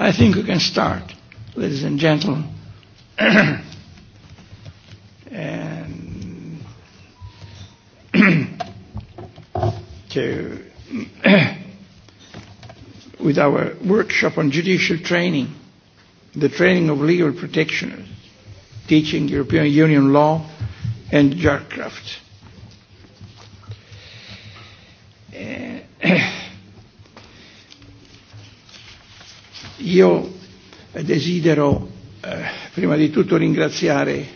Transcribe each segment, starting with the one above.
I think we can start, ladies and gentlemen. and to with our workshop on judicial training, the training of legal protectioners, teaching European Union law and jar Eh, io desidero eh, prima di tutto ringraziare eh,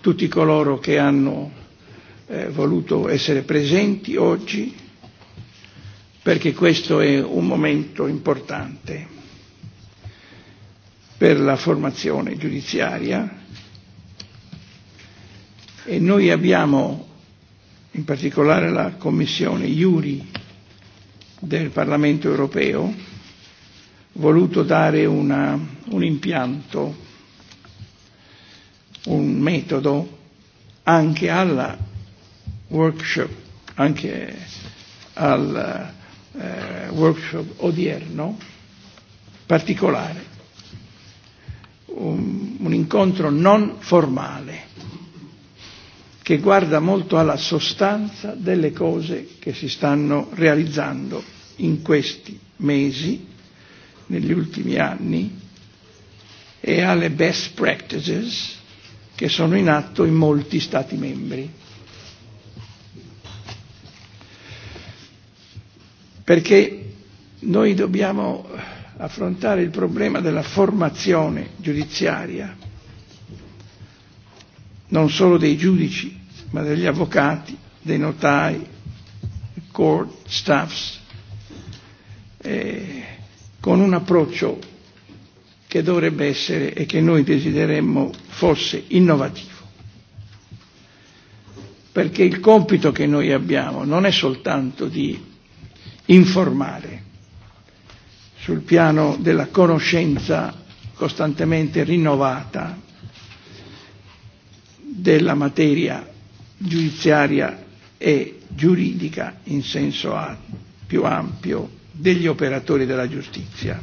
tutti coloro che hanno voluto essere presenti oggi perché questo è un momento importante per la formazione giudiziaria e noi abbiamo in particolare la Commissione Iuri del Parlamento europeo, voluto dare una, un impianto, un metodo anche alla workshop, anche al eh, workshop odierno particolare, un, un incontro non formale che guarda molto alla sostanza delle cose che si stanno realizzando in questi mesi, negli ultimi anni, e alle best practices che sono in atto in molti Stati membri. Perché noi dobbiamo affrontare il problema della formazione giudiziaria, non solo dei giudici, ma degli avvocati, dei notai, court staffs, eh, con un approccio che dovrebbe essere e che noi desideremmo fosse innovativo. Perché il compito che noi abbiamo non è soltanto di informare sul piano della conoscenza costantemente rinnovata della materia giudiziaria e giuridica in senso a, più ampio degli operatori della giustizia,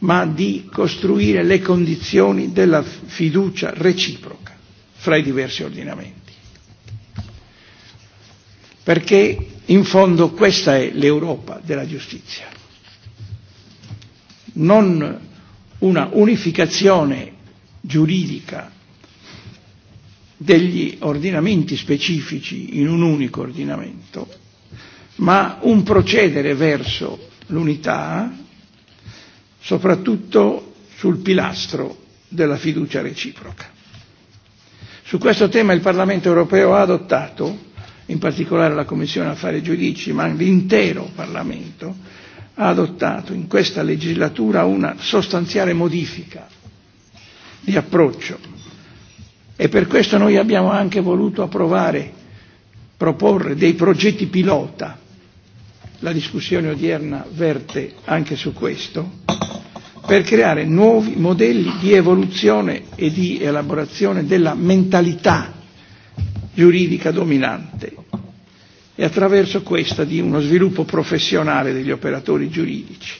ma di costruire le condizioni della fiducia reciproca fra i diversi ordinamenti. Perché in fondo questa è l'Europa della giustizia, non una unificazione giuridica degli ordinamenti specifici in un unico ordinamento, ma un procedere verso l'unità, soprattutto sul pilastro della fiducia reciproca. Su questo tema il Parlamento europeo ha adottato, in particolare la Commissione Affari e Giudici, ma l'intero Parlamento, ha adottato in questa legislatura una sostanziale modifica di approccio E per questo noi abbiamo anche voluto approvare, proporre dei progetti pilota. La discussione odierna verte anche su questo, per creare nuovi modelli di evoluzione e di elaborazione della mentalità giuridica dominante e attraverso questa di uno sviluppo professionale degli operatori giuridici.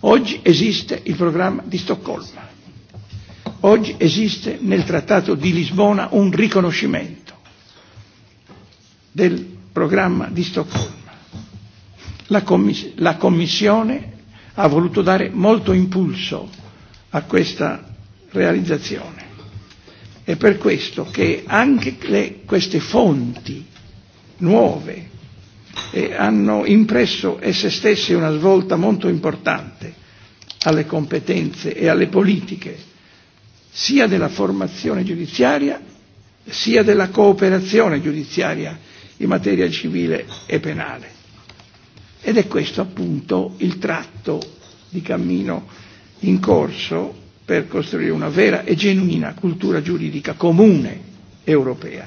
Oggi esiste il programma di Stoccolma Oggi esiste nel Trattato di Lisbona un riconoscimento del programma di Stoccolma. La, commis- la Commissione ha voluto dare molto impulso a questa realizzazione. È per questo che anche le, queste fonti nuove eh, hanno impresso esse stesse una svolta molto importante alle competenze e alle politiche sia della formazione giudiziaria sia della cooperazione giudiziaria in materia civile e penale. Ed è questo appunto il tratto di cammino in corso per costruire una vera e genuina cultura giuridica comune europea.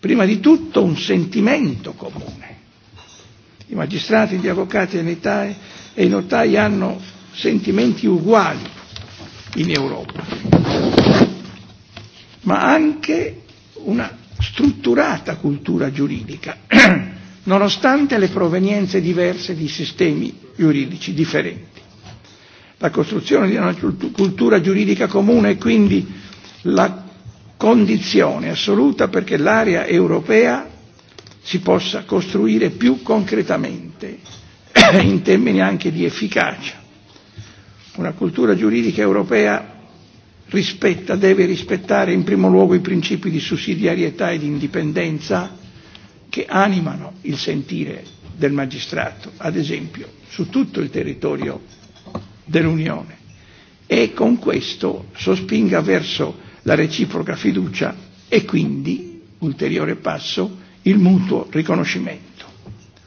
Prima di tutto un sentimento comune. I magistrati, gli avvocati e i notai e hanno sentimenti uguali in Europa, ma anche una strutturata cultura giuridica, nonostante le provenienze diverse di sistemi giuridici differenti. La costruzione di una cultura giuridica comune è quindi la condizione assoluta perché l'area europea si possa costruire più concretamente in termini anche di efficacia Una cultura giuridica europea rispetta, deve rispettare in primo luogo i principi di sussidiarietà e di indipendenza che animano il sentire del magistrato, ad esempio, su tutto il territorio dell'Unione e con questo sospinga verso la reciproca fiducia e quindi, ulteriore passo, il mutuo riconoscimento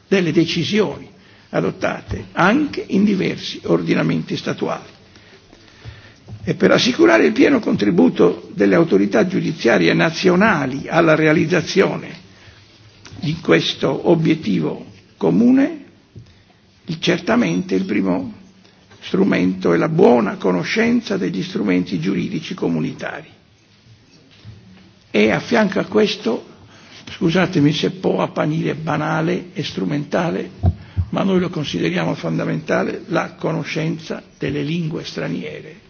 delle decisioni adottate anche in diversi ordinamenti statuali. E per assicurare il pieno contributo delle autorità giudiziarie nazionali alla realizzazione di questo obiettivo comune, certamente il primo strumento è la buona conoscenza degli strumenti giuridici comunitari. E a fianco a questo, scusatemi se può apparire banale e strumentale, ma noi lo consideriamo fondamentale la conoscenza delle lingue straniere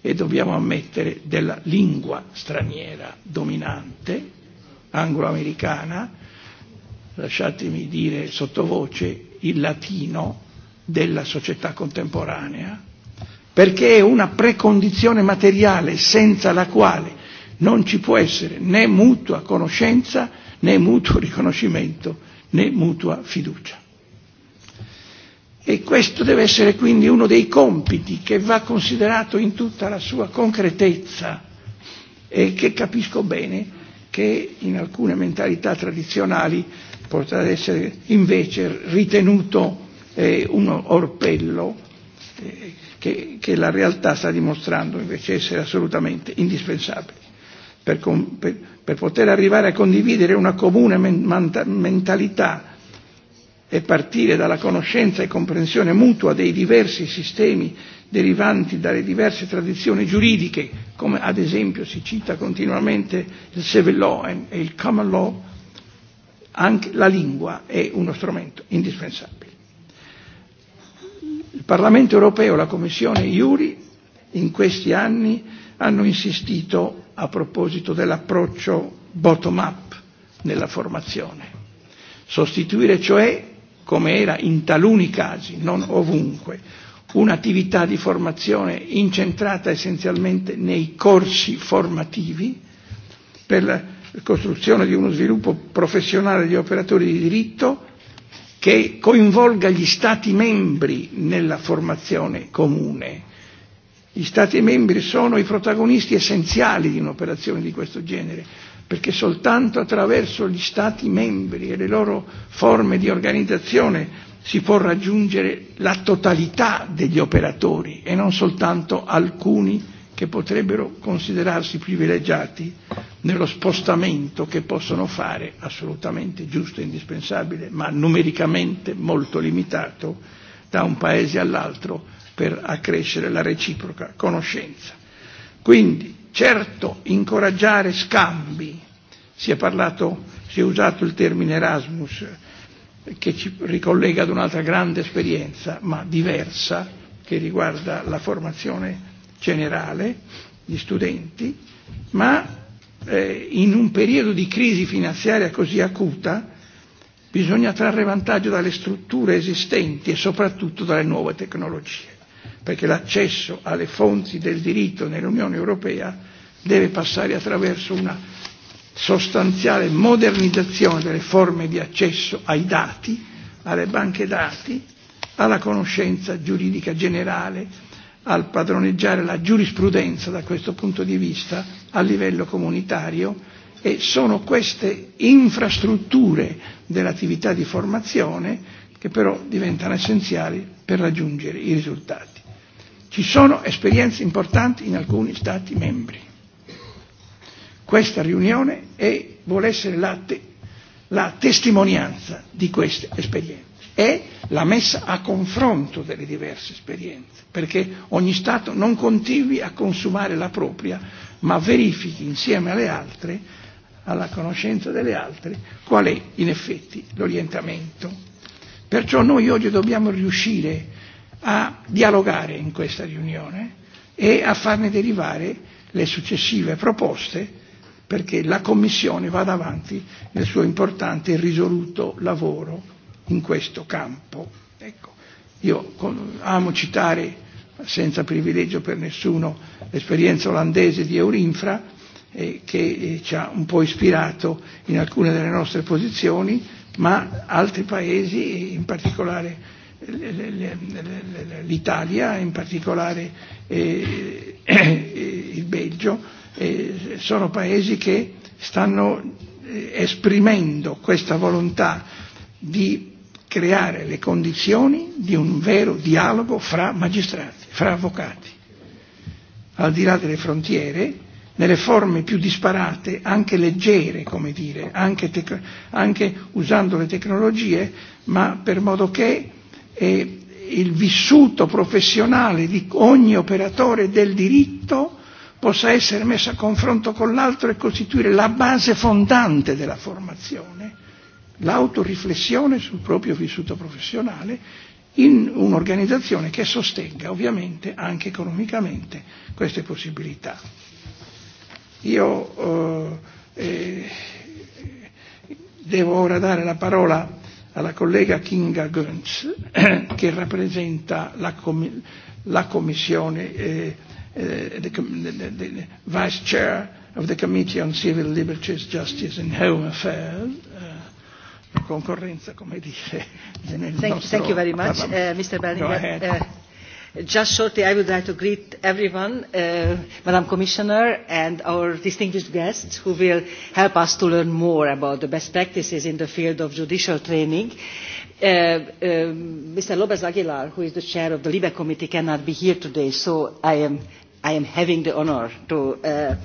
e dobbiamo ammettere della lingua straniera dominante, angloamericana, lasciatemi dire sottovoce, il latino della società contemporanea, perché è una precondizione materiale senza la quale non ci può essere né mutua conoscenza né mutuo riconoscimento né mutua fiducia e questo deve essere quindi uno dei compiti che va considerato in tutta la sua concretezza e che capisco bene che in alcune mentalità tradizionali potrà essere invece ritenuto eh, un orpello eh, che, che la realtà sta dimostrando invece essere assolutamente indispensabile. Per, per, per poter arrivare a condividere una comune mentalità e partire dalla conoscenza e comprensione mutua dei diversi sistemi derivanti dalle diverse tradizioni giuridiche, come ad esempio si cita continuamente il civil law e, e il common law, anche la lingua è uno strumento indispensabile. Il Parlamento europeo la Commissione e Iuri in questi anni hanno insistito a proposito dell'approccio bottom-up nella formazione. Sostituire cioè come era in taluni casi, non ovunque, un'attività di formazione incentrata essenzialmente nei corsi formativi per la costruzione di uno sviluppo professionale degli operatori di diritto che coinvolga gli Stati membri nella formazione comune. Gli Stati membri sono i protagonisti essenziali di un'operazione di questo genere perché soltanto attraverso gli Stati membri e le loro forme di organizzazione si può raggiungere la totalità degli operatori e non soltanto alcuni che potrebbero considerarsi privilegiati nello spostamento che possono fare, assolutamente giusto e indispensabile, ma numericamente molto limitato, da un paese all'altro per accrescere la reciproca conoscenza. Quindi Certo, incoraggiare scambi, si è parlato, si è usato il termine Erasmus, che ci ricollega ad un'altra grande esperienza, ma diversa, che riguarda la formazione generale di studenti, ma eh, in un periodo di crisi finanziaria così acuta bisogna trarre vantaggio dalle strutture esistenti e soprattutto dalle nuove tecnologie, perché l'accesso alle fonti del diritto nell'Unione Europea deve passare attraverso una sostanziale modernizzazione delle forme di accesso ai dati, alle banche dati, alla conoscenza giuridica generale, al padroneggiare la giurisprudenza da questo punto di vista a livello comunitario e sono queste infrastrutture dell'attività di formazione che però diventano essenziali per raggiungere i risultati. Ci sono esperienze importanti in alcuni Stati membri Questa riunione e vuole essere la, te, la testimonianza di queste esperienze e la messa a confronto delle diverse esperienze, perché ogni Stato non continui a consumare la propria, ma verifichi insieme alle altre, alla conoscenza delle altre, qual è in effetti l'orientamento. Perciò noi oggi dobbiamo riuscire a dialogare in questa riunione e a farne derivare le successive proposte perché la Commissione vada avanti nel suo importante e risoluto lavoro in questo campo. Ecco, io amo citare senza privilegio per nessuno l'esperienza olandese di Eurinfra eh, che eh, ci ha un po' ispirato in alcune delle nostre posizioni, ma altri paesi, in particolare l'Italia, in particolare eh, eh, il Belgio, eh, sono paesi che stanno eh, esprimendo questa volontà di creare le condizioni di un vero dialogo fra magistrati, fra avvocati, al di là delle frontiere, nelle forme più disparate, anche leggere, come dire, anche, anche usando le tecnologie, ma per modo che eh, il vissuto professionale di ogni operatore del diritto possa essere messa a confronto con l'altro e costituire la base fondante della formazione, l'autoriflessione sul proprio vissuto professionale in un'organizzazione che sostenga ovviamente anche economicamente queste possibilità. Io eh, eh devo ora dare la parola alla collega Kinga Gönz che rappresenta la, com- la Commissione eh, Uh, the the, the, the Vice Chair of the Committee on Civil Liberties, Justice and Home Affairs, uh, concorrenza, come dice thank, thank you very much, uh, Mr. Berninger. Uh, just shortly, I would like to greet everyone, uh, Madam Commissioner and our distinguished guests who will help us to learn more about the best practices in the field of judicial training. Uh, Uh, Mr. Um, Lopez Aguilar, who is the chair of the LIBE committee, cannot be here today, so I am, I am having the honor to, uh,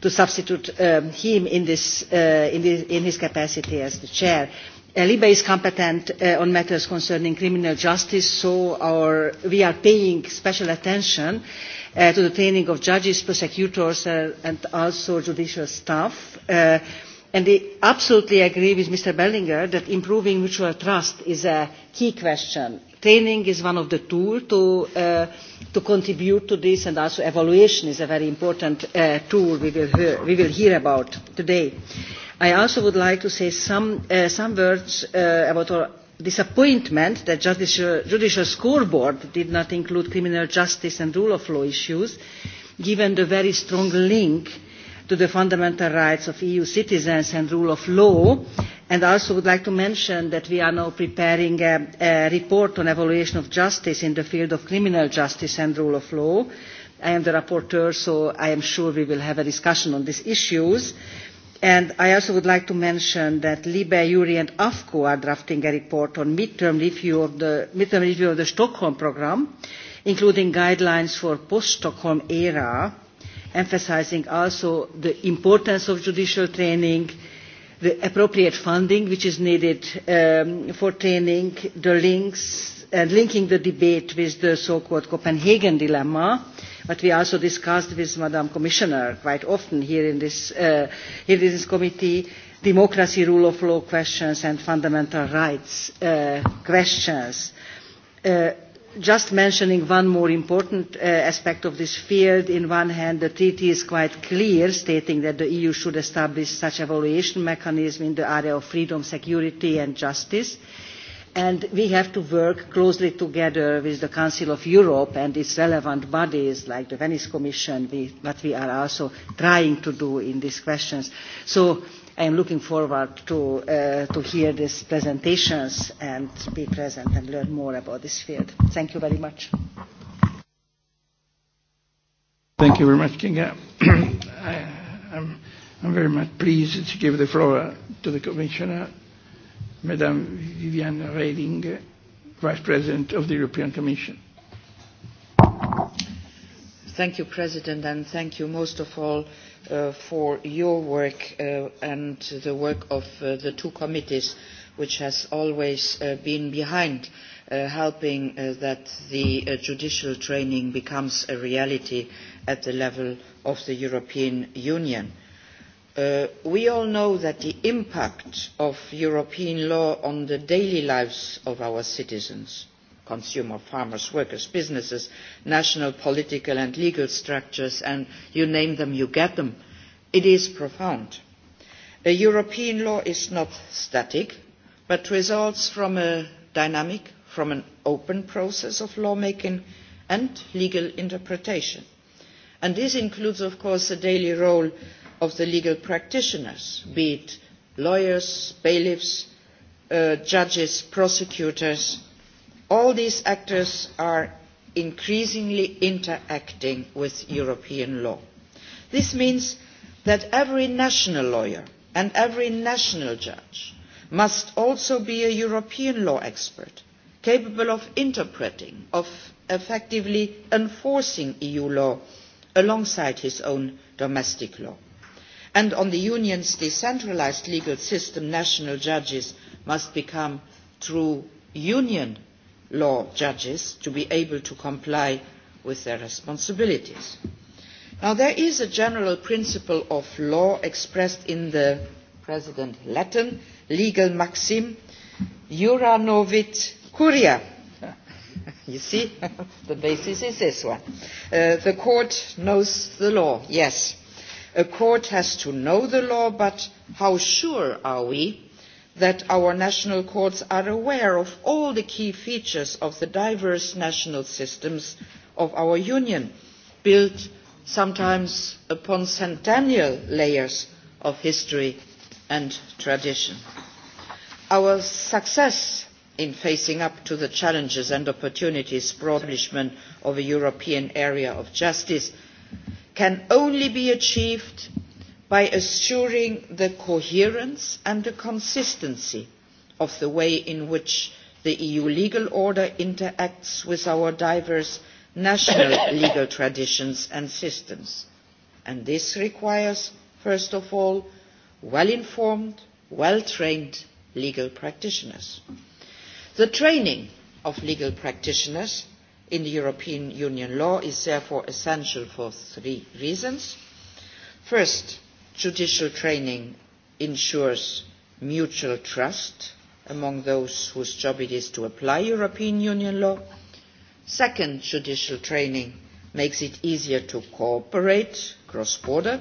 to substitute um, him in, this, uh, in, this, in his capacity as the chair. Uh, LIBE is competent uh, on matters concerning criminal justice, so our, we are paying special attention uh, to the training of judges, prosecutors, uh, and also judicial staff. Uh, And I absolutely agree with Mr. Bellinger that improving mutual trust is a key question. Training is one of the tools to, uh, to contribute to this and also evaluation is a very important uh, tool we will, hear, we will hear about today. I also would like to say some, uh, some words uh, about our disappointment that judicial, judicial scoreboard did not include criminal justice and rule of law issues, given the very strong link to the fundamental rights of EU citizens and rule of law. And I also would like to mention that we are now preparing a, a report on evaluation of justice in the field of criminal justice and rule of law. I am the rapporteur, so I am sure we will have a discussion on these issues. And I also would like to mention that Libe, Uri and AFCO are drafting a report on midterm review of the, midterm review of the Stockholm programme, including guidelines for post-Stockholm era emphasizing also the importance of judicial training, the appropriate funding which is needed um, for training, the links, and uh, linking the debate with the so-called Copenhagen dilemma, but we also discussed with Madam Commissioner quite often here in this, uh, here in this committee, democracy, rule of law questions and fundamental rights uh, questions. Uh, just mentioning one more important uh, aspect of this field, in one hand the treaty is quite clear, stating that the EU should establish such evaluation mechanism in the area of freedom, security and justice. And we have to work closely together with the Council of Europe and its relevant bodies like the Venice Commission, we, what we are also trying to do in these questions. So I am looking forward to, uh, to hear these presentations and be present and learn more about this field. Thank you very much. Thank you very much, Kinga. I, I'm, I'm very much pleased to give the floor to the Commissioner, Madame Viviane Reding, Vice President of the European Commission. Thank you, President, and thank you most of all uh, for your work uh, and the work of uh, the two committees which has always uh, been behind uh, helping uh, that the uh, judicial training becomes a reality at the level of the European Union. Uh, we all know that the impact of European law on the daily lives of our citizens consumer farmers, workers, businesses, national political and legal structures, and you name them, you get them. It is profound. A European law is not static, but results from a dynamic, from an open process of lawmaking and legal interpretation. And this includes, of course, the daily role of the legal practitioners, be it lawyers, bailiffs, uh, judges, prosecutors, all these actors are increasingly interacting with European law. This means that every national lawyer and every national judge must also be a European law expert, capable of interpreting, of effectively enforcing EU law alongside his own domestic law. And on the Union's decentralised legal system, national judges must become true Union law judges to be able to comply with their responsibilities. Now, there is a general principle of law expressed in the President Latin legal maxim, jura novit curia. you see, the basis is this one. Uh, the court knows the law, yes. A court has to know the law, but how sure are we that our national courts are aware of all the key features of the diverse national systems of our union, built sometimes upon centennial layers of history and tradition. Our success in facing up to the challenges and opportunities brought establishment of a European area of justice can only be achieved by assuring the coherence and the consistency of the way in which the EU legal order interacts with our diverse national legal traditions and systems. And this requires, first of all, well-informed, well-trained legal practitioners. The training of legal practitioners in the European Union law is therefore essential for three reasons. First, Judicial training ensures mutual trust among those whose job it is to apply European Union law. Second, judicial training makes it easier to cooperate cross-border.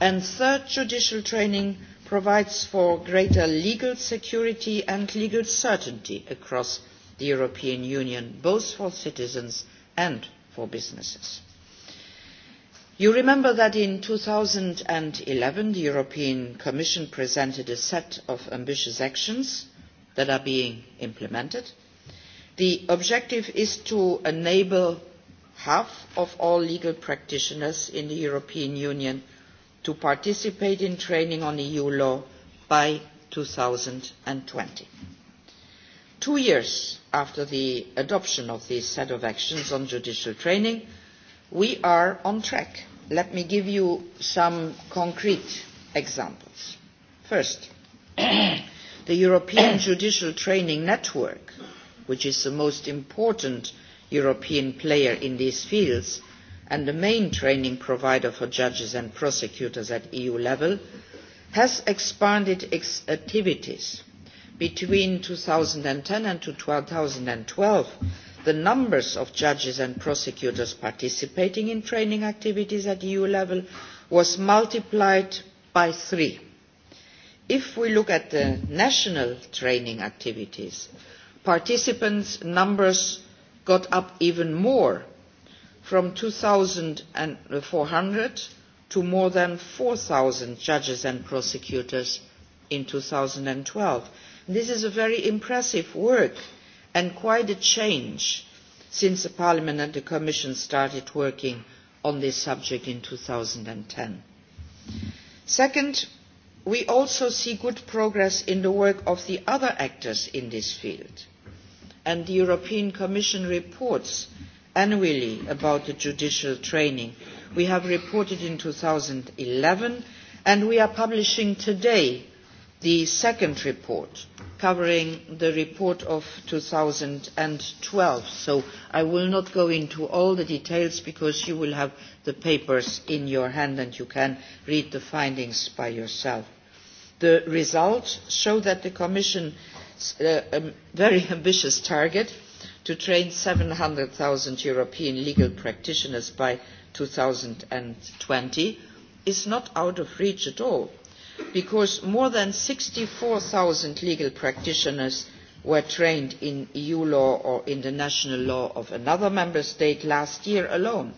And third, judicial training provides for greater legal security and legal certainty across the European Union, both for citizens and for businesses. You remember that in 2011 the European Commission presented a set of ambitious actions that are being implemented. The objective is to enable half of all legal practitioners in the European Union to participate in training on EU law by 2020. Two years after the adoption of this set of actions on judicial training, we are on track. Let me give you some concrete examples. First, the European Judicial Training Network, which is the most important European player in these fields and the main training provider for judges and prosecutors at EU level, has expanded its activities. Between 2010 and 2012, the numbers of judges and prosecutors participating in training activities at EU level was multiplied by three. If we look at the national training activities, participants' numbers got up even more, from 2,400 to more than 4,000 judges and prosecutors in 2012. This is a very impressive work and quite a change since the Parliament and the Commission started working on this subject in 2010. Second, we also see good progress in the work of the other actors in this field. And the European Commission reports annually about the judicial training. We have reported in 2011 and we are publishing today the second report covering the report of 2012. So I will not go into all the details because you will have the papers in your hand and you can read the findings by yourself. The results show that the Commission's uh, um, very ambitious target to train 700,000 European legal practitioners by 2020 is not out of reach at all because more than 64,000 legal practitioners were trained in EU law or in the national law of another member state last year alone.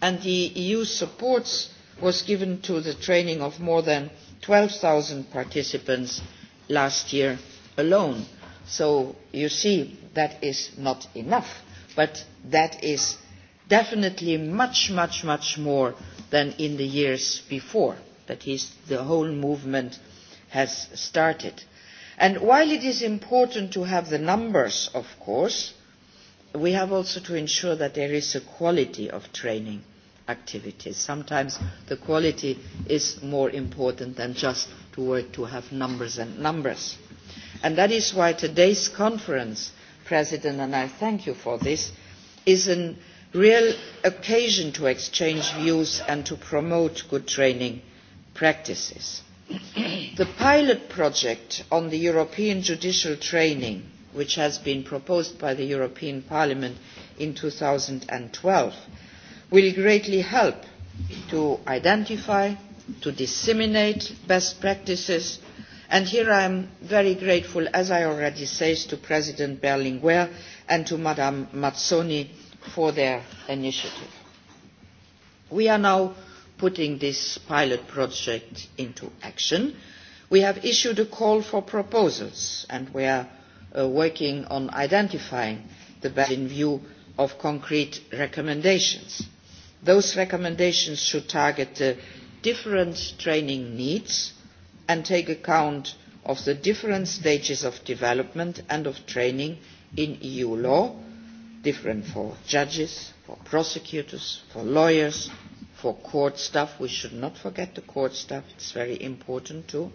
And the EU support was given to the training of more than 12,000 participants last year alone. So you see, that is not enough, but that is definitely much, much, much more than in the years before but he's, the whole movement has started. And while it is important to have the numbers, of course, we have also to ensure that there is a quality of training activities. Sometimes the quality is more important than just to work to have numbers and numbers. And that is why today's conference, President, and I thank you for this, is a real occasion to exchange views and to promote good training practices. the pilot project on the European judicial training, which has been proposed by the European Parliament in 2012, will greatly help to identify, to disseminate best practices, and here I am very grateful, as I already said, to President Berlinguer and to Madame Mazzoni for their initiative. We are now putting this pilot project into action. We have issued a call for proposals and we are uh, working on identifying the best in view of concrete recommendations. Those recommendations should target the uh, different training needs and take account of the different stages of development and of training in EU law, different for judges, for prosecutors, for lawyers, for court stuff. We should not forget the court staff. It's very important too.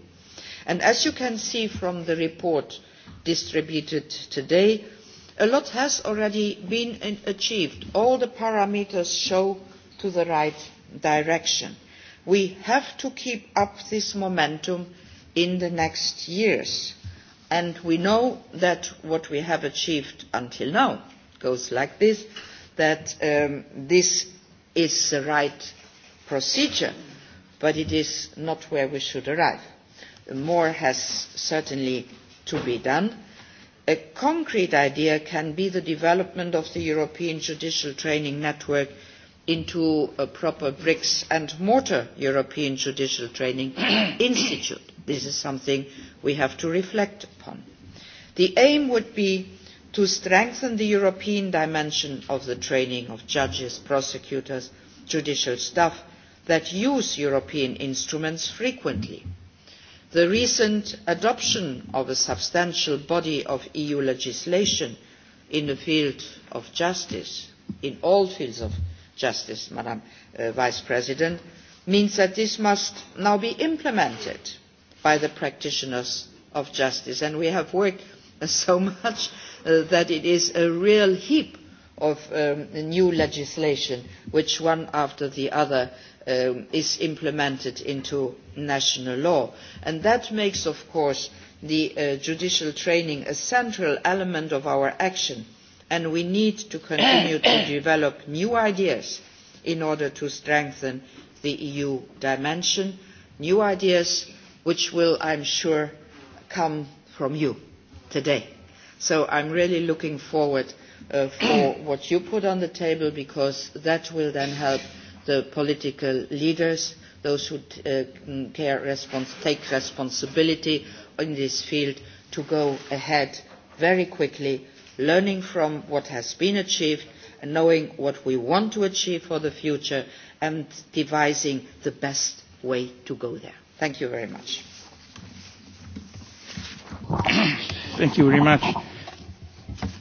And as you can see from the report distributed today, a lot has already been achieved. All the parameters show to the right direction. We have to keep up this momentum in the next years. And we know that what we have achieved until now goes like this, that um, this is the right procedure, but it is not where we should arrive. More has certainly to be done. A concrete idea can be the development of the European Judicial Training Network into a proper bricks and mortar European Judicial Training Institute. This is something we have to reflect upon. The aim would be to strengthen the European dimension of the training of judges, prosecutors, and judicial staff that use European instruments frequently. The recent adoption of a substantial body of EU legislation in the field of justice, in all fields of justice, Madam uh, Vice President, means that this must now be implemented by the practitioners of justice. And we have worked so much uh, that it is a real heap of um, new legislation which one after the other um, is implemented into national law. And that makes, of course, the uh, judicial training a central element of our action. And we need to continue to develop new ideas in order to strengthen the EU dimension, new ideas which will, I am sure, come from you today. So I'm really looking forward uh, for what you put on the table because that will then help the political leaders, those who uh, mm, care respons take responsibility in this field to go ahead very quickly, learning from what has been achieved and knowing what we want to achieve for the future and devising the best way to go there. Thank you very much. Thank you very much,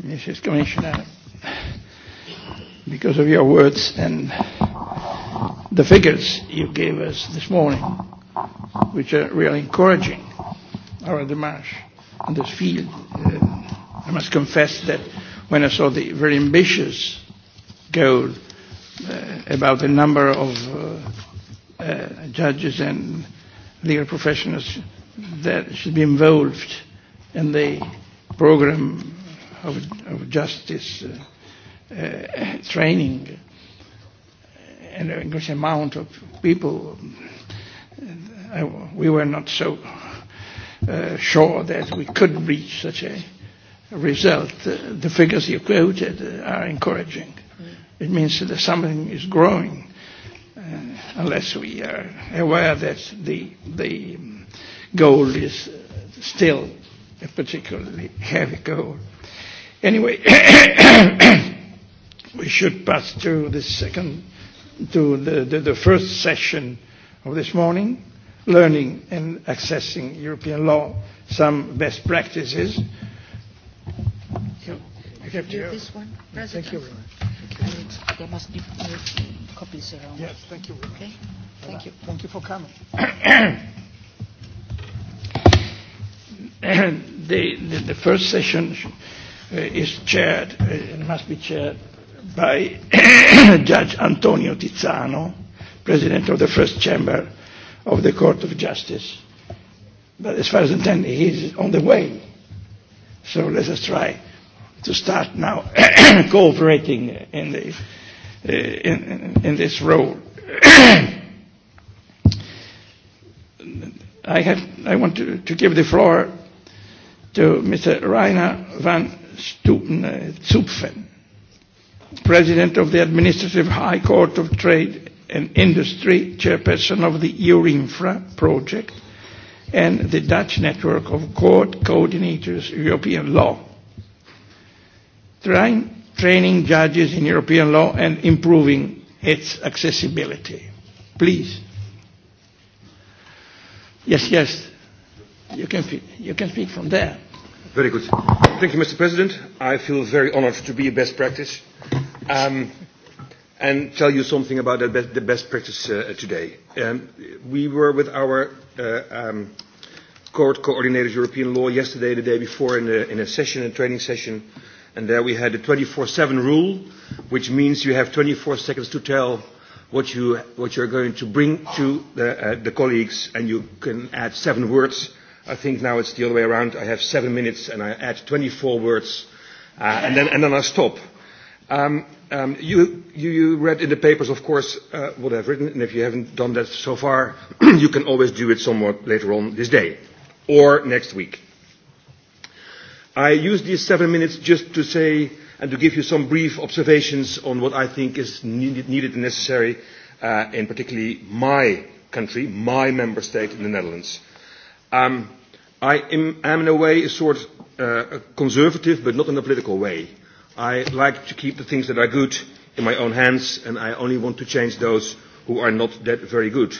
Mrs. Commissioner, because of your words and the figures you gave us this morning, which are really encouraging our demarche in this field. Uh, I must confess that when I saw the very ambitious goal uh, about the number of uh, uh, judges and legal professionals that should be involved and the program of, of justice uh, uh, training uh, and a amount of people. Uh, I, we were not so uh, sure that we could reach such a result. Uh, the figures you quoted uh, are encouraging. Mm. It means that something is growing uh, unless we are aware that the, the goal is still particularly heavy goal. Anyway, we should pass to the second, to the, the, the first session of this morning, learning and accessing European law, some best practices. Thank you Yes, Thank you. Thank you for coming. the, the, the first session uh, is chaired, uh, and must be chaired by Judge Antonio Tizzano, President of the First Chamber of the Court of Justice. But as far as I intend, he is on the way. So let us try to start now cooperating in, the, uh, in, in this role. I, have, I want to, to give the floor to Mr. Rainer van Stupen, uh, Zupfen, President of the Administrative High Court of Trade and Industry, Chairperson of the Eurinfra project, and the Dutch Network of Court Coordinators European Law. Trying, training judges in European law and improving its accessibility. Please. Yes, yes. You can, you can speak from there. Very good. Thank you, Mr. President. I feel very honored to be a best practice um, and tell you something about the best, the best practice uh, today. Um, we were with our uh, um, court coordinators European law yesterday, the day before, in a, in a session, a training session, and there we had a 24-7 rule, which means you have 24 seconds to tell what, you, what you're going to bring to the, uh, the colleagues, and you can add seven words. I think now it's the other way around. I have seven minutes, and I add 24 words, uh, and, then, and then I stop. Um, um, you, you, you read in the papers, of course, uh, what I've written, and if you haven't done that so far, you can always do it somewhat later on this day or next week. I use these seven minutes just to say and to give you some brief observations on what I think is needed, needed and necessary uh, in particularly my country, my member state in the Netherlands. Um, I am, am in a way a sort of uh, a conservative, but not in a political way. I like to keep the things that are good in my own hands, and I only want to change those who are not that very good.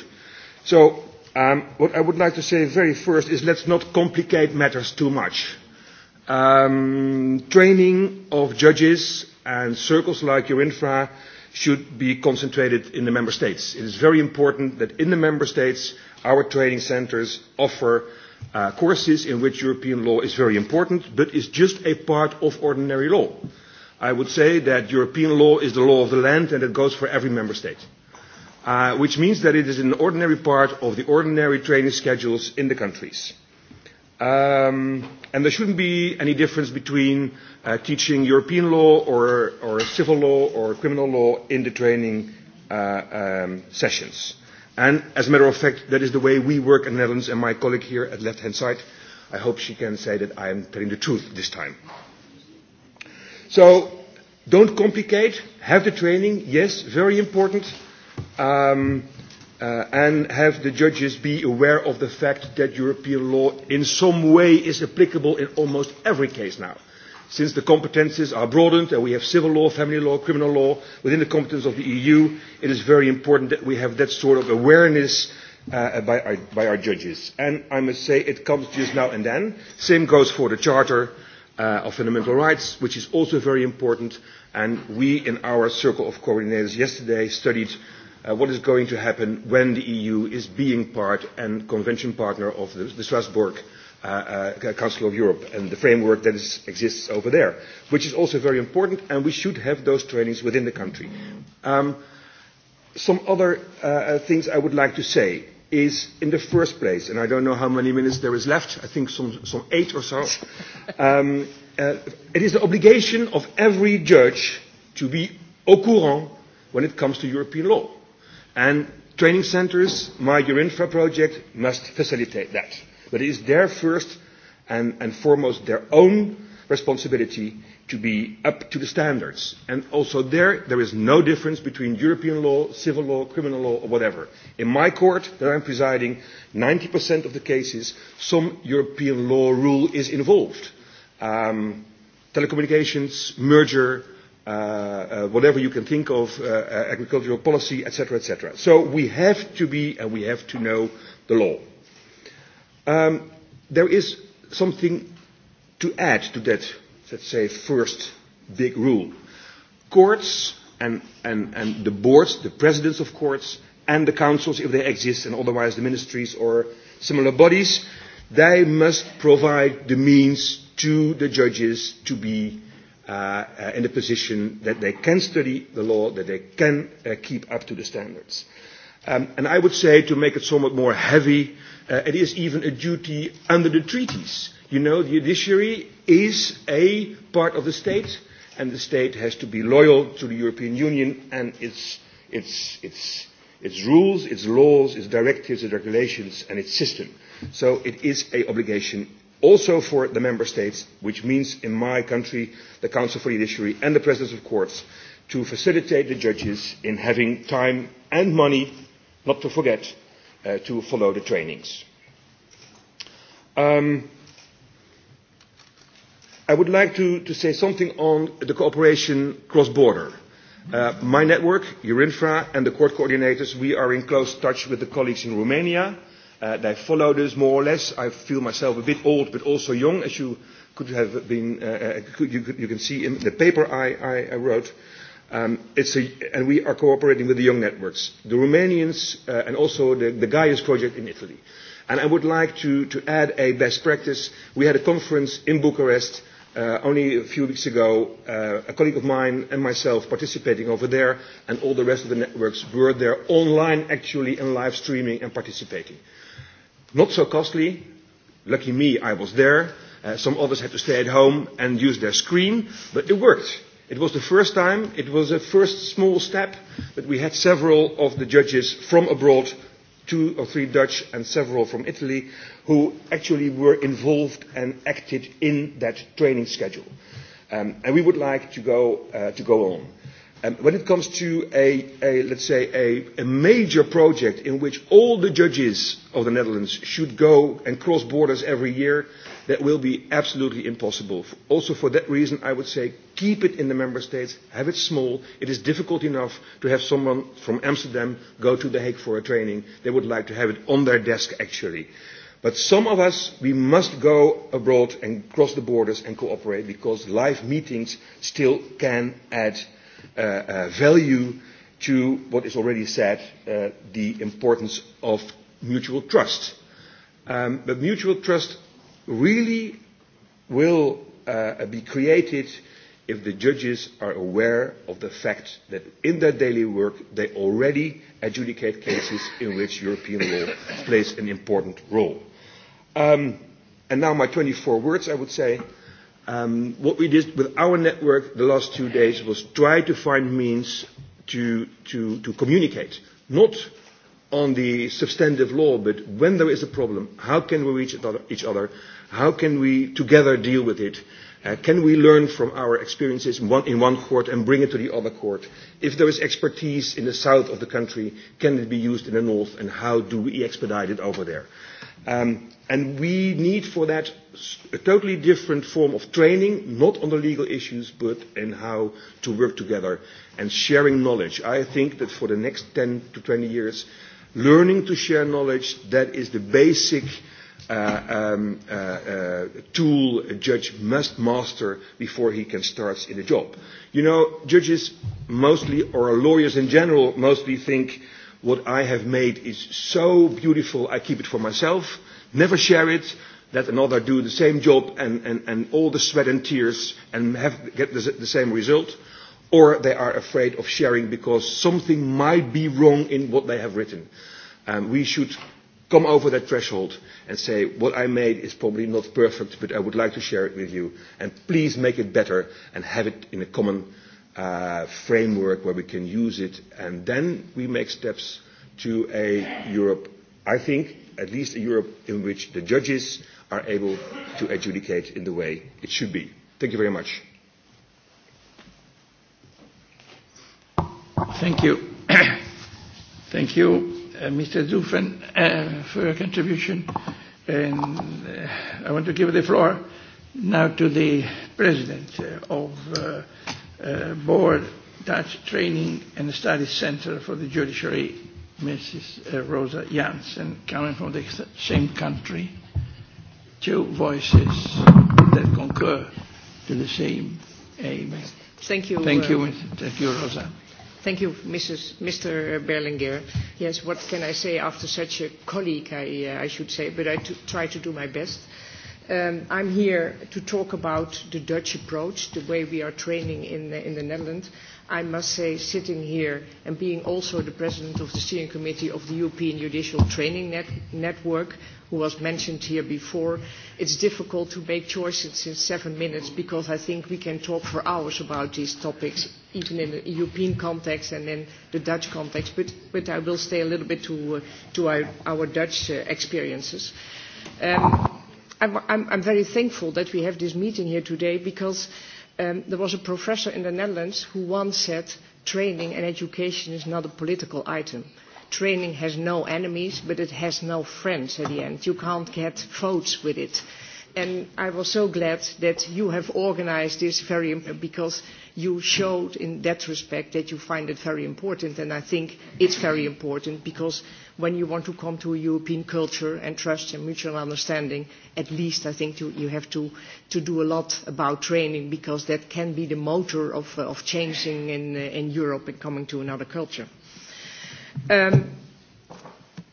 So um, what I would like to say very first is let's not complicate matters too much. Um, training of judges and circles like Eurinfra should be concentrated in the member states. It is very important that in the member states our training centers offer uh, courses in which European law is very important but is just a part of ordinary law. I would say that European law is the law of the land and it goes for every member state. Uh, which means that it is an ordinary part of the ordinary training schedules in the countries. Um, and there shouldn't be any difference between uh, teaching European law or, or civil law or criminal law in the training uh, um, sessions. And as a matter of fact, that is the way we work in the Netherlands, and my colleague here at left-hand side, I hope she can say that I am telling the truth this time. So don't complicate, have the training, yes, very important. Um, uh, and have the judges be aware of the fact that European law in some way is applicable in almost every case now. Since the competences are broadened and we have civil law, family law, criminal law within the competence of the EU, it is very important that we have that sort of awareness uh, by, our, by our judges. And I must say it comes just now and then. Same goes for the Charter uh, of Fundamental Rights, which is also very important. And we in our circle of coordinators yesterday studied uh, what is going to happen when the EU is being part and convention partner of the, the Strasbourg uh, uh, Council of Europe and the framework that is, exists over there, which is also very important, and we should have those trainings within the country. Um, some other uh, uh, things I would like to say is in the first place, and I don't know how many minutes there is left, I think some, some eight or so, um, uh, it is the obligation of every judge to be au courant when it comes to European law. And training centers, my infra project, must facilitate that. But it is their first and, and foremost their own responsibility to be up to the standards. And also there, there is no difference between European law, civil law, criminal law, or whatever. In my court that I'm presiding, 90% of the cases, some European law rule is involved. Um, telecommunications, merger, uh, uh, whatever you can think of, uh, uh, agricultural policy, etc., etc. So we have to be and we have to know the law. Um, there is something to add to that, let's say, first big rule. Courts and, and, and the boards, the presidents of courts, and the councils, if they exist, and otherwise the ministries or similar bodies, they must provide the means to the judges to be Uh, uh, in the position that they can study the law, that they can uh, keep up to the standards. Um, and I would say, to make it somewhat more heavy, uh, it is even a duty under the treaties. You know, the judiciary is a part of the state, and the state has to be loyal to the European Union and its, its, its, its rules, its laws, its directives, its regulations, and its system. So it is an obligation also for the member states, which means in my country, the Council for Judiciary and the Presidents of Courts, to facilitate the judges in having time and money, not to forget, uh, to follow the trainings. Um, I would like to, to say something on the cooperation cross-border. Uh, my network, Eurinfra, and the court coordinators, we are in close touch with the colleagues in Romania, Uh, they followed us more or less. I feel myself a bit old, but also young, as you could have been. Uh, uh, could, you, could, you can see in the paper I, I, I wrote. Um, it's a, and we are cooperating with the young networks, the Romanians, uh, and also the, the Gaius project in Italy. And I would like to, to add a best practice. We had a conference in Bucharest uh, only a few weeks ago. Uh, a colleague of mine and myself participating over there, and all the rest of the networks were there online actually and live streaming and participating. Not so costly. Lucky me, I was there. Uh, some others had to stay at home and use their screen, but it worked. It was the first time, it was a first small step, but we had several of the judges from abroad, two or three Dutch and several from Italy, who actually were involved and acted in that training schedule. Um, and we would like to go, uh, to go on. Um, when it comes to a, a let's say, a, a major project in which all the judges of the Netherlands should go and cross borders every year, that will be absolutely impossible. Also for that reason, I would say keep it in the member states, have it small. It is difficult enough to have someone from Amsterdam go to The Hague for a training. They would like to have it on their desk, actually. But some of us, we must go abroad and cross the borders and cooperate because live meetings still can add uh, uh, value to what is already said, uh, the importance of mutual trust. Um, but mutual trust really will uh, be created if the judges are aware of the fact that in their daily work they already adjudicate cases in which European law plays an important role. Um, and now my 24 words, I would say. Um, what we did with our network the last two days was try to find means to, to, to communicate, not on the substantive law, but when there is a problem, how can we reach each other? How can we together deal with it? Uh, can we learn from our experiences in one, in one court and bring it to the other court? If there is expertise in the south of the country, can it be used in the north, and how do we expedite it over there? Um, and we need for that a totally different form of training, not on the legal issues, but in how to work together and sharing knowledge. I think that for the next 10 to 20 years, learning to share knowledge, that is the basic uh, um, uh, uh, tool a judge must master before he can start in a job. You know, judges mostly, or lawyers in general, mostly think, what I have made is so beautiful, I keep it for myself, never share it, let another do the same job and, and, and all the sweat and tears and have, get the, the same result, or they are afraid of sharing because something might be wrong in what they have written. Um, we should come over that threshold and say, what I made is probably not perfect, but I would like to share it with you, and please make it better and have it in a common uh, framework where we can use it, and then we make steps to a Europe, I think, at least a Europe in which the judges are able to adjudicate in the way it should be. Thank you very much. Thank you. Thank you, uh, Mr. Zufen, uh, for your contribution. And uh, I want to give the floor now to the President uh, of uh, uh, board, Dutch Training and Studies Center for the Judiciary, Mrs. Uh, Rosa Janssen, coming from the same country, two voices that concur to the same aim. Thank you. Thank you, uh, thank you Rosa. Thank you, Mrs. Mr. Berlinguer. Yes, what can I say after such a colleague, I, uh, I should say, but I try to do my best. Um, I'm here to talk about the Dutch approach, the way we are training in the, in the Netherlands. I must say, sitting here and being also the president of the steering committee of the European Judicial Training Net Network, who was mentioned here before, it's difficult to make choices in seven minutes because I think we can talk for hours about these topics, even in the European context and in the Dutch context, but, but I will stay a little bit to, uh, to our, our Dutch uh, experiences. Um, I'm, I'm, I'm very thankful that we have this meeting here today because um, there was a professor in the Netherlands who once said training and education is not a political item. Training has no enemies, but it has no friends at the end. You can't get votes with it and I was so glad that you have organized this very because you showed in that respect that you find it very important and I think it's very important because when you want to come to a European culture and trust and mutual understanding at least I think you, you have to, to do a lot about training because that can be the motor of, uh, of changing in, uh, in Europe and coming to another culture. Um,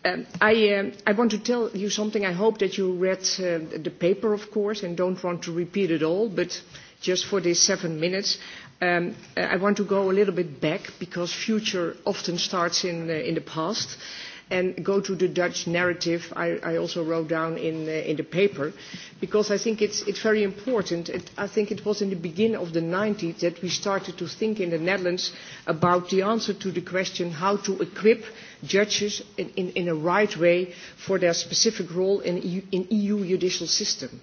Um, I, uh, I want to tell you something. I hope that you read uh, the paper, of course, and don't want to repeat it all, but just for these seven minutes, um, uh, I want to go a little bit back because future often starts in, uh, in the past and go to the Dutch narrative I, I also wrote down in, uh, in the paper because I think it's, it's very important. It, I think it was in the beginning of the 90s that we started to think in the Netherlands about the answer to the question how to equip – judges in, in, in a right way for their specific role in EU, in EU judicial system.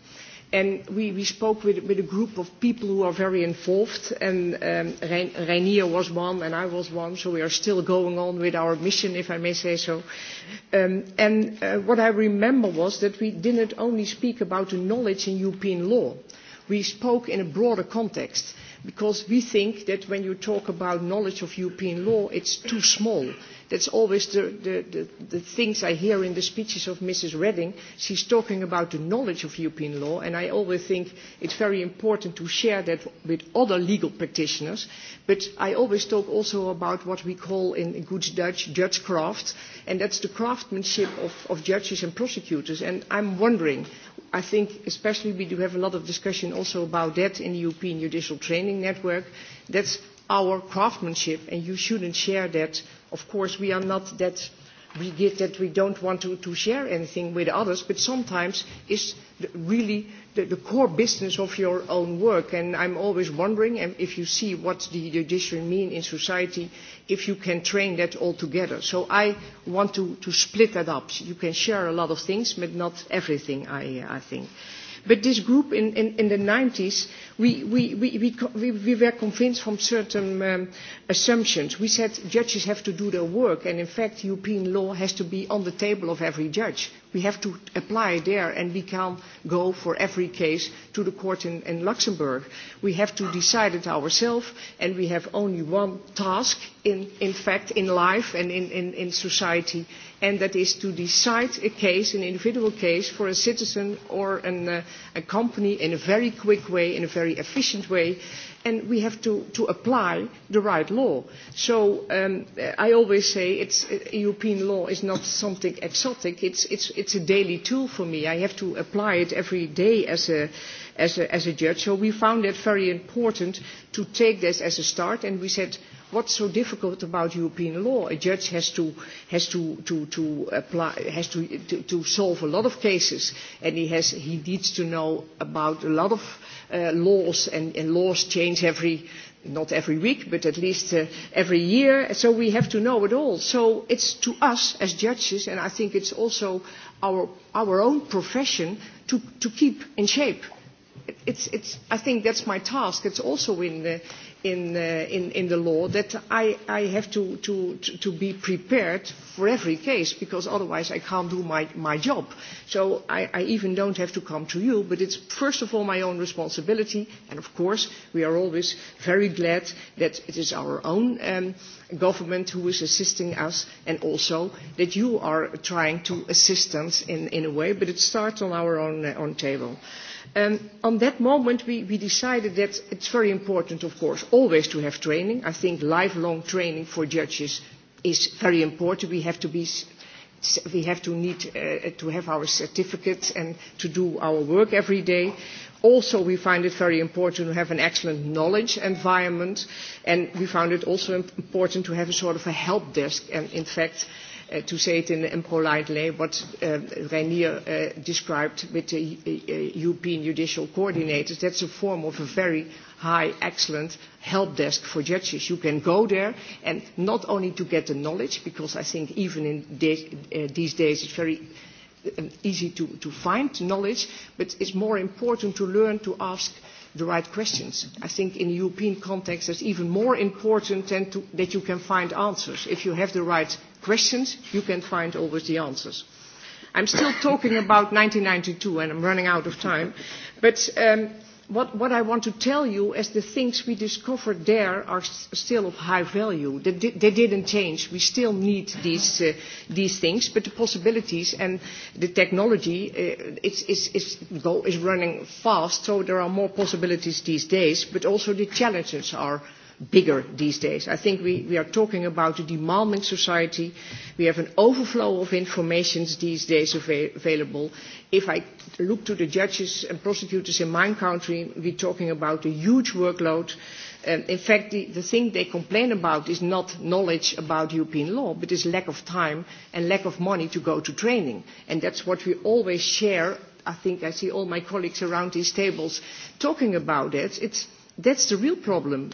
And we, we spoke with, with a group of people who are very involved, and um, Rainier was one, and I was one, so we are still going on with our mission, if I may say so. Um, and uh, what I remember was that we didn't only speak about the knowledge in European law, we spoke in a broader context because we think that when you talk about knowledge of European law, it's too small. That's always the, the, the, the things I hear in the speeches of Mrs. Redding. She's talking about the knowledge of European law, and I always think it's very important to share that with other legal practitioners. But I always talk also about what we call in good Dutch, judge craft, and that's the craftsmanship of, of judges and prosecutors. And I'm wondering, I think especially we do have a lot of discussion also about that in the European Judicial Training Network. That's our craftsmanship and you shouldn't share that. Of course we are not that we get that we don't want to, to share anything with others, but sometimes it's really the, the core business of your own work. And I'm always wondering um, if you see what the judiciary mean in society, if you can train that all together. So I want to, to split that up. You can share a lot of things, but not everything, I, I think. But this group in, in, in the 90s we, we, we, we, we were convinced from certain um, assumptions. We said judges have to do their work, and in fact, European law has to be on the table of every judge. We have to apply there, and we can't go for every case to the court in, in Luxembourg. We have to decide it ourselves, and we have only one task, in, in fact, in life and in, in, in society, and that is to decide a case, an individual case, for a citizen or an, uh, a company in a very quick way, in a very very efficient way, and we have to, to apply the right law. So um, I always say it's, uh, European law is not something exotic, it's, it's, it's a daily tool for me. I have to apply it every day as a, as a, as a judge. So we found it very important to take this as a start, and we said What's so difficult about European law? A judge has to, has to, to, to apply, has to, to, to solve a lot of cases, and he, has, he needs to know about a lot of uh, laws, and, and laws change every, not every week, but at least uh, every year. So we have to know it all. So it's to us as judges, and I think it's also our, our own profession to, to keep in shape. It's, it's, I think that's my task. It's also in, the, in, uh, in, in the law that I, I have to, to, to be prepared for every case because otherwise I can't do my, my job. So I, I even don't have to come to you, but it's first of all my own responsibility. And of course, we are always very glad that it is our own um, government who is assisting us and also that you are trying to assist us in, in a way, but it starts on our own, uh, own table. Um, on that moment, we, we decided that it's very important, of course, always to have training. I think lifelong training for judges is very important. We have to be we have to need uh, to have our certificates and to do our work every day. Also, we find it very important to have an excellent knowledge environment, and we found it also important to have a sort of a help desk, and in fact, uh, to say it in an impolite way, what uh, Rainier uh, described with the uh, European judicial coordinators, that's a form of a very high, excellent help desk for judges. You can go there and not only to get the knowledge, because I think even in de- uh, these days it's very Uh, easy to, to find knowledge, but it's more important to learn to ask the right questions. I think in the European context it's even more important than to, that you can find answers. If you have the right questions, you can find always the answers. I'm still talking about 1992 and I'm running out of time, but um, what, what I want to tell you is the things we discovered there are still of high value. They, they didn't change. We still need these, uh, these things, but the possibilities and the technology uh, it's, it's, it's go, is running fast, so there are more possibilities these days, but also the challenges are bigger these days. I think we, we are talking about a demanding society. We have an overflow of information these days av available. If I look to the judges and prosecutors in my country, we're talking about a huge workload. Um, in fact, the, the thing they complain about is not knowledge about European law, but is lack of time and lack of money to go to training. And that's what we always share. I think I see all my colleagues around these tables talking about it. It's, That's the real problem.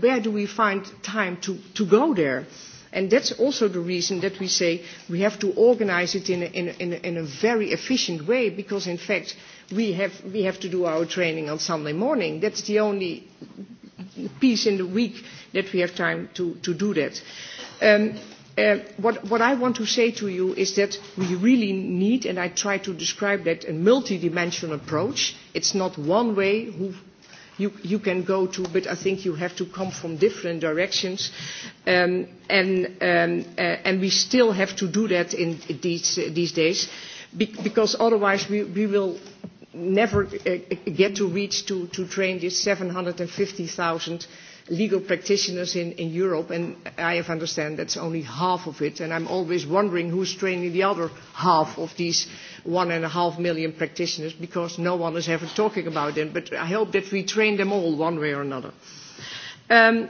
where do we find time to, to go there? And that's also the reason that we say we have to organize it in a, in a, in a, in a very efficient way because, in fact, we have, we have to do our training on Sunday morning. That's the only piece in the week that we have time to, to do that. Um, uh, what, what I want to say to you is that we really need, and I try to describe that, a multidimensional approach. It's not one way who, you, you can go to, but I think you have to come from different directions. Um, and, um, uh, and we still have to do that in these, uh, these days, be because otherwise we, we will never uh, get to reach to, to train these 750,000 legal practitioners in, in Europe, and I have understand that's only half of it, and I'm always wondering who's training the other half of these one and a half million practitioners because no one is ever talking about them. But I hope that we train them all one way or another. Um,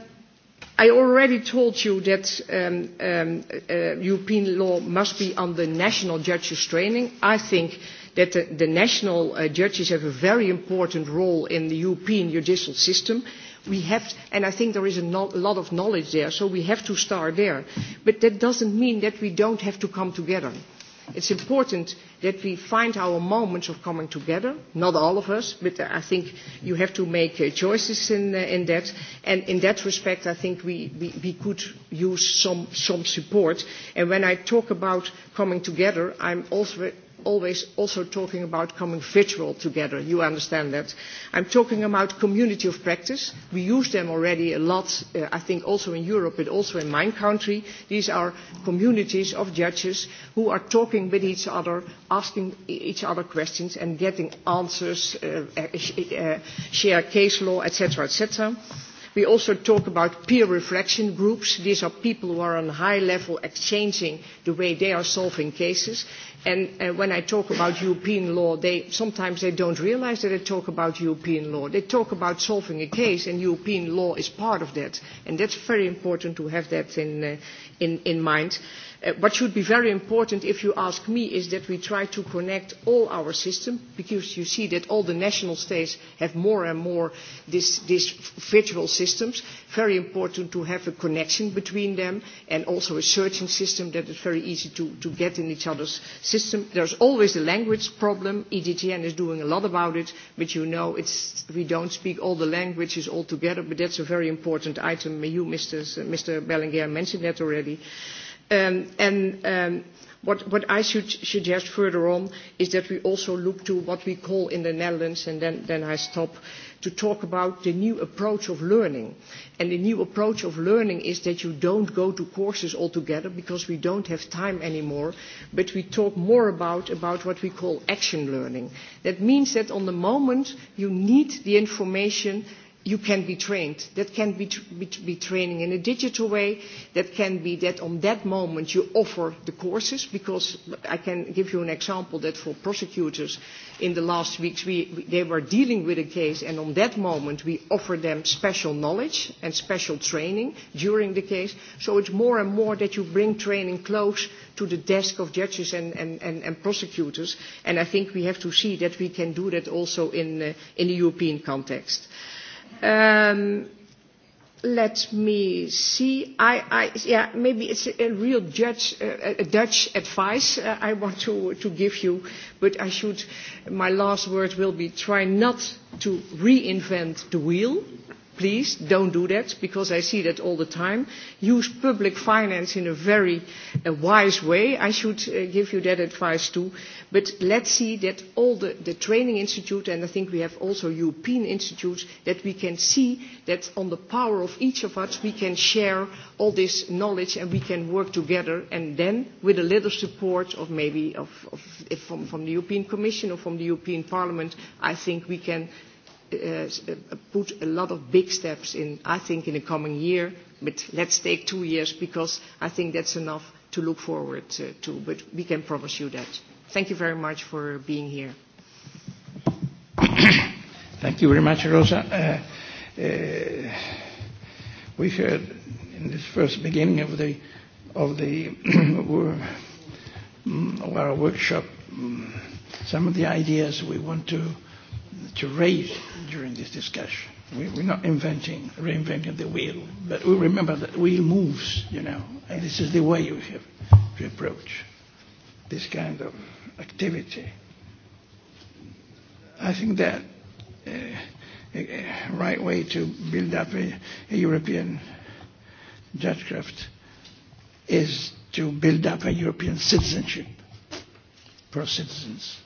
I already told you that um, um, uh, European law must be under national judges' training. I think that the, the national uh, judges have a very important role in the European judicial system we have, and I think there is a, no, a lot of knowledge there, so we have to start there. But that doesn't mean that we don't have to come together. It's important that we find our moments of coming together, not all of us, but I think you have to make uh, choices in, uh, in that. And in that respect, I think we, we, we could use some, some support. And when I talk about coming together, I'm also always also talking about coming virtual together. You understand that. I'm talking about community of practice. We use them already a lot, uh, I think also in Europe, but also in my country. These are communities of judges who are talking with each other, asking e-, each other questions and getting answers, uh, uh, uh share case law, etc., etc. We also talk about peer reflection groups. These are people who are on high level exchanging the way they are solving cases. And uh, when I talk about European law, they, sometimes they don't realize that I talk about European law. They talk about solving a case, and European law is part of that. And that's very important to have that in, uh, in, in mind. Uh, Uh, what should be very important, if you ask me, is that we try to connect all our systems, because you see that all the national states have more and more these this virtual systems. Very important to have a connection between them and also a searching system that is very easy to, to get in each other's system. There's always a language problem. EDTN is doing a lot about it, but you know it's, we don't speak all the languages all together, but that's a very important item. You, Mr. Mr. Bellinger, mentioned that already. Uh, Um, and um, what, what I should suggest further on is that we also look to what we call in the Netherlands, and then, then I stop, to talk about the new approach of learning. And the new approach of learning is that you don't go to courses altogether because we don't have time anymore, but we talk more about, about what we call action learning. That means that on the moment you need the information you can be trained. That can be, tr be, be training in a digital way. That can be that on that moment you offer the courses because I can give you an example that for prosecutors in the last weeks we, we, they were dealing with a case and on that moment we offer them special knowledge and special training during the case. So it's more and more that you bring training close to the desk of judges and, and, and, and prosecutors and I think we have to see that we can do that also in, uh, in the European context. Um, let me see. I, I, yeah, maybe it's a, a real judge, uh, a Dutch advice uh, I want to, to give you, but I should, my last word will be try not to reinvent the wheel Please don't do that because I see that all the time. Use public finance in a very a uh, wise way. I should uh, give you that advice too. But let's see that all the, the training institute and I think we have also European institutes that we can see that on the power of each of us we can share all this knowledge and we can work together and then with a little support of maybe of, of, if from, from the European Commission or from the European Parliament I think we can Uh, uh, put a lot of big steps in, I think, in the coming year, but let's take two years because I think that's enough to look forward to, to, but we can promise you that. Thank you very much for being here. Thank you very much, Rosa. Uh, uh, we heard in this first beginning of the of the mm, of our workshop mm, some of the ideas we want to to raise during this discussion. We, we're not inventing, reinventing the wheel, but we remember that the wheel moves, you know, and this is the way you have to approach this kind of activity. I think that uh, a right way to build up a, a European judgecraft is to build up a European citizenship for citizens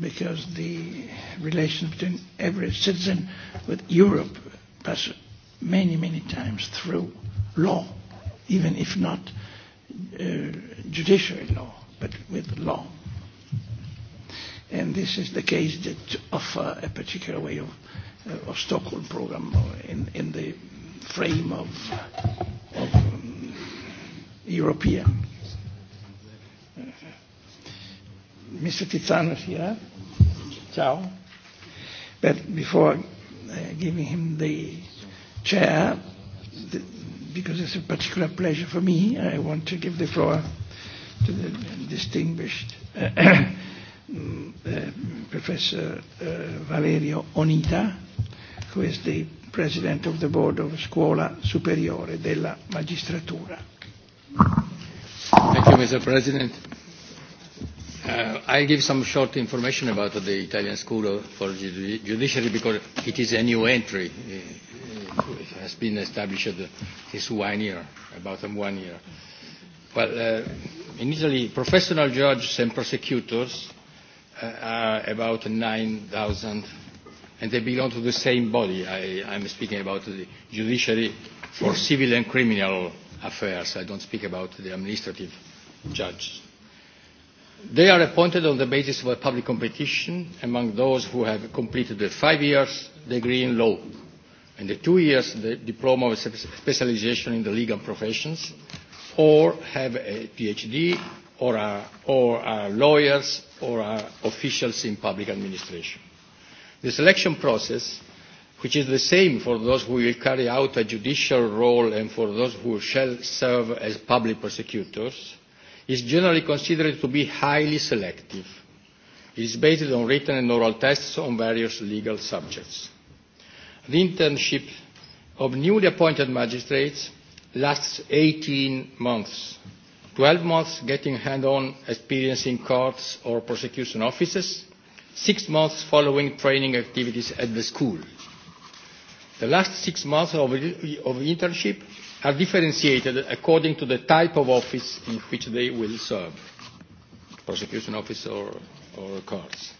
because the relations between every citizen with Europe pass many, many times through law, even if not uh, judiciary law, but with law. And this is the case that offer a particular way of, uh, of Stockholm program in, in the frame of, of um, European Mr. is here. Ciao. But before uh, giving him the chair, the, because it's a particular pleasure for me, I want to give the floor to the distinguished uh, mm, uh, Professor uh, Valerio Onita, who is the President of the Board of Scuola Superiore della Magistratura. Thank you, Mr. President. Uh, I'll give some short information about the Italian School for Judiciary because it is a new entry. Uh, it has been established this one year, about one year. Well, uh, in Italy, professional judges and prosecutors uh, are about 9,000, and they belong to the same body. I, I'm speaking about the judiciary for civil and criminal affairs. I don't speak about the administrative judges. They are appointed on the basis of a public competition among those who have completed the five years degree in law and the two years the diploma of specialization in the legal professions or have a PhD or are, or are lawyers or are officials in public administration. The selection process, which is the same for those who will carry out a judicial role and for those who shall serve as public prosecutors, is generally considered to be highly selective. It is based on written and oral tests on various legal subjects. The internship of newly appointed magistrates lasts 18 months, 12 months getting hand-on experience in courts or prosecution offices, six months following training activities at the school. The last six months of, of internship are differentiated according to the type of office in which they will serve, prosecution office or, or courts.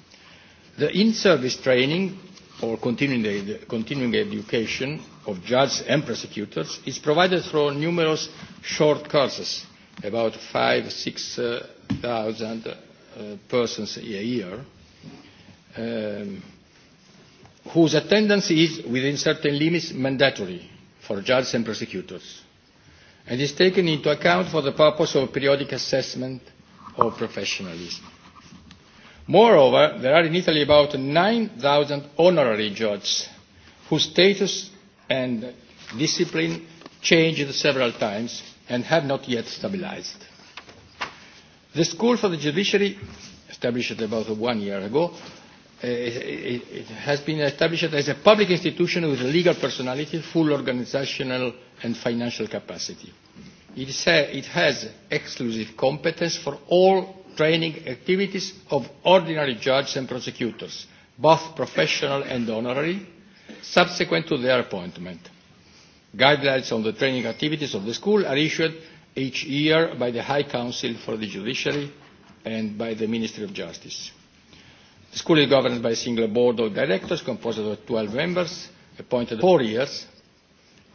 The in-service training or continuing, continuing education of judges and prosecutors is provided through numerous short courses, about five, six uh, thousand uh, persons a year, um, whose attendance is, within certain limits, mandatory for judges and prosecutors and is taken into account for the purpose of periodic assessment of professionalism. Moreover, there are in Italy about 9,000 honorary judges whose status and discipline changed several times and have not yet stabilized. The School for the Judiciary, established about one year ago, Uh, it, has been established as a public institution with legal personality, full organizational and financial capacity. It, say, it has exclusive competence for all training activities of ordinary judges and prosecutors, both professional and honorary, subsequent to their appointment. Guidelines on the training activities of the school are issued each year by the High Council for the Judiciary and by the Ministry of Justice. The school is governed by a single board of directors composed of 12 members appointed four years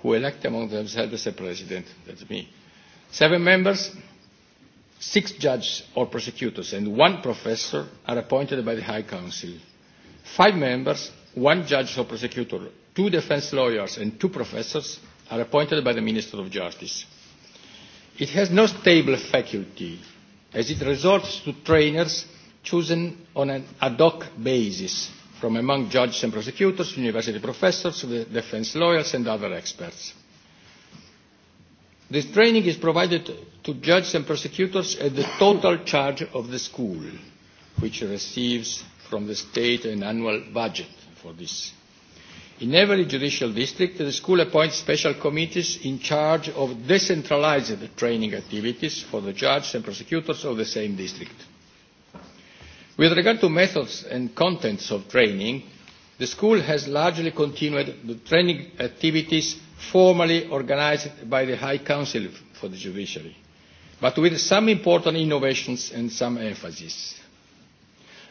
who elect among themselves a president, that's me. Seven members, six judges or prosecutors and one professor are appointed by the High Council. Five members, one judge or prosecutor, two defense lawyers and two professors are appointed by the Minister of Justice. It has no stable faculty as it resorts to trainers chosen on an ad hoc basis from among judges and prosecutors, university professors, defense lawyers and other experts. This training is provided to judges and prosecutors at the total charge of the school, which receives from the state an annual budget for this. In every judicial district, the school appoints special committees in charge of decentralized training activities for the judges and prosecutors of the same district. With regard to methods and contents of training, the school has largely continued the training activities formally organized by the High Council for the Judiciary, but with some important innovations and some emphasis.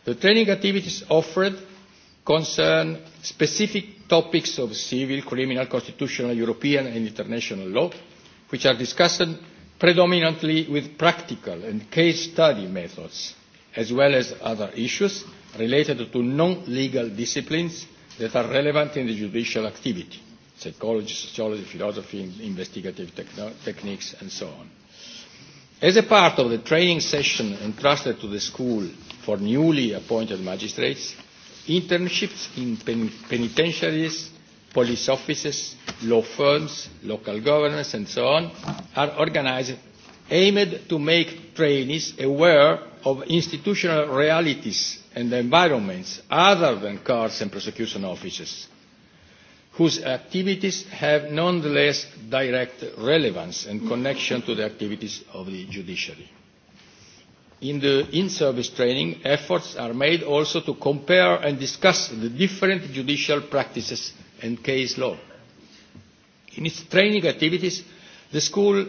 The training activities offered concern specific topics of civil, criminal, constitutional, European and international law, which are discussed predominantly with practical and case study methods as well as other issues related to non-legal disciplines that are relevant in the judicial activity, psychology, sociology, philosophy, investigative techniques, and so on. As a part of the training session entrusted to the school for newly appointed magistrates, internships in pen penitentiaries, police offices, law firms, local governance and so on are organized aimed to make trainees aware of institutional realities and environments other than courts and prosecution offices, whose activities have nonetheless direct relevance and connection to the activities of the judiciary. In the in-service training, efforts are made also to compare and discuss the different judicial practices and case law. In its training activities, the school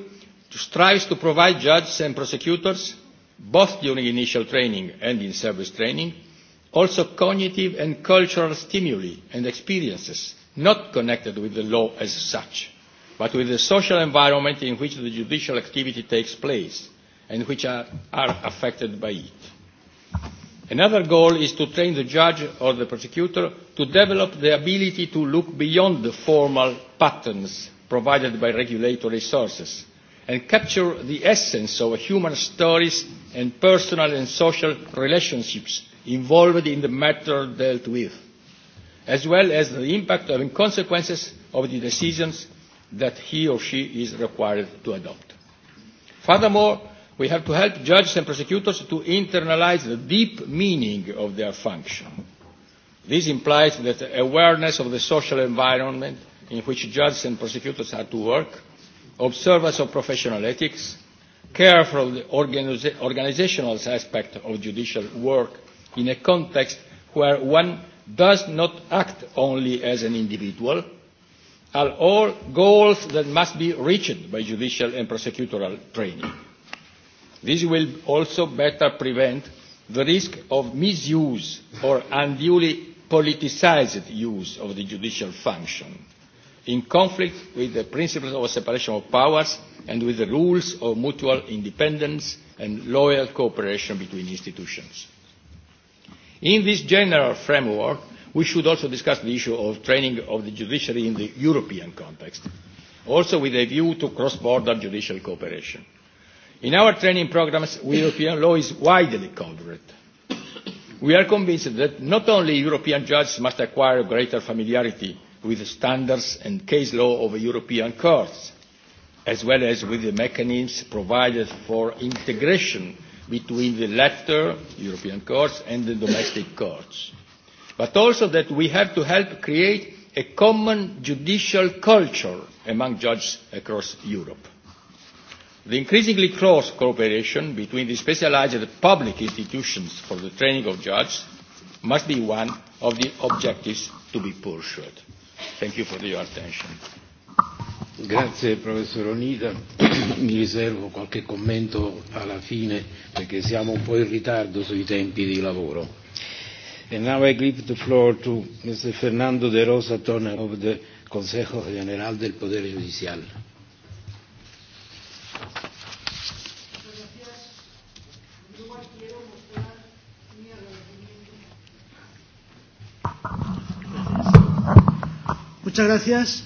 strives to provide judges and prosecutors, both during initial training and in service training, also cognitive and cultural stimuli and experiences not connected with the law as such, but with the social environment in which the judicial activity takes place and which are, are affected by it. Another goal is to train the judge or the prosecutor to develop the ability to look beyond the formal patterns provided by regulatory sources and capture the essence of human stories and personal and social relationships involved in the matter dealt with, as well as the impact and consequences of the decisions that he or she is required to adopt. Furthermore, we have to help judges and prosecutors to internalize the deep meaning of their function. This implies that awareness of the social environment in which judges and prosecutors are to work observance of professional ethics, care for the organiza organizational aspect of judicial work in a context where one does not act only as an individual, are all goals that must be reached by judicial and prosecutorial training. This will also better prevent the risk of misuse or unduly politicized use of the judicial function in conflict with the principles of separation of powers and with the rules of mutual independence and loyal cooperation between institutions. In this general framework, we should also discuss the issue of training of the judiciary in the European context, also with a view to cross-border judicial cooperation. In our training programs, European law is widely covered. We are convinced that not only European judges must acquire greater familiarity with the standards and case law of European courts, as well as with the mechanisms provided for integration between the latter, European courts, and the domestic courts. But also that we have to help create a common judicial culture among judges across Europe. The increasingly close cooperation between the specialized public institutions for the training of judges must be one of the objectives to be pursued. Thank you for your attention. Grazie professor Onida, mi riservo qualche commento alla fine perché siamo un po' in ritardo sui tempi di lavoro. And now I give the floor to Mr. Fernando de Rosa Tone of the Consejo General del Poder Judicial. Muchas gracias.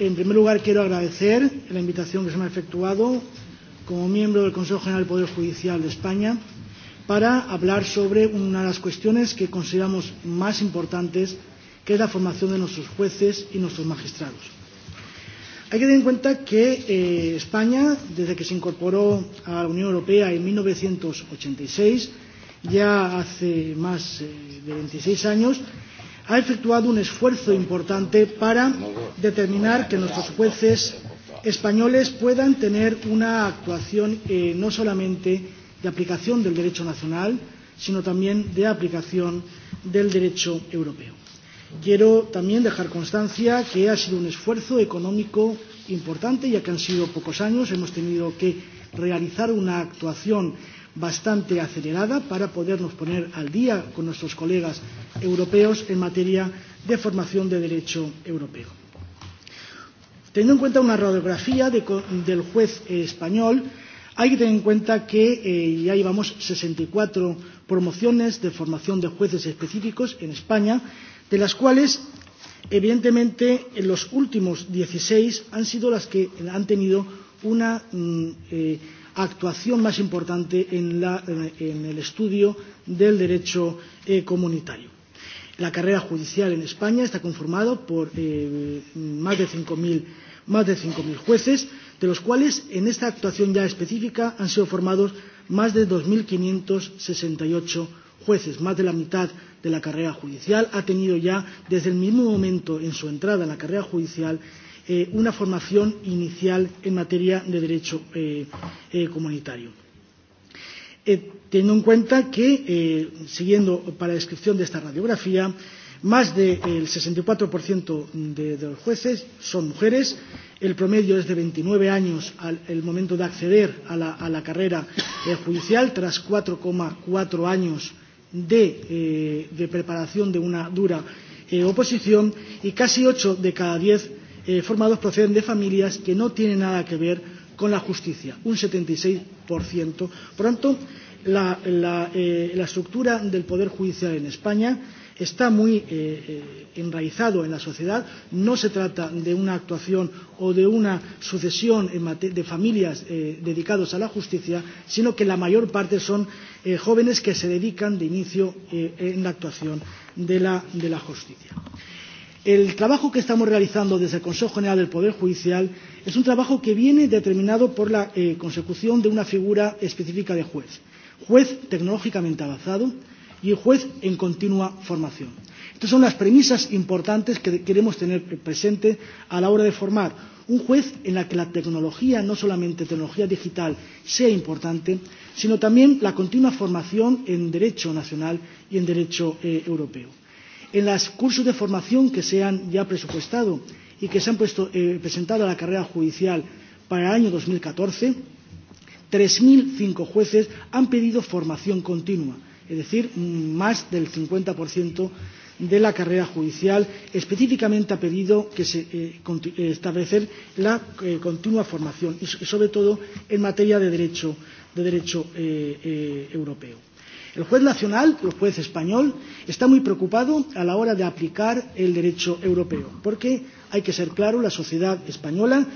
En primer lugar, quiero agradecer la invitación que se me ha efectuado como miembro del Consejo General del Poder Judicial de España para hablar sobre una de las cuestiones que consideramos más importantes, que es la formación de nuestros jueces y nuestros magistrados. Hay que tener en cuenta que eh, España, desde que se incorporó a la Unión Europea en 1986, ya hace más eh, de 26 años, ha efectuado un esfuerzo importante para determinar que nuestros jueces españoles puedan tener una actuación eh, no solamente de aplicación del derecho nacional, sino también de aplicación del derecho europeo. Quiero también dejar constancia que ha sido un esfuerzo económico importante, ya que han sido pocos años, hemos tenido que realizar una actuación bastante acelerada para podernos poner al día con nuestros colegas europeos en materia de formación de derecho europeo. Teniendo en cuenta una radiografía de, del juez eh, español, hay que tener en cuenta que eh, ya llevamos 64 promociones de formación de jueces específicos en España, de las cuales Evidentemente, en los últimos 16 han sido las que han tenido una mm, eh, actuación más importante en, la, eh, en el estudio del derecho eh, comunitario. La carrera judicial en España está conformada por eh, más de 5.000 más de 5.000 jueces, de los cuales en esta actuación ya específica han sido formados más de 2.568 jueces, más de la mitad de la carrera judicial, ha tenido ya desde el mismo momento en su entrada en la carrera judicial eh, una formación inicial en materia de derecho eh, eh, comunitario. Eh, teniendo en cuenta que, eh, siguiendo para la descripción de esta radiografía, más del de, eh, 64% de, de los jueces son mujeres, el promedio es de 29 años al el momento de acceder a la, a la carrera eh, judicial, tras 4,4 años de, eh, de preparación de una dura eh, oposición, y casi 8 de cada 10 eh, formados proceden de familias que no tienen nada que ver con la justicia, un 76%. Por tanto, la, la, eh, la estructura del Poder Judicial en España está muy eh, eh, enraizado en la sociedad. No se trata de una actuación o de una sucesión de familias eh, dedicados a la justicia, sino que la mayor parte son eh, jóvenes que se dedican de inicio eh, en la actuación de la, de la justicia. El trabajo que estamos realizando desde el Consejo General del Poder Judicial es un trabajo que viene determinado por la eh, consecución de una figura específica de juez. Juez tecnológicamente avanzado y juez en continua formación. Estas son las premisas importantes que queremos tener presente a la hora de formar un juez en la que la tecnología, no solamente tecnología digital, sea importante, sino también la continua formación en derecho nacional y en derecho eh, europeo en los cursos de formación que se han ya presupuestado y que se han puesto, eh, presentado a la carrera judicial para el año 2014, 3.005 jueces han pedido formación continua, es decir, más del 50% de la carrera judicial. Específicamente ha pedido que se eh, eh establecer la eh, continua formación y sobre todo en materia de derecho, de derecho eh, eh, europeo. El juez nacional, el juez español, está muy preocupado a la hora de aplicar el derecho europeo, porque hay que ser claro, la sociedad española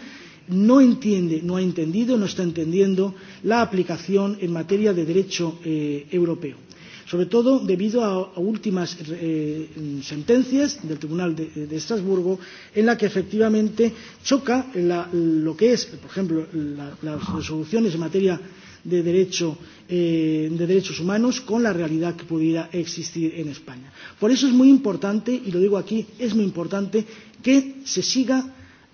no entiende, no ha entendido, no está entendiendo la aplicación en materia de derecho eh, europeo sobre todo debido a, a últimas eh, sentencias del Tribunal de, de Estrasburgo en la que efectivamente choca la, lo que es, por ejemplo, la, las resoluciones en materia de, derecho, eh, de derechos humanos con la realidad que pudiera existir en España. Por eso es muy importante, y lo digo aquí, es muy importante que se siga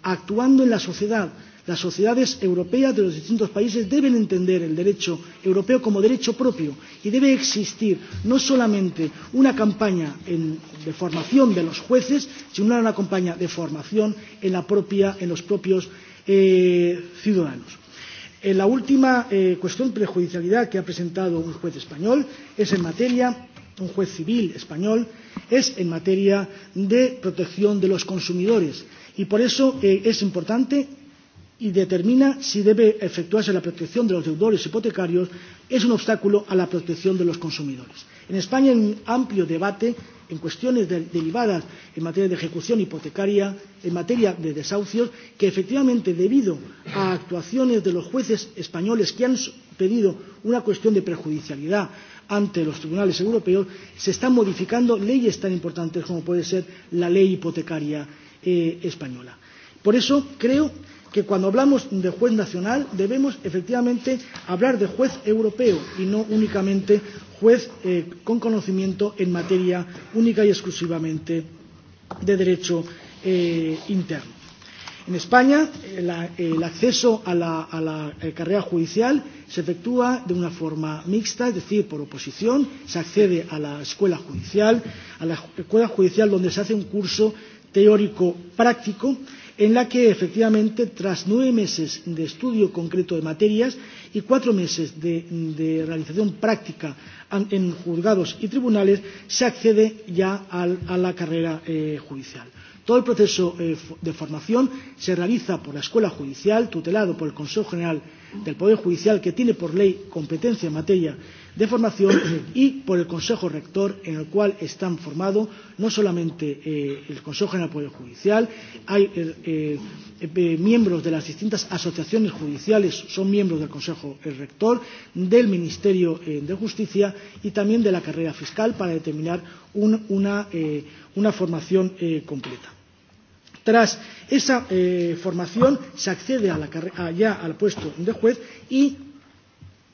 actuando en la sociedad. Las sociedades europeas de los distintos países deben entender el derecho europeo como derecho propio y debe existir no solamente una campaña en, de formación de los jueces, sino una campaña de formación en, la propia, en los propios eh, ciudadanos. Eh, la última eh, cuestión de prejudicialidad que ha presentado un juez español es en materia, un juez civil español, es en materia de protección de los consumidores. Y por eso eh, es importante y determina si debe efectuarse la protección de los deudores hipotecarios, es un obstáculo a la protección de los consumidores. En España hay un amplio debate en cuestiones de, derivadas en materia de ejecución hipotecaria, en materia de desahucios, que efectivamente debido a actuaciones de los jueces españoles que han pedido una cuestión de perjudicialidad ante los tribunales europeos, se están modificando leyes tan importantes como puede ser la ley hipotecaria eh, española. Por eso creo que cuando hablamos de juez nacional debemos efectivamente hablar de juez europeo y no únicamente juez eh, con conocimiento en materia única y exclusivamente de derecho eh, interno. En España, eh, la, el acceso a la, a la eh, carrera judicial se efectúa de una forma mixta, es decir, por oposición, se accede a la escuela judicial, a la escuela judicial donde se hace un curso teórico práctico en la que efectivamente tras nueve meses de estudio concreto de materias y cuatro meses de, de realización práctica en juzgados y tribunales se accede ya al, a la carrera eh, judicial. Todo el proceso eh, de formación se realiza por la Escuela Judicial, tutelado por el Consejo General del Poder Judicial, que tiene por ley competencia en materia de formación y por el Consejo Rector, en el cual están formados no solamente eh, el Consejo General Poder Judicial, hay eh, eh, eh, miembros de las distintas asociaciones judiciales, son miembros del Consejo el eh, Rector, del Ministerio eh, de Justicia y también de la carrera fiscal para determinar un, una, eh, una formación eh, completa. Tras esa eh, formación se accede a la, a, ya al puesto de juez y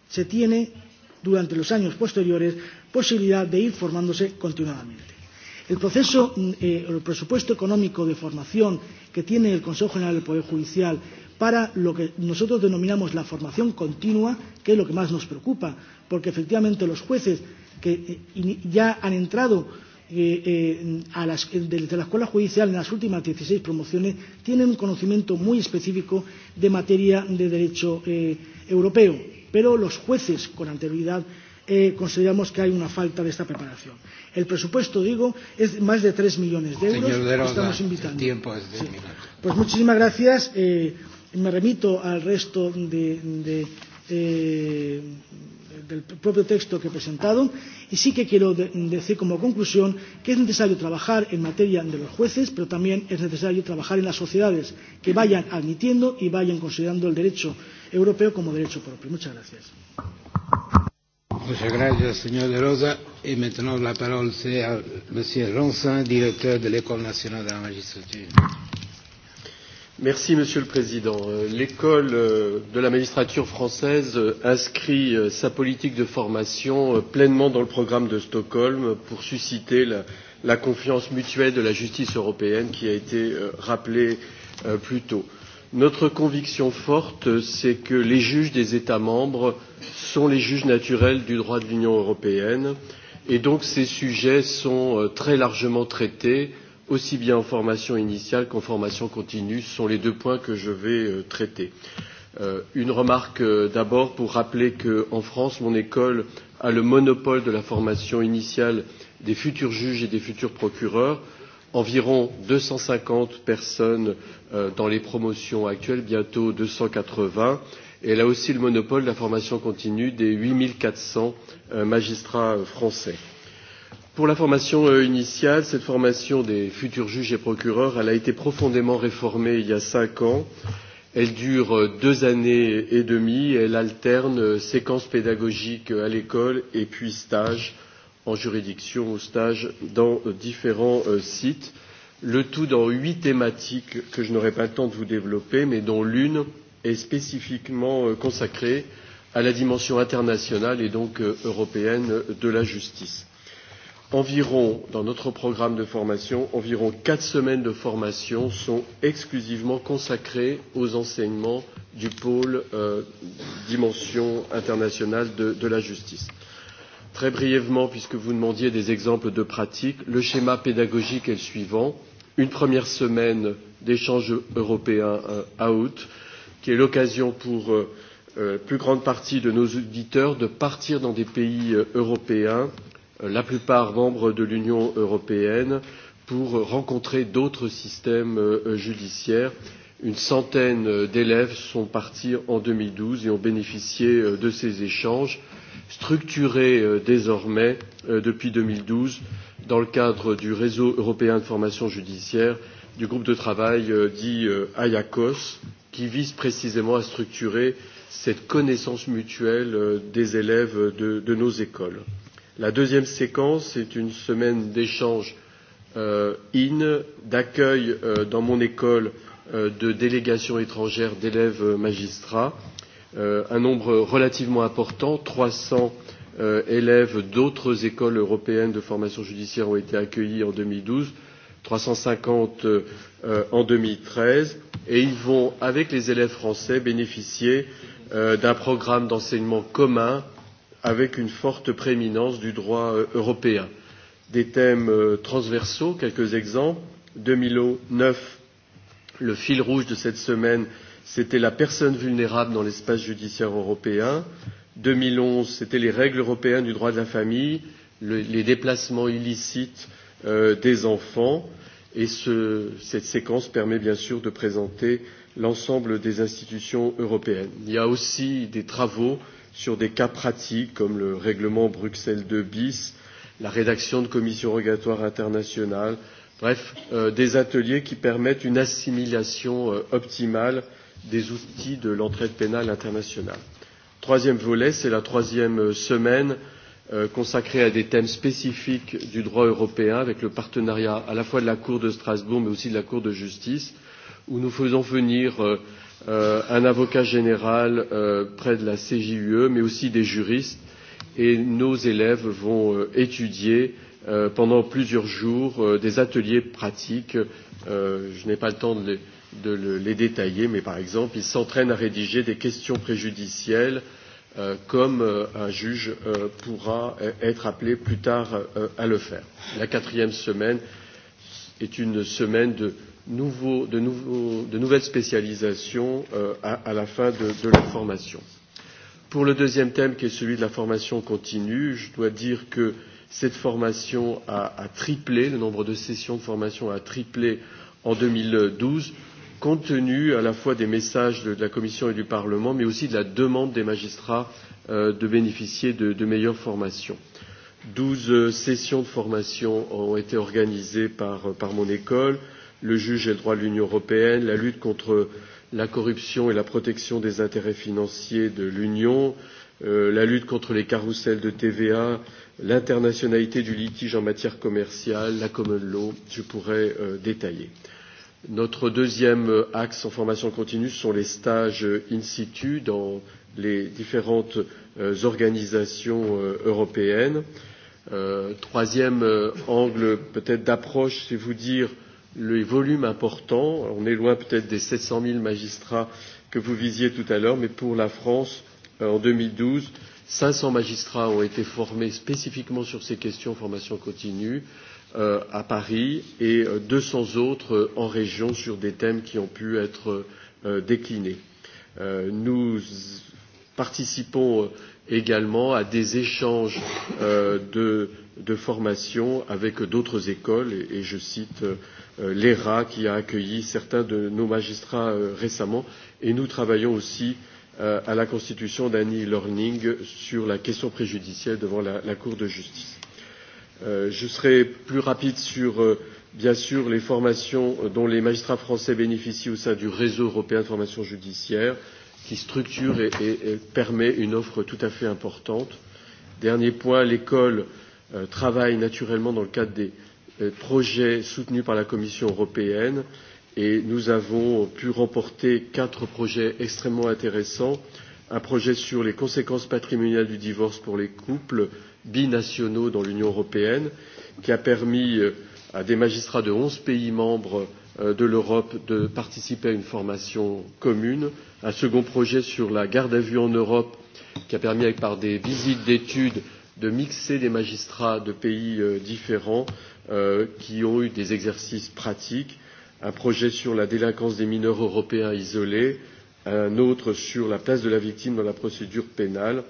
se tiene durante los años posteriores posibilidad de ir formándose continuadamente. El proceso, mm, eh, el presupuesto económico de formación que tiene el Consejo General del Poder Judicial para lo que nosotros denominamos la formación continua, que es lo que más nos preocupa, porque efectivamente los jueces que eh, ya han entrado eh, eh, a las, de, de la Escuela Judicial en las últimas 16 promociones tienen un conocimiento muy específico de materia de derecho eh, europeo pero los jueces con anterioridad eh, consideramos que hay una falta de esta preparación. El presupuesto, digo, es más de 3 millones de euros. Señor de estamos invitando. El tiempo es de sí. Pues muchísimas gracias. Eh, me remito al resto de, de, eh, del propio texto que he presentado y sí que quiero de decir como conclusión que es necesario trabajar en materia de los jueces, pero también es necesario trabajar en las sociedades que vayan admitiendo y vayan considerando el derecho europeo como derecho propio. Muchas gracias. Muchas gracias, señor De Rosa. Et maintenant, la parole c'est à monsieur director directeur de l'École nationale de la magistrature. Merci, Monsieur le Président. Euh, l'école euh, de la magistrature française euh, inscrit sa politique de formation pleinement dans le programme de Stockholm pour susciter la, la confiance mutuelle de la justice européenne qui a été rappelée plus tôt. Notre conviction forte, c'est que les juges des États membres sont les juges naturels du droit de l'Union européenne et donc ces sujets sont euh, très largement traités, aussi bien en formation initiale qu'en formation continue, ce sont les deux points que je vais euh, traiter. Euh, une remarque d'abord pour rappeler qu'en France, mon école a le monopole de la formation initiale des futurs juges et des futurs procureurs environ 250 personnes euh, dans les promotions actuelles, bientôt 280. Et elle a aussi le monopole de la formation continue des 8400 euh, magistrats euh, français. Pour la formation euh, initiale, cette formation des futurs juges et procureurs, elle a été profondément réformée il y a cinq ans. Elle dure euh, deux années et demie. Elle alterne euh, séquences pédagogiques à l'école et puis stages en juridiction, au stage, dans euh, différents euh, sites, le tout dans huit thématiques que je n'aurai pas le temps de vous développer, mais dont l'une est spécifiquement euh, consacrée à la dimension internationale et donc euh, européenne euh, de la justice. Environ, dans notre programme de formation, environ quatre semaines de formation sont exclusivement consacrées aux enseignements du pôle euh, dimension internationale de, de la justice. Très brièvement, puisque vous demandiez des exemples de pratiques, le schéma pédagogique est le suivant. Une première semaine d'échange européen euh, à août, qui est l'occasion pour euh, euh, plus grande partie de nos auditeurs de partir dans des pays euh, européens, la plupart membres de l'Union européenne, pour rencontrer d'autres systèmes judiciaires. Une centaine d'élèves sont partis en 2012 et ont bénéficié de ces échanges structurée euh, désormais euh, depuis 2012 dans le cadre du réseau européen de formation judiciaire du groupe de travail euh, dit euh, AYACOS qui vise précisément à structurer cette connaissance mutuelle euh, des élèves de, de nos écoles. La deuxième séquence est une semaine d'échange euh, in, d'accueil euh, dans mon école euh, de délégations étrangères d'élèves euh, magistrats euh, un nombre relativement important, 300 euh, élèves d'autres écoles européennes de formation judiciaire ont été accueillis en 2012, 350 euh, en 2013, et ils vont, avec les élèves français, bénéficier euh, d'un programme d'enseignement commun avec une forte prééminence du droit euh, européen. Des thèmes euh, transversaux, quelques exemples. 2009, le fil rouge de cette semaine, euh, c'était la personne vulnérable dans l'espace judiciaire européen. 2011, c'était les règles européennes du droit de la famille, le, les déplacements illicites euh, des enfants. Et ce, cette séquence permet bien sûr de présenter l'ensemble des institutions européennes. Il y a aussi des travaux sur des cas pratiques comme le règlement Bruxelles 2 bis, la rédaction de commissions rogatoires internationales, bref, euh, des ateliers qui permettent une assimilation euh, optimale des outils de l'entraide pénale internationale. Troisième volet, c'est la troisième euh, semaine euh, consacrée à des thèmes spécifiques du droit européen avec le partenariat à la fois de la Cour de Strasbourg mais aussi de la Cour de justice où nous faisons venir euh, euh, un avocat général euh, près de la CJUE mais aussi des juristes et nos élèves vont euh, étudier euh, pendant plusieurs jours euh, des ateliers pratiques. Euh, je n'ai pas le temps de les de le, les détailler, mais par exemple, il s'entraîne à rédiger des questions préjudicielles euh, comme euh, un juge euh, pourra euh, être appelé plus tard euh, à le faire. La quatrième semaine est une semaine de, nouveau, de, nouveau, de nouvelles spécialisations euh, à, à la fin de, de la formation. Pour le deuxième thème, qui est celui de la formation continue, je dois dire que cette formation a, a triplé, le nombre de sessions de formation a triplé en 2012 compte tenu à la fois des messages de, de la Commission et du Parlement, mais aussi de la demande des magistrats euh, de bénéficier de, de meilleures formations. Douze euh, sessions de formation ont été organisées par, euh, par mon école, le juge et le droit de l'Union européenne, la lutte contre la corruption et la protection des intérêts financiers de l'Union, euh, la lutte contre les carousels de TVA, l'internationalité du litige en matière commerciale, la common law, je pourrais euh, détailler. Euh, Notre deuxième axe en formation continue sont les stages in situ dans les différentes euh, organisations euh, européennes. Euh, troisième euh, angle peut-être d'approche, c'est vous dire les volumes importants. On est loin peut-être des 700 000 magistrats que vous visiez tout à l'heure, mais pour la France, en 2012, 500 magistrats ont été formés spécifiquement sur ces questions formation continue euh, à Paris et 200 euh, autres euh, en région sur des thèmes qui ont pu être euh, déclinés. Euh, nous participons euh, également à des échanges euh, de, de formation avec d'autres écoles et, et je cite euh, l'ERA qui a accueilli certains de nos magistrats euh, récemment et nous travaillons aussi euh, à la constitution d'un e-learning sur la question préjudicielle devant la, la Cour de justice. Euh, je serai plus rapide sur, euh, bien sûr, les formations dont les magistrats français bénéficient au sein du réseau européen de formation judiciaire, qui structure et, et, et permet une offre tout à fait importante. Dernier point, l'école euh, travaille naturellement dans le cadre des euh, projets soutenus par la Commission européenne et nous avons pu remporter quatre projets extrêmement intéressants. Un projet sur les conséquences patrimoniales du divorce pour les couples, binationaux dans l'Union européenne, qui a permis euh, à des magistrats de 11 pays membres euh, de l'Europe de participer à une formation commune, un second projet sur la garde à vue en Europe qui a permis par des visites d'études de mixer des magistrats de pays euh, différents euh, qui ont eu des exercices pratiques, un projet sur la délinquance des mineurs européens isolés, un autre sur la place de la victime dans la procédure pénale, euh,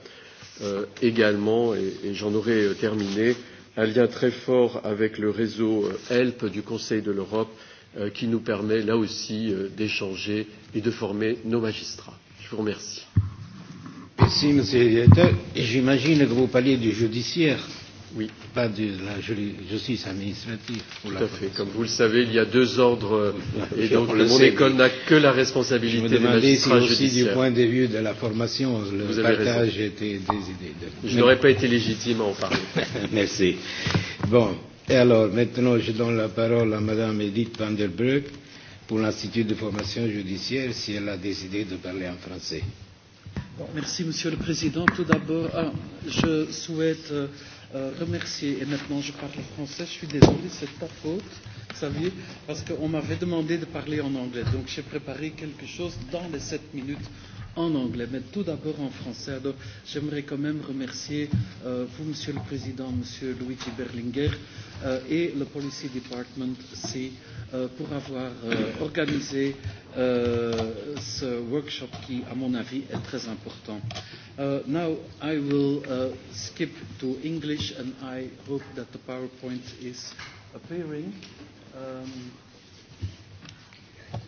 euh, également, et, et j'en aurai euh, terminé, un lien très fort avec le réseau euh, HELP du Conseil de l'Europe euh, qui nous permet là aussi euh, d'échanger et de former nos magistrats. Je vous remercie. Merci, Monsieur le Directeur. J'imagine que vous parliez du judiciaire. Oui, pas de la justice administrative. Pour Tout la à fait. Comme vous le savez, il y a deux ordres euh, et donc le mon n'a que la responsabilité je me demandais si aussi du point de vue de la formation, le vous partage était des idées. De... Je n'aurais pas été légitime à en parler. Merci. Bon, et alors maintenant je donne la parole à Madame Edith van der Breuk pour l'Institut de formation judiciaire si elle a décidé de parler en français. Bon, merci Monsieur le Président. Tout d'abord, ah, je souhaite... Euh, Euh, remercier. Et maintenant, je parle français. Je suis désolé, c'est ta faute, Xavier, parce qu'on m'avait demandé de parler en anglais. Donc, j'ai préparé quelque chose dans les sept minutes en anglais, mais tout d'abord en français. Alors, j'aimerais quand même remercier euh, vous, Monsieur le Président, Monsieur Luigi Berlinguer, euh, et le Policy Department, c'est euh, pour avoir euh, organisé uh, ce workshop qui, à mon avis, est très important. Uh, now I will uh, skip to English and I hope that the PowerPoint is appearing. Um,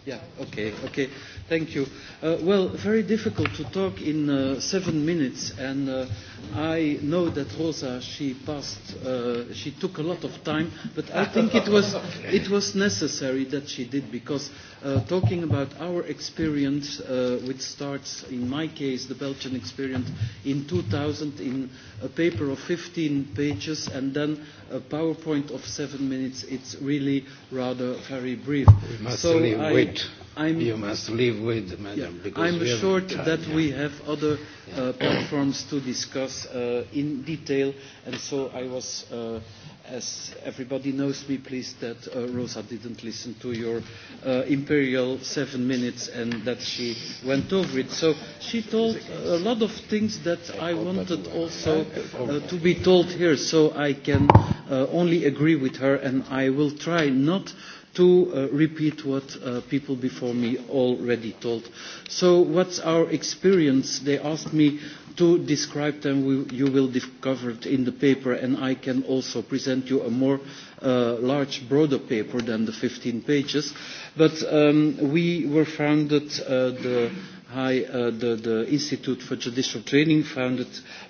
Yeah, okay, okay. Thank you. Uh, well, very difficult to talk in uh, seven minutes, and uh, I know that Rosa, she passed, uh, she took a lot of time, but I think it was, it was necessary that she did, because uh, talking about our experience, uh, which starts, in my case, the Belgian experience, in 2000 in a paper of 15 pages, and then a PowerPoint of seven minutes, it's really rather very brief. so I, with. I'm, you must live with, madam. Yeah, I'm assured time, that yeah. we have other yeah. uh, platforms to discuss uh, in detail, and so I was, uh, as everybody knows me, pleased that uh, Rosa didn't listen to your uh, imperial seven minutes and that she went over it. So she told a lot of things that I wanted also uh, to be told here, so I can uh, only agree with her, and I will try not to uh, repeat what uh, people before me already told. So what's our experience? They asked me to describe them. We, you will discover it in the paper, and I can also present you a more uh, large, broader paper than the 15 pages. But um, we were founded, uh, the, high, uh, the, the Institute for Judicial Training, founded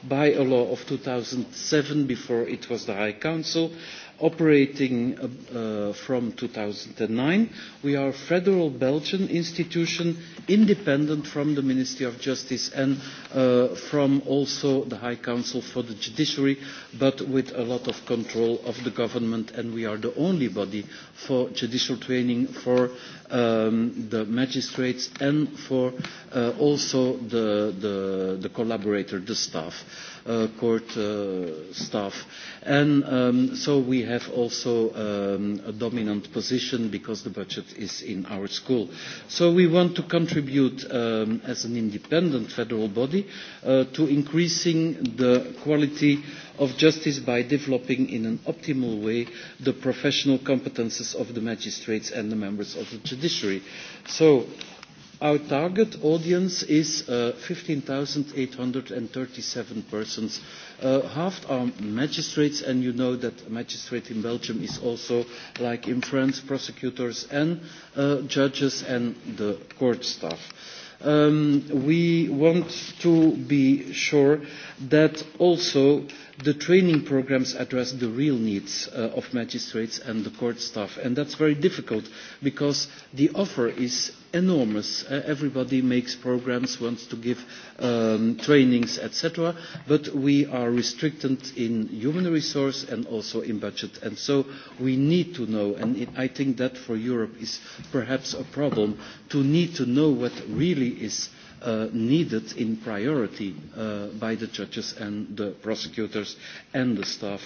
by a law of 2007 before it was the High Council operating uh, uh, from 2009. We are a federal Belgian institution independent from the Ministry of Justice and uh, from also the High Council for the Judiciary, but with a lot of control of the government, and we are the only body for judicial training for um, the magistrates and for uh, also the, the, the collaborator, the staff. Uh, court uh, staff. And um, so we have also um, a dominant position because the budget is in our school. So we want to contribute um, as an independent federal body uh, to increasing the quality of justice by developing in an optimal way the professional competences of the magistrates and the members of the judiciary. So Our target audience is uh, 15,837 persons. Uh, half are magistrates, and you know that a magistrate in Belgium is also, like in France, prosecutors and uh, judges and the court staff. Um, we want to be sure that also the training programs address the real needs uh, of magistrates and the court staff. And that's very difficult because the offer is enormous. Uh, everybody makes programs, wants to give um, trainings, etc. But we are restricted in human resource and also in budget. And so we need to know, and it, I think that for Europe is perhaps a problem, to need to know what really is uh, needed in priority uh, by the judges and the prosecutors and the staff.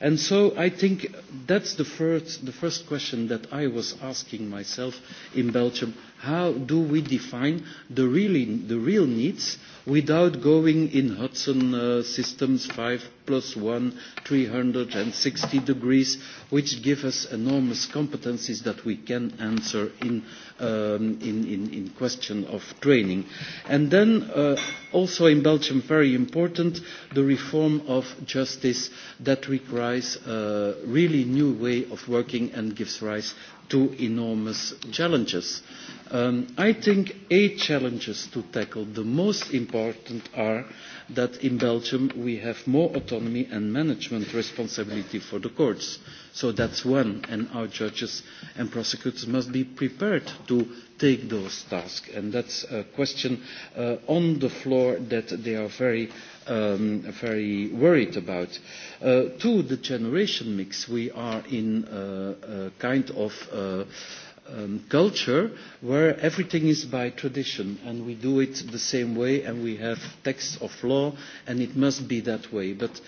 And so I think that's the first, the first question that I was asking myself in Belgium. How do we define the, really, the real needs without going in Hudson uh, systems 5 plus 1, 360 degrees, which give us enormous competencies that we can answer in, um, in, in, in question of training. And then uh, also in Belgium, very important, the reform of justice that requires a uh, really new way of working and gives rise two enormous challenges. Um, I think eight challenges to tackle. The most important are that in Belgium we have more autonomy and management responsibility for the courts. So that's one, and our judges and prosecutors must be prepared to take those tasks. And that's a question uh, on the floor that they are very um, very worried about. Uh, two, the generation mix. We are in a, uh, a kind of a, uh, um, culture where everything is by tradition and we do it the same way and we have texts of law and it must be that way. But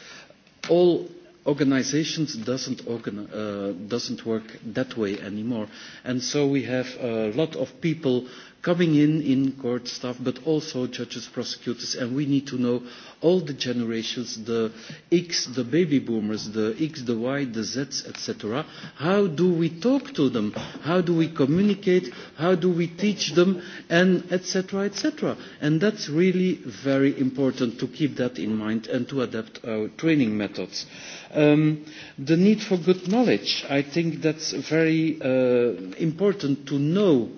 all organizations doesn't, organ uh, doesn't work that way anymore. And so we have a lot of people coming in in court staff, but also judges, prosecutors, and we need to know all the generations, the X, the baby boomers, the X, the Y, the Zs, etc. How do we talk to them? How do we communicate? How do we teach them? And etc. etc. And that's really very important to keep that in mind and to adapt our training methods. Um, the need for good knowledge, I think that's very uh, important to know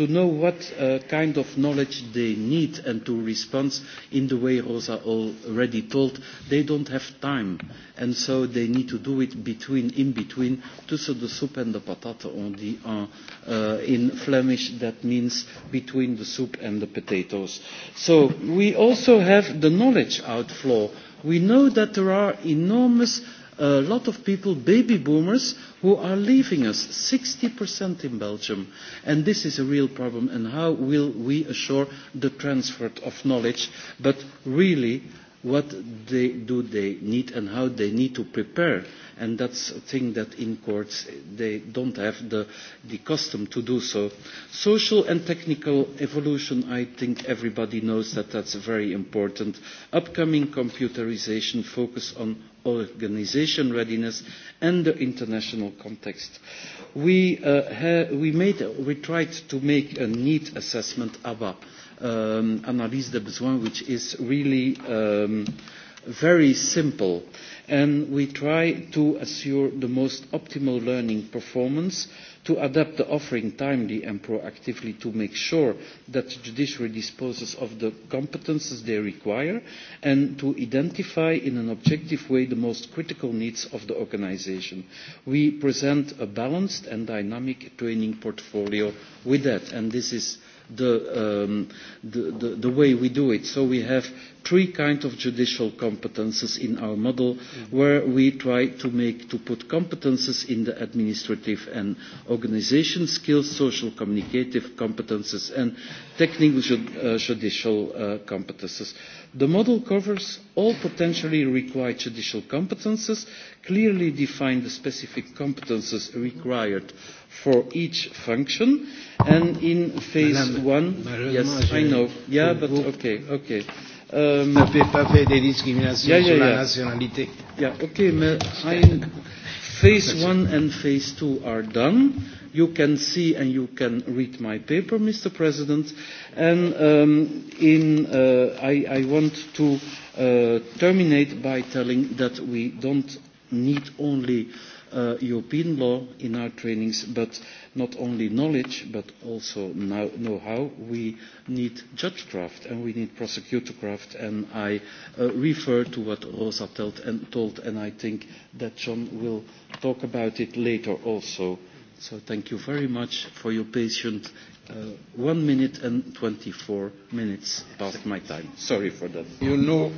to know what uh, kind of knowledge they need and to respond in the way Rosa already told. They don't have time, and so they need to do it between, in between, tussen the soup and the patate, on the uh, uh, in Flemish, that means between the soup and the potatoes. So we also have the knowledge outflow. We know that there are enormous, a uh, lot of people, baby boomers, who are leaving us, 60% in Belgium. And this is a real problem. And how will we assure the transfer of knowledge, but really what they, do they need and how they need to prepare. And that's a thing that in courts they don't have the, the custom to do so. Social and technical evolution, I think everybody knows that that's very important. Upcoming computerization focus on organization readiness and the international context. We, uh, ha we, made, we tried to make a need assessment about um, Analyse de Besoin, which is really um, very simple. And we try to assure the most optimal learning performance to adapt the offering timely and proactively to make sure that the judiciary disposes of the competences they require and to identify in an objective way the most critical needs of the organization. We present a balanced and dynamic training portfolio with that, and this is the, um, the, the, the way we do it. So we have three kinds of judicial competences in our model mm-hmm. where we try to make, to put competences in the administrative and organization skills, social communicative competences and technical uh, judicial uh, competences. The model covers all potentially required judicial competences, clearly define the specific competences required for each function, and in phase Madame, one, Madame yes, Madame I know, yeah, but okay, okay. Um, yeah, yeah, yeah. Yeah, okay, mais I'm Phase one and phase two are done. You can see and you can read my paper, Mr. President. And um, in, uh, I, I want to uh, terminate by telling that we don't need only uh, uh, European law in our trainings, but not only knowledge, but also know-how. We need judge craft and we need prosecutor craft and I uh, refer to what Rosa told and, told, and I think that John will talk about it later also. So thank you very much for your patient uh, one minute and 24 minutes past my time. Sorry for that. You know,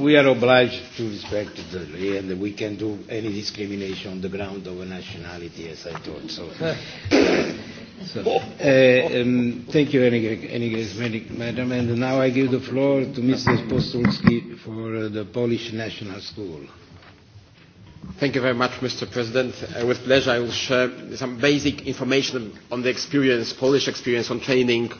we are obliged to respect the law and we can do any discrimination on the ground of a nationality, as I thought. So, so uh, um, thank you, any any Madam. And now I give the floor to Mr. Postulski for uh, the Polish National School. Thank you very much, Mr. President. Uh, with pleasure, I will share some basic information on the experience, Polish experience on training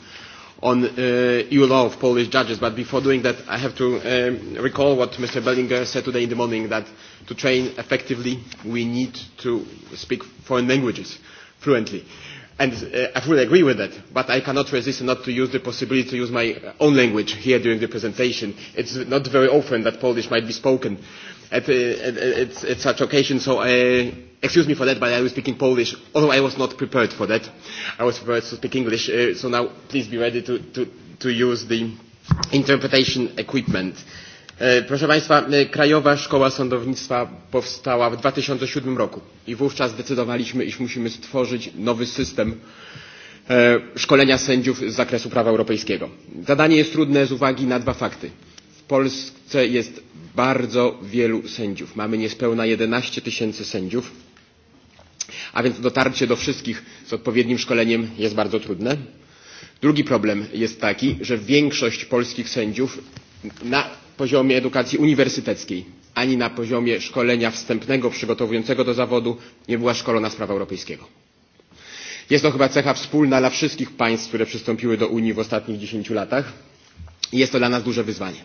on uh, EU law of Polish judges. But before doing that, I have to um, recall what Mr. Bellinger said today in the morning, that to train effectively, we need to speak foreign languages fluently. And uh, I fully agree with that, but I cannot resist not to use the possibility to use my own language here during the presentation. It's not very often that Polish might be spoken at, uh, at, at, at such occasion, So uh, excuse me for that, but I was speaking Polish, although I was not prepared for that. I was prepared to speak English, uh, so now please be ready to, to, to use the interpretation equipment. E, proszę Państwa, e, Krajowa Szkoła Sądownictwa powstała w 2007 roku i wówczas zdecydowaliśmy, iż musimy stworzyć nowy system e, szkolenia sędziów z zakresu prawa europejskiego. Zadanie jest trudne z uwagi na dwa fakty. W Polsce jest bardzo wielu sędziów. Mamy niespełna 11 tysięcy sędziów, a więc dotarcie do wszystkich z odpowiednim szkoleniem jest bardzo trudne. Drugi problem jest taki, że większość polskich sędziów na poziomie edukacji uniwersyteckiej ani na poziomie szkolenia wstępnego przygotowującego do zawodu nie była szkolona z prawa europejskiego. Jest to chyba cecha wspólna dla wszystkich państw, które przystąpiły do Unii w ostatnich 10 latach i jest to dla nas duże wyzwanie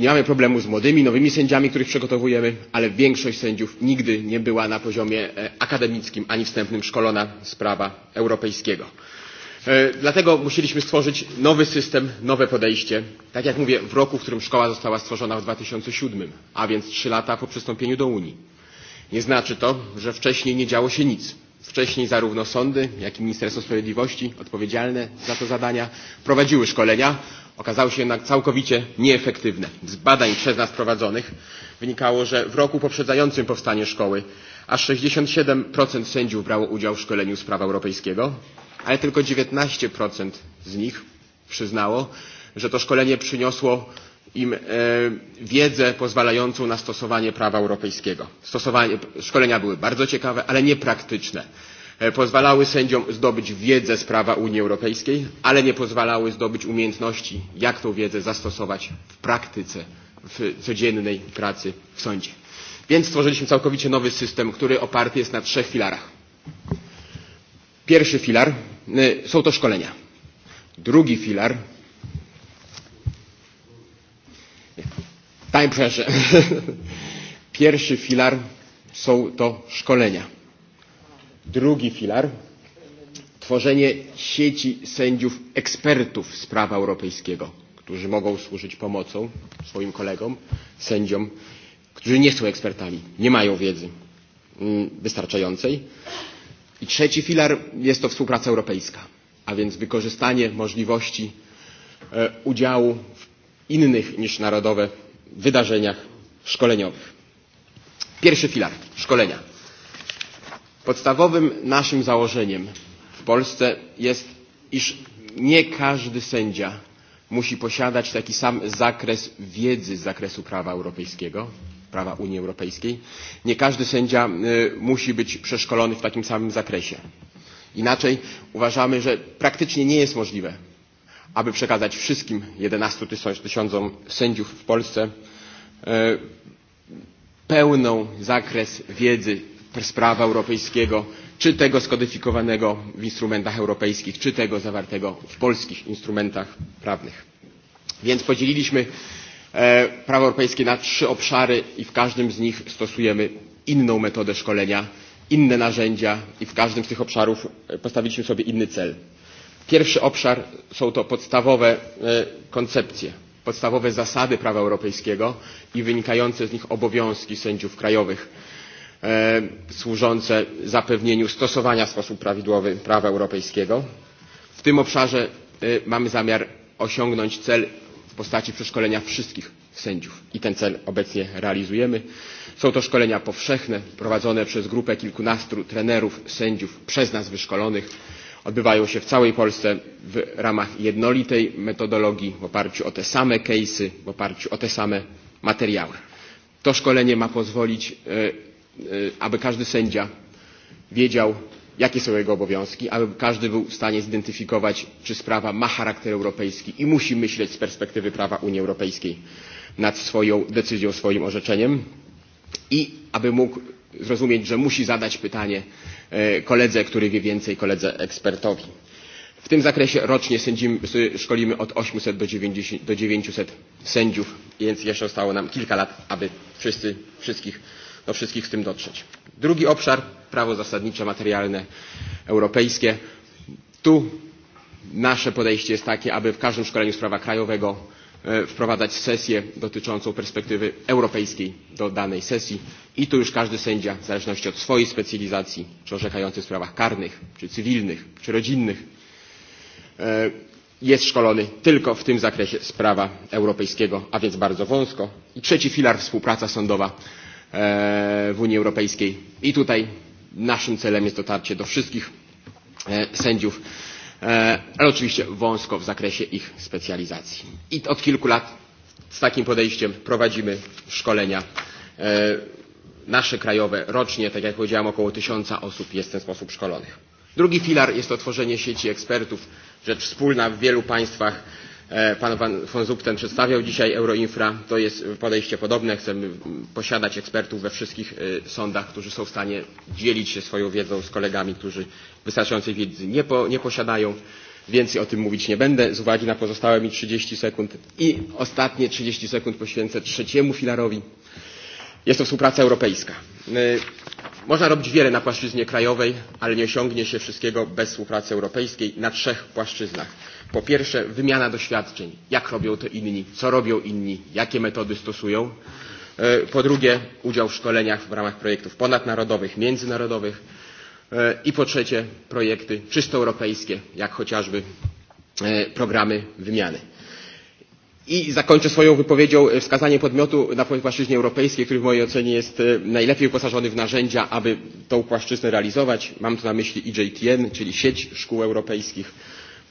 nie mamy problemu z młodymi, nowymi sędziami, których przygotowujemy, ale większość sędziów nigdy nie była na poziomie e, akademickim ani wstępnym szkolona z prawa europejskiego. E, dlatego musieliśmy stworzyć nowy system, nowe podejście. Tak jak mówię, w roku, w którym szkoła została stworzona w 2007, a więc trzy lata po przystąpieniu do Unii. Nie znaczy to, że wcześniej nie działo się nic. Wcześniej zarówno sądy, jak i Ministerstwo Sprawiedliwości odpowiedzialne za to zadania prowadziły szkolenia, okazały się jednak całkowicie nieefektywne. Z badań przez nas prowadzonych wynikało, że w roku poprzedzającym powstanie szkoły aż 67% sędziów brało udział w szkoleniu z prawa europejskiego, ale tylko 19% z nich przyznało, że to szkolenie przyniosło im e, wiedzę pozwalającą na stosowanie prawa europejskiego. Stosowanie, szkolenia były bardzo ciekawe, ale niepraktyczne E, pozwalały sędziom zdobyć wiedzę z prawa Unii Europejskiej, ale nie pozwalały zdobyć umiejętności, jak tą wiedzę zastosować w praktyce, w codziennej pracy w sądzie. Więc stworzyliśmy całkowicie nowy system, który oparty jest na trzech filarach. Pierwszy filar e, są to szkolenia. Drugi filar time pressure. Pierwszy filar są to szkolenia. Drugi filar tworzenie sieci sędziów ekspertów z prawa europejskiego, którzy mogą służyć pomocą swoim kolegom, sędziom, którzy nie są ekspertami, nie mają wiedzy mm, wystarczającej. I trzeci filar jest to współpraca europejska, a więc wykorzystanie możliwości e, udziału w innych niż narodowe wydarzeniach szkoleniowych. Pierwszy filar szkolenia Podstawowym naszym założeniem w Polsce jest, iż nie każdy sędzia musi posiadać taki sam zakres wiedzy z zakresu prawa europejskiego, prawa Unii Europejskiej. Nie każdy sędzia y, musi być przeszkolony w takim samym zakresie. Inaczej uważamy, że praktycznie nie jest możliwe, aby przekazać wszystkim 11 tysiącom sędziów w Polsce y, pełną zakres wiedzy prawa europejskiego, czy tego skodyfikowanego w instrumentach europejskich, czy tego zawartego w polskich instrumentach prawnych. Więc podzieliliśmy e, prawo europejskie na trzy obszary i w każdym z nich stosujemy inną metodę szkolenia, inne narzędzia i w każdym z tych obszarów e, postawiliśmy sobie inny cel. Pierwszy obszar są to podstawowe e, koncepcje, podstawowe zasady prawa europejskiego i wynikające z nich obowiązki sędziów krajowych E, służące zapewnieniu stosowania w sposób prawidłowy prawa europejskiego. W tym obszarze e, mamy zamiar osiągnąć cel w postaci przeszkolenia wszystkich sędziów i ten cel obecnie realizujemy. Są to szkolenia powszechne prowadzone przez grupę kilkunastu trenerów sędziów przez nas wyszkolonych. Odbywają się w całej Polsce w ramach jednolitej metodologii w oparciu o te same case'y, w oparciu o te same materiały. To szkolenie ma pozwolić e, E, aby każdy sędzia wiedział, jakie są jego obowiązki, aby każdy był w stanie zidentyfikować, czy sprawa ma charakter europejski i musi myśleć z perspektywy prawa Unii Europejskiej nad swoją decyzją, swoim orzeczeniem i aby mógł zrozumieć, że musi zadać pytanie e, koledze, który wie więcej, koledze ekspertowi. W tym zakresie rocznie sędzimy, szkolimy od 800 do, 90, do 900 sędziów, więc jeszcze zostało nam kilka lat, aby wszyscy, wszystkich do wszystkich z tym dotrzeć. Drugi obszar, prawo zasadnicze, materialne, europejskie. Tu nasze podejście jest takie, aby w każdym szkoleniu z prawa krajowego e, wprowadzać sesję dotyczącą perspektywy europejskiej do danej sesji i tu już każdy sędzia, w zależności od swojej specjalizacji, czy orzekający w sprawach karnych, czy cywilnych, czy rodzinnych, e, jest szkolony tylko w tym zakresie z prawa europejskiego, a więc bardzo wąsko. I trzeci filar, współpraca sądowa. E, w Unii Europejskiej. I tutaj naszym celem jest dotarcie do wszystkich e, sędziów, e, ale oczywiście wąsko w zakresie ich specjalizacji. I od kilku lat z takim podejściem prowadzimy szkolenia nasze krajowe rocznie, tak jak powiedziałem, około tysiąca osób jest w ten sposób szkolonych. Drugi filar jest to tworzenie sieci ekspertów, rzecz wspólna w wielu państwach E, pan von Zupten przedstawiał dzisiaj Euroinfra. To jest podejście podobne. Chcemy posiadać ekspertów we wszystkich e, sądach, którzy są w stanie dzielić się swoją wiedzą z kolegami, którzy wystarczającej wiedzy nie, po, nie posiadają. Więcej o tym mówić nie będę z uwagi na pozostałe mi 30 sekund. I ostatnie 30 sekund poświęcę trzeciemu filarowi. Jest to współpraca europejska. E, można robić wiele na płaszczyźnie krajowej, ale nie osiągnie się wszystkiego bez współpracy europejskiej na trzech płaszczyznach Po pierwsze, wymiana doświadczeń, jak robią to inni, co robią inni, jakie metody stosują. E, po drugie, udział w szkoleniach w ramach projektów ponadnarodowych, międzynarodowych. E, I po trzecie, projekty czysto europejskie, jak chociażby e, programy wymiany. I zakończę swoją wypowiedzią wskazanie podmiotu na płaszczyźnie europejskiej, który w mojej ocenie jest najlepiej uposażony w narzędzia, aby tą płaszczyznę realizować. Mam tu na myśli IJTN, czyli sieć szkół europejskich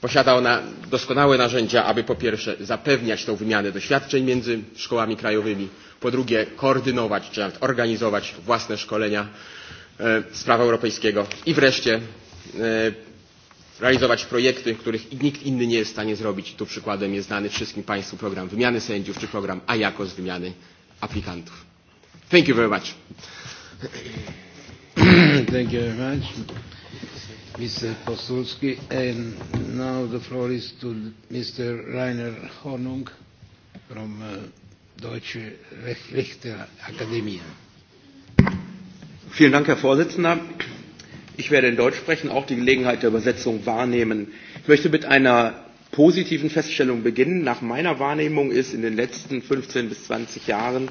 Posiada ona doskonałe narzędzia, aby po pierwsze zapewniać tą wymianę doświadczeń między szkołami krajowymi, po drugie koordynować czy nawet organizować własne szkolenia e, z prawa europejskiego i wreszcie e, realizować projekty, których nikt inny nie jest w stanie zrobić. Tu przykładem jest znany wszystkim Państwu program wymiany sędziów czy program AJAKO z wymiany aplikantów. Thank you very much. Thank you very much. Mr. Postulski. And now the floor is to Mr. Rainer Hornung from uh, Deutsche Rechter Akademie. Vielen Dank, Herr Vorsitzender. Ich werde in Deutsch sprechen, auch die Gelegenheit der Übersetzung wahrnehmen. Ich möchte mit einer positiven Feststellung beginnen. Nach meiner Wahrnehmung ist in den letzten 15 bis 20 Jahren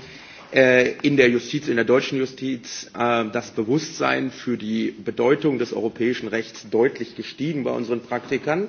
Äh, in der Justiz, in der deutschen Justiz äh, das Bewusstsein für die Bedeutung des europäischen Rechts deutlich gestiegen bei unseren Praktikern.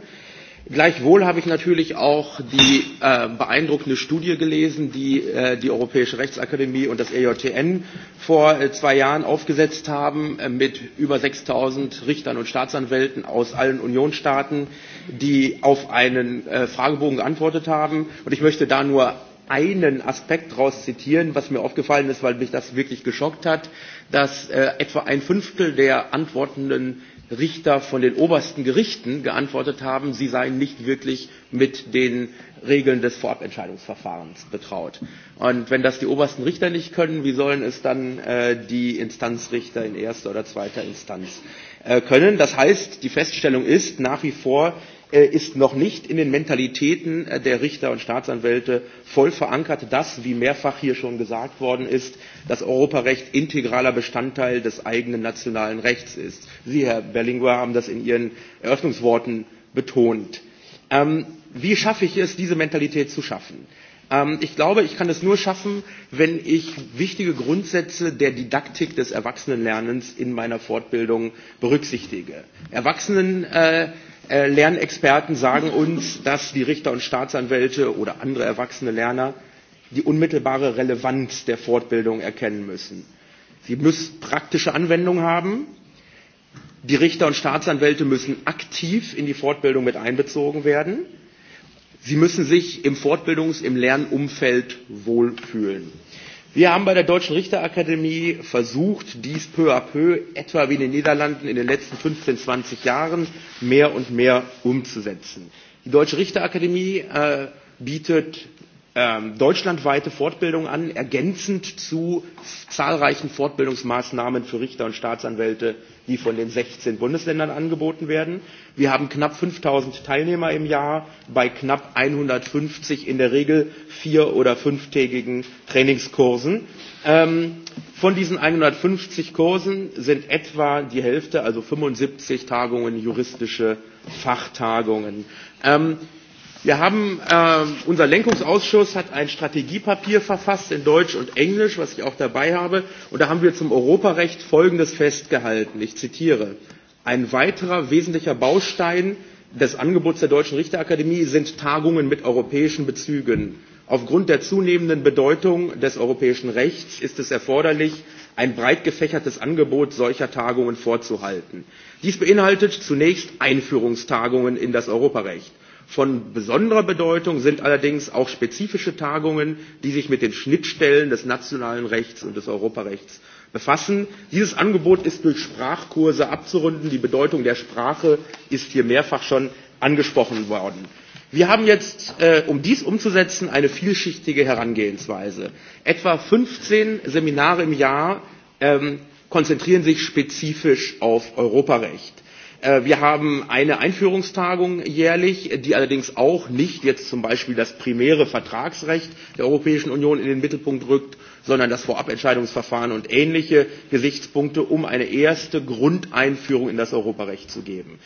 Gleichwohl habe ich natürlich auch die äh, beeindruckende Studie gelesen, die die Europäische Rechtsakademie und das EJTN vor zwei Jahren aufgesetzt haben, mit über 6000 Richtern und Staatsanwälten aus allen Unionsstaaten, die auf einen Fragebogen geantwortet haben. Und ich möchte da nur einen Aspekt daraus zitieren, was mir aufgefallen ist, weil mich das wirklich geschockt hat, dass äh, etwa ein Fünftel der antwortenden Richter von den obersten Gerichten geantwortet haben, sie seien nicht wirklich mit den Regeln des Vorabentscheidungsverfahrens betraut. Und wenn das die obersten Richter nicht können, wie sollen es dann äh, die Instanzrichter in erster oder zweiter Instanz äh, können? Das heißt, die Feststellung ist nach wie vor, Äh, ist noch nicht in den Mentalitäten äh, der Richter und Staatsanwälte voll verankert, dass, wie mehrfach hier schon gesagt worden ist, das Europarecht integraler Bestandteil des eigenen nationalen Rechts ist. Sie, Herr Berlinguer, haben das in Ihren Eröffnungsworten betont. Ähm, wie schaffe ich es, diese Mentalität zu schaffen? Ähm, ich glaube, ich kann es nur schaffen, wenn ich wichtige Grundsätze der Didaktik des Erwachsenenlernens in meiner Fortbildung berücksichtige. Erwachsenen äh, Äh, Lernexperten sagen uns, dass die Richter und Staatsanwälte oder andere erwachsene Lerner die unmittelbare Relevanz der Fortbildung erkennen müssen. Sie müssen praktische Anwendung haben. Die Richter und Staatsanwälte müssen aktiv in die Fortbildung mit einbezogen werden. Sie müssen sich im Fortbildungs-, im Lernumfeld wohlfühlen. Wir haben bei der Deutschen Richterakademie versucht, dies peu à peu, etwa wie in den Niederlanden in den letzten 15, 20 Jahren, mehr und mehr umzusetzen. Die Deutsche Richterakademie äh, bietet ähm, deutschlandweite Fortbildung an, ergänzend zu zahlreichen Fortbildungsmaßnahmen für Richter und Staatsanwälte, die von den 16 Bundesländern angeboten werden. Wir haben knapp 5000 Teilnehmer im Jahr bei knapp 150 in der Regel vier- oder fünftägigen Trainingskursen. Ähm, von diesen 150 Kursen sind etwa die Hälfte, also 75 Tagungen, juristische Fachtagungen. Ähm, Wir haben, äh, unser Lenkungsausschuss hat ein Strategiepapier verfasst in Deutsch und Englisch, was ich auch dabei habe. Und da haben wir zum Europarecht Folgendes festgehalten. Ich zitiere. Ein weiterer wesentlicher Baustein des Angebots der Deutschen Richterakademie sind Tagungen mit europäischen Bezügen. Aufgrund der zunehmenden Bedeutung des europäischen Rechts ist es erforderlich, ein breit gefächertes Angebot solcher Tagungen vorzuhalten. Dies beinhaltet zunächst Einführungstagungen in das Europarecht. Von besonderer Bedeutung sind allerdings auch spezifische Tagungen, die sich mit den Schnittstellen des nationalen Rechts und des Europarechts befassen. Dieses Angebot ist durch Sprachkurse abzurunden. Die Bedeutung der Sprache ist hier mehrfach schon angesprochen worden. Wir haben jetzt, äh, um dies umzusetzen, eine vielschichtige Herangehensweise. Etwa 15 Seminare im Jahr ähm, konzentrieren sich spezifisch auf Europarecht. Äh, wir haben eine Einführungstagung jährlich, die allerdings auch nicht jetzt zum Beispiel das primäre Vertragsrecht der Europäischen Union in den Mittelpunkt rückt, sondern das Vorabentscheidungsverfahren und ähnliche Gesichtspunkte, um eine erste Grundeinführung in das Europarecht zu geben.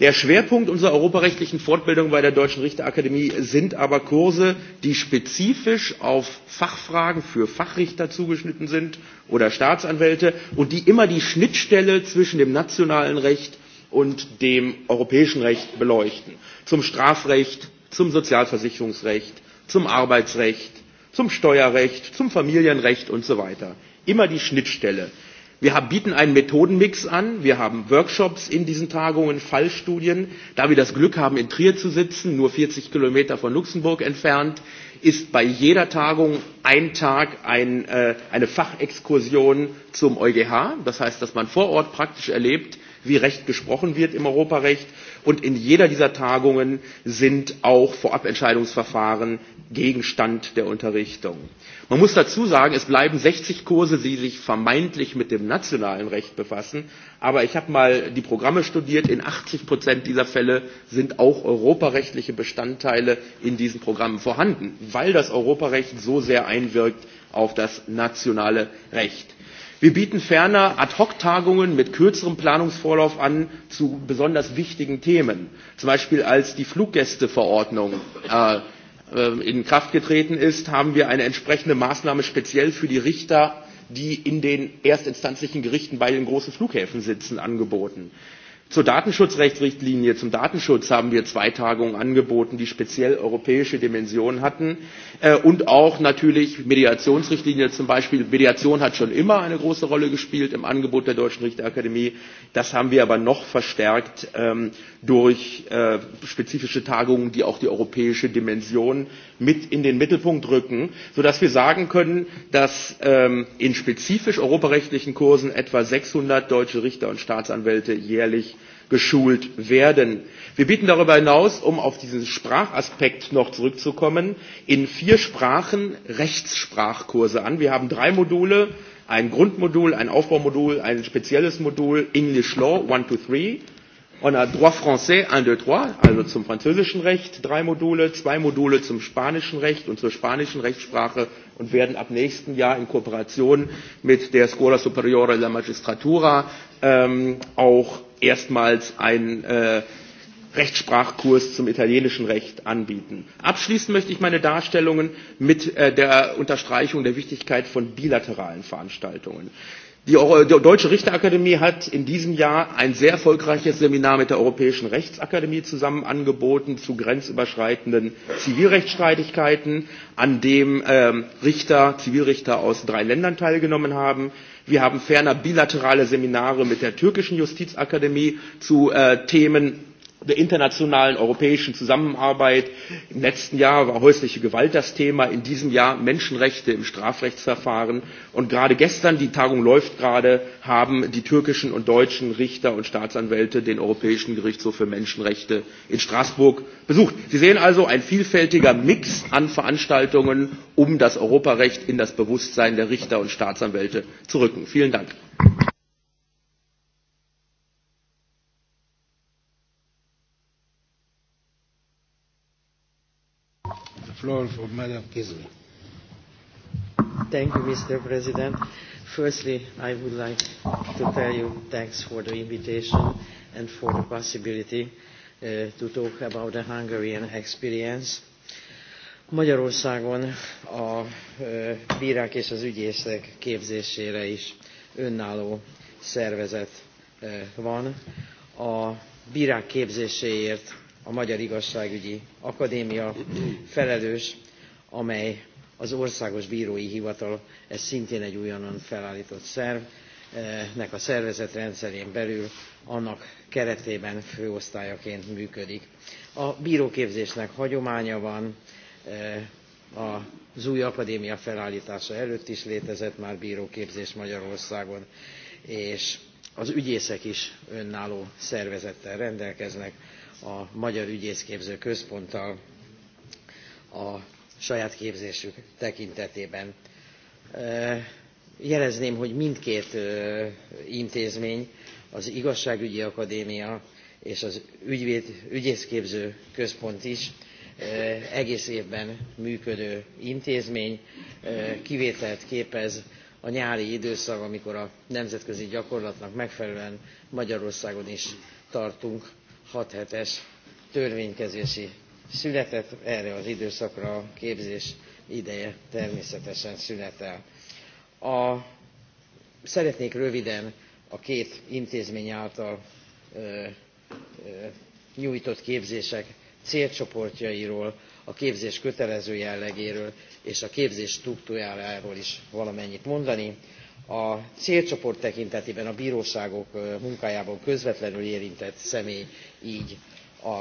Der Schwerpunkt unserer europarechtlichen Fortbildung bei der Deutschen Richterakademie sind aber Kurse, die spezifisch auf Fachfragen für Fachrichter zugeschnitten sind oder Staatsanwälte und die immer die Schnittstelle zwischen dem nationalen Recht und dem europäischen Recht beleuchten. Zum Strafrecht, zum Sozialversicherungsrecht, zum Arbeitsrecht, zum Steuerrecht, zum Familienrecht und so weiter. Immer die Schnittstelle. Wir haben, bieten einen Methodenmix an. Wir haben Workshops in diesen Tagungen, Fallstudien. Da wir das Glück haben, in Trier zu sitzen, nur 40 Kilometer von Luxemburg entfernt, ist bei jeder Tagung ein Tag ein, äh, eine Fachexkursion zum EuGH. Das heißt, dass man vor Ort praktisch erlebt, wie Recht gesprochen wird im Europarecht. Und in jeder dieser Tagungen sind auch Vorabentscheidungsverfahren Gegenstand der Unterrichtung. Man muss dazu sagen, es bleiben 60 Kurse, die sich vermeintlich mit dem nationalen Recht befassen. Aber ich habe mal die Programme studiert. In 80 Prozent dieser Fälle sind auch europarechtliche Bestandteile in diesen Programmen vorhanden, weil das Europarecht so sehr einwirkt auf das nationale Recht. Wir bieten ferner Ad-Hoc-Tagungen mit kürzerem Planungsvorlauf an zu besonders wichtigen Themen. Zum Beispiel als die Fluggästeverordnung äh, äh, in Kraft getreten ist, haben wir eine entsprechende Maßnahme speziell für die Richter, die in den erstinstanzlichen Gerichten bei den großen Flughäfen sitzen, angeboten. Zur Datenschutzrechtsrichtlinie, zum Datenschutz haben wir zwei Tagungen angeboten, die speziell europäische Dimensionen hatten äh, und auch natürlich Mediationsrichtlinie zum Beispiel. Mediation hat schon immer eine große Rolle gespielt im Angebot der Deutschen Richterakademie. Das haben wir aber noch verstärkt ähm, durch äh, spezifische Tagungen, die auch die europäische Dimension mit in den Mittelpunkt rücken, sodass wir sagen können, dass ähm, in spezifisch europarechtlichen Kursen etwa 600 deutsche Richter und Staatsanwälte jährlich geschult werden. Wir bieten darüber hinaus, um auf diesen Sprachaspekt noch zurückzukommen, in vier Sprachen Rechtssprachkurse an. Wir haben drei Module, ein Grundmodul, ein Aufbaumodul, ein spezielles Modul English Law 1 to 3 On a droit français un deux droit, also zum französischen Recht drei Module, zwei Module zum spanischen Recht und zur spanischen Rechtssprache und werden ab nächsten Jahr in Kooperation mit der Scuola Superiore della Magistratura ähm, auch erstmals einen äh, Rechtssprachkurs zum italienischen Recht anbieten. Abschließend möchte ich meine Darstellungen mit äh, der Unterstreichung der Wichtigkeit von bilateralen Veranstaltungen. Die Deutsche Richterakademie hat in diesem Jahr ein sehr erfolgreiches Seminar mit der Europäischen Rechtsakademie zusammen angeboten zu grenzüberschreitenden Zivilrechtsstreitigkeiten, an dem ähm, Richter, Zivilrichter aus drei Ländern teilgenommen haben. Wir haben ferner bilaterale Seminare mit der türkischen Justizakademie zu äh, Themen der internationalen europäischen Zusammenarbeit. Im letzten Jahr war häusliche Gewalt das Thema, in diesem Jahr Menschenrechte im Strafrechtsverfahren. Und gerade gestern, die Tagung läuft gerade, haben die türkischen und deutschen Richter und Staatsanwälte den Europäischen Gerichtshof für Menschenrechte in Straßburg besucht. Sie sehen also ein vielfältiger Mix an Veranstaltungen, um das Europarecht in das Bewusstsein der Richter und Staatsanwälte zu rücken. Vielen Dank. floor for Madam Kisler. Thank you, Mr. President. Firstly, I would like to tell you thanks for the invitation and for the possibility uh, to talk about the Hungarian experience. Magyarországon a uh, bírák és az ügyészek képzésére is önálló szervezet uh, van. A bírák képzéséért a Magyar Igazságügyi Akadémia felelős, amely az Országos Bírói Hivatal, ez szintén egy újonnan felállított szerv, nek a szervezetrendszerén belül annak keretében főosztályaként működik. A bíróképzésnek hagyománya van, e, az új akadémia felállítása előtt is létezett már bíróképzés Magyarországon, és az ügyészek is önálló szervezettel rendelkeznek, a Magyar Ügyészképző Központtal a saját képzésük tekintetében. Jelezném, hogy mindkét intézmény, az Igazságügyi Akadémia és az ügyvéd, ügyészképző központ is egész évben működő intézmény kivételt képez a nyári időszak, amikor a nemzetközi gyakorlatnak megfelelően Magyarországon is tartunk 6 hetes törvénykezési született, erre az időszakra a képzés ideje természetesen születel. A, szeretnék röviden a két intézmény által ö, ö, nyújtott képzések célcsoportjairól, a képzés kötelező jellegéről és a képzés struktúrájáról is valamennyit mondani a célcsoport tekintetében a bíróságok munkájában közvetlenül érintett személy, így a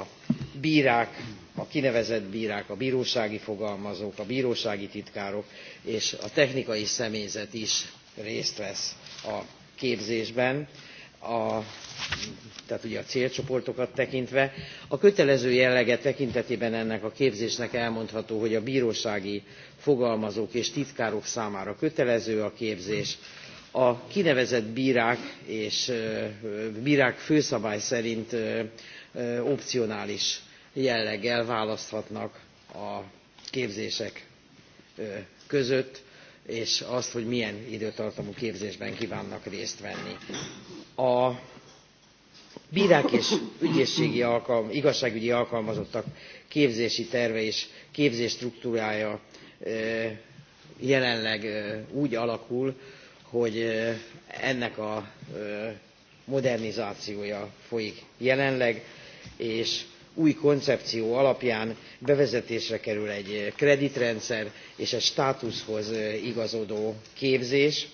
bírák, a kinevezett bírák, a bírósági fogalmazók, a bírósági titkárok és a technikai személyzet is részt vesz a képzésben, a, tehát ugye a célcsoportokat tekintve. A kötelező jellege tekintetében ennek a képzésnek elmondható, hogy a bírósági fogalmazók és titkárok számára kötelező a képzés, a kinevezett bírák és bírák főszabály szerint opcionális jelleggel választhatnak a képzések között, és azt, hogy milyen időtartamú képzésben kívánnak részt venni. A bírák és ügyészségi alkalm, igazságügyi alkalmazottak képzési terve és képzés struktúrája jelenleg úgy alakul, hogy ennek a modernizációja folyik jelenleg, és új koncepció alapján bevezetésre kerül egy kreditrendszer és egy státuszhoz igazodó képzés.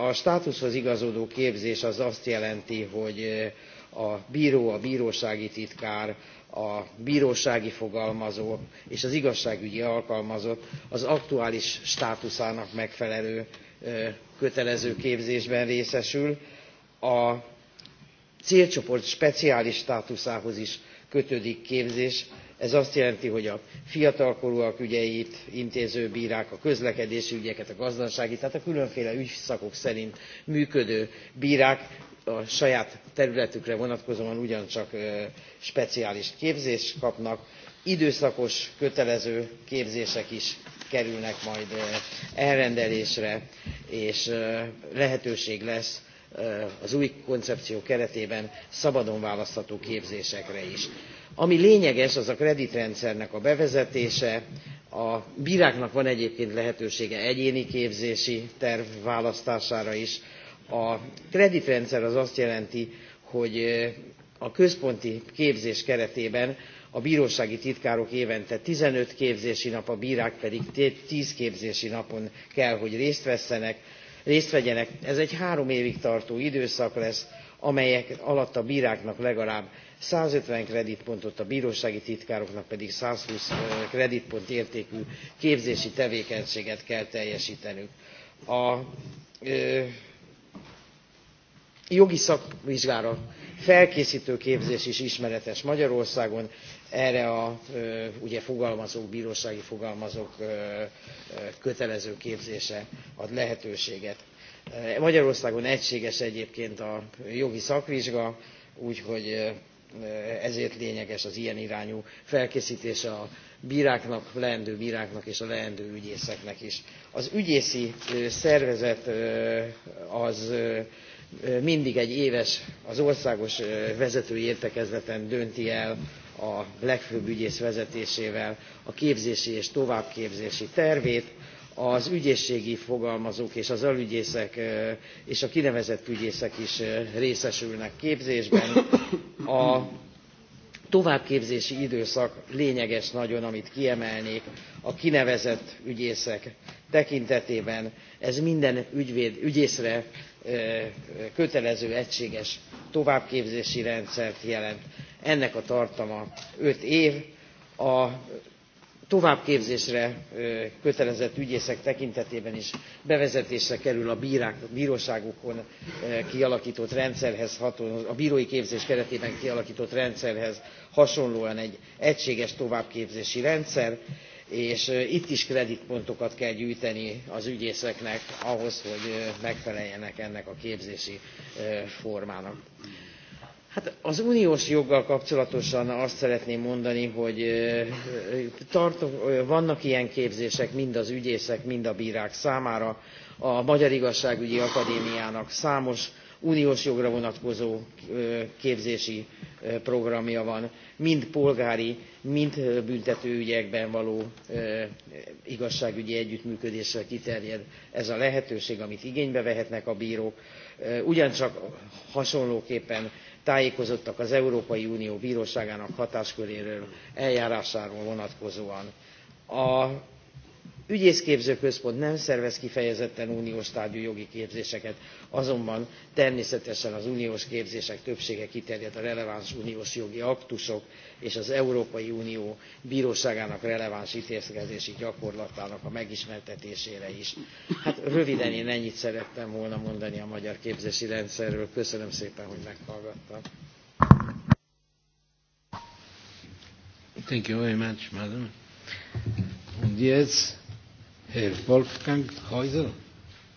A státuszhoz igazodó képzés az azt jelenti, hogy a bíró, a bírósági titkár, a bírósági fogalmazó és az igazságügyi alkalmazott az aktuális státuszának megfelelő kötelező képzésben részesül, a célcsoport speciális státuszához is kötődik képzés. Ez azt jelenti, hogy a fiatalkorúak ügyeit, intézőbírák, a közlekedési ügyeket, a gazdasági, tehát a különféle ügyszakok szerint működő bírák a saját területükre vonatkozóan ugyancsak speciális képzést kapnak, időszakos kötelező képzések is kerülnek majd elrendelésre, és lehetőség lesz az új koncepció keretében szabadon választható képzésekre is. Ami lényeges, az a kreditrendszernek a bevezetése, a bíráknak van egyébként lehetősége egyéni képzési terv választására is. A kreditrendszer az azt jelenti, hogy a központi képzés keretében a bírósági titkárok évente 15 képzési nap, a bírák pedig 10 képzési napon kell, hogy részt, vesszenek, részt vegyenek. Ez egy három évig tartó időszak lesz, amelyek alatt a bíráknak legalább 150 kreditpontot, a bírósági titkároknak pedig 120 kreditpont értékű képzési tevékenységet kell teljesítenünk. A ö, jogi szakvizsgára felkészítő képzés is ismeretes Magyarországon, erre a ugye fogalmazók, bírósági fogalmazók kötelező képzése ad lehetőséget. Magyarországon egységes egyébként a jogi szakvizsga, úgyhogy ezért lényeges az ilyen irányú felkészítés a bíráknak, leendő bíráknak és a leendő ügyészeknek is. Az ügyészi szervezet az mindig egy éves, az országos vezetői értekezleten dönti el a legfőbb ügyész vezetésével a képzési és továbbképzési tervét, az ügyészségi fogalmazók és az alügyészek és a kinevezett ügyészek is részesülnek képzésben. A továbbképzési időszak lényeges nagyon, amit kiemelnék, a kinevezett ügyészek tekintetében ez minden ügyvéd, ügyészre kötelező egységes továbbképzési rendszert jelent. Ennek a tartama 5 év. A továbbképzésre kötelezett ügyészek tekintetében is bevezetésre kerül a bírák, a bíróságokon kialakított rendszerhez, a bírói képzés keretében kialakított rendszerhez hasonlóan egy egységes továbbképzési rendszer és itt is kreditpontokat kell gyűjteni az ügyészeknek ahhoz, hogy megfeleljenek ennek a képzési formának. Hát az uniós joggal kapcsolatosan azt szeretném mondani, hogy tartok, vannak ilyen képzések mind az ügyészek, mind a bírák számára. A Magyar Igazságügyi Akadémiának számos uniós jogra vonatkozó képzési programja van, mind polgári, mind büntetőügyekben való igazságügyi együttműködésre kiterjed ez a lehetőség, amit igénybe vehetnek a bírók. Ugyancsak hasonlóképpen tájékozottak az Európai Unió Bíróságának hatásköréről, eljárásáról vonatkozóan. A ügyészképzőközpont nem szervez kifejezetten uniós tárgyú jogi képzéseket, azonban természetesen az uniós képzések többsége kiterjed a releváns uniós jogi aktusok és az Európai Unió bíróságának releváns ítélkezési gyakorlatának a megismertetésére is. Hát röviden én ennyit szerettem volna mondani a magyar képzési rendszerről. Köszönöm szépen, hogy meghallgattam. Thank you very much, madam. Und jetzt Herr Wolfgang Häuser,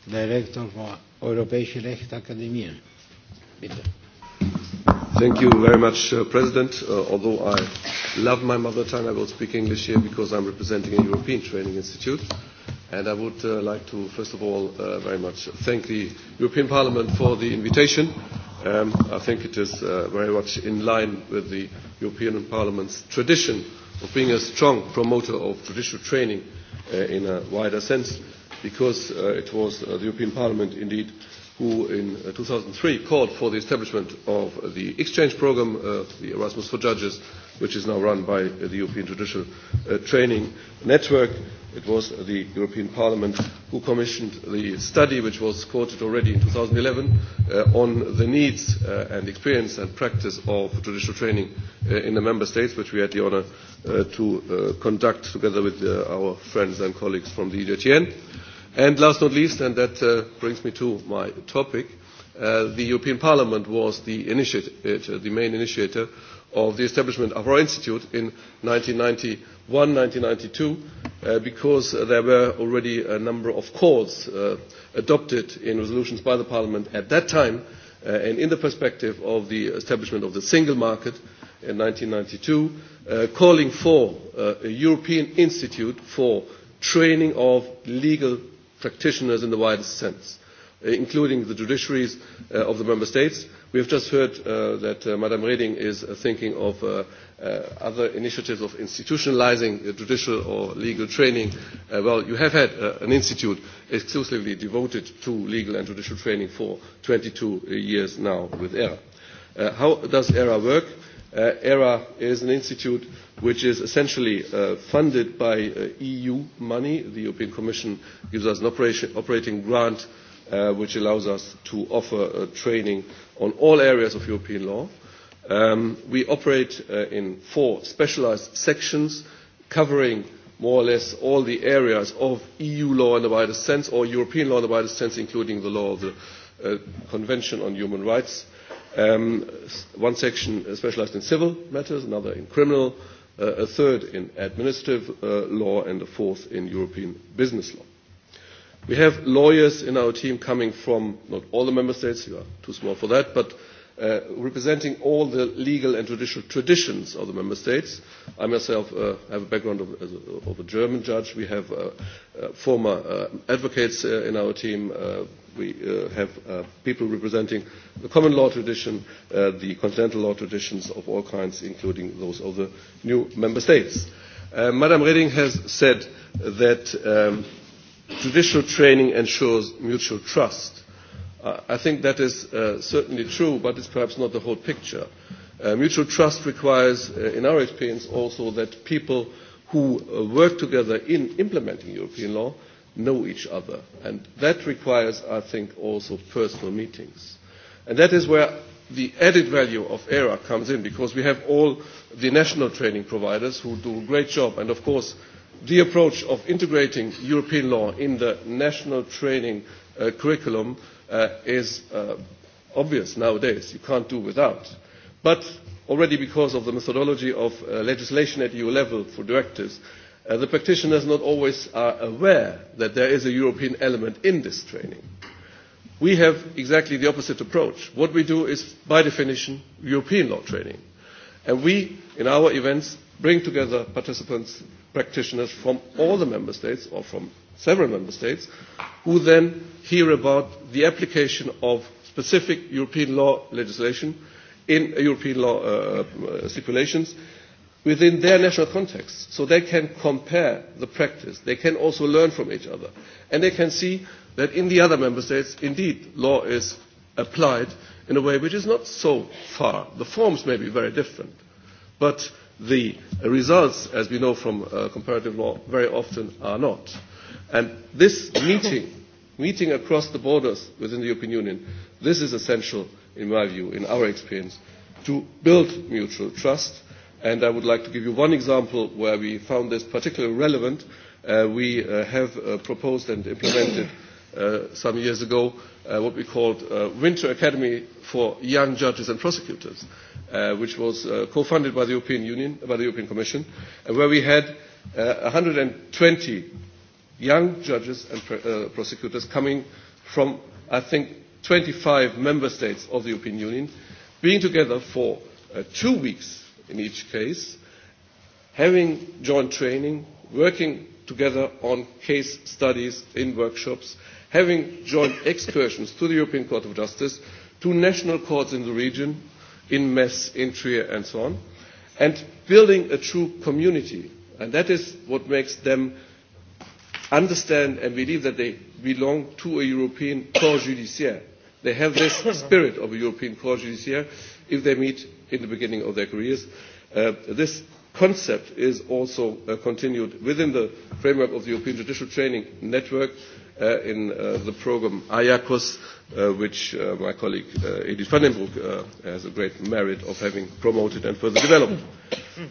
Director von Europäische Rechtsakademie. Bitte. Thank you very much, uh, President. Uh, although I love my mother tongue, I will speak English here because I'm representing a European Training Institute. And I would uh, like to, first of all, uh, very much thank the European Parliament for the invitation. Um, I think it is uh, very much in line with the European Parliament's tradition of being a strong promoter of judicial training uh, in a wider sense, because uh, it was uh, the European Parliament indeed who in 2003 uh, called for the establishment of the exchange program, uh, the Erasmus for Judges, which is now run by uh, the European Judicial uh, Training Network. It was the European Parliament who commissioned the study, which was quoted already in 2011, uh, on the needs uh, and experience and practice of judicial training uh, in the Member States, which we had the honor uh, to uh, conduct together with uh, our friends and colleagues from the EJTN. And last not least, and that uh, brings me to my topic, uh, the European Parliament was the, initiator, uh, the main initiator of the establishment of our institute in 1991, 1992, uh, because there were already a number of calls uh, adopted in resolutions by the Parliament at that time, uh, and in the perspective of the establishment of the single market in 1992, uh, calling for uh, a European Institute for training of legal practitioners in the widest sense, uh, including the judiciaries uh, of the member states. We have just heard uh, that uh, Madam Reding is uh, thinking of uh, uh, other initiatives of institutionalizing uh, judicial or legal training. Uh, well, you have had uh, an institute exclusively devoted to legal and judicial training for 22 years now with ERA. Uh, how does ERA work? uh, ERA is an institute which is essentially uh, funded by uh, EU money. The European Commission gives us an operation, operating grant uh, which allows us to offer uh, training on all areas of European law. Um, we operate uh, in four specialized sections covering more or less all the areas of EU law in the widest sense or European law in the widest sense, including the law of the uh, Convention on Human Rights Um, one section specialized in civil matters, another in criminal, uh, a third in administrative uh, law, and a fourth in European business law. We have lawyers in our team coming from not all the member states, you are too small for that, but uh, representing all the legal and judicial traditions of the member states. I myself uh, have a background of, as a, of a German judge. We have uh, uh, former uh, advocates uh, in our team, uh, we uh, have uh, people representing the common law tradition, uh, the continental law traditions of all kinds, including those of the new member states. Uh, Madam Reding has said that um, judicial training ensures mutual trust. Uh, I think that is uh, certainly true, but it's perhaps not the whole picture. Uh, mutual trust requires, uh, in our experience, also that people who uh, work together in implementing European law know each other. And that requires, I think, also personal meetings. And that is where the added value of ERA comes in, because we have all the national training providers who do a great job. And of course, the approach of integrating European law in the national training uh, curriculum uh, is uh, obvious nowadays. You can't do without. But already because of the methodology of uh, legislation at EU level for directives, Uh, the practitioners not always are aware that there is a European element in this training. We have exactly the opposite approach. What we do is, by definition, European law training. And we, in our events, bring together participants, practitioners from all the member states or from several member states, who then hear about the application of specific European law legislation in European law uh, uh stipulations within their national context so they can compare the practice. They can also learn from each other. And they can see that in the other member states, indeed, law is applied in a way which is not so far. The forms may be very different, but the results, as we know from uh, comparative law, very often are not. And this meeting, meeting across the borders within the European Union, this is essential, in my view, in our experience, to build mutual trust And I would like to give you one example where we found this particularly relevant. Uh, we uh, have uh, proposed and implemented uh, some years ago uh, what we called uh, Winter Academy for Young Judges and Prosecutors, uh, which was uh, co-funded by the European Union, by the European Commission, and uh, where we had uh, 120 young judges and pr uh, prosecutors coming from, I think, 25 member states of the European Union, being together for uh, two weeks in each case, having joint training, working together on case studies in workshops, having joint excursions to the European Court of Justice, to national courts in the region, in Metz, in Trier, and so on, and building a true community. And that is what makes them understand and believe that they belong to a European corps judiciaire. They have this spirit of a European corps judiciaire if they meet in the beginning of their careers. Uh, this concept is also uh, continued within the framework of the European Judicial Training Network uh, in uh, the program IACOS, uh, which uh, my colleague uh, Edith Vandenbroek uh, has a great merit of having promoted and further developed.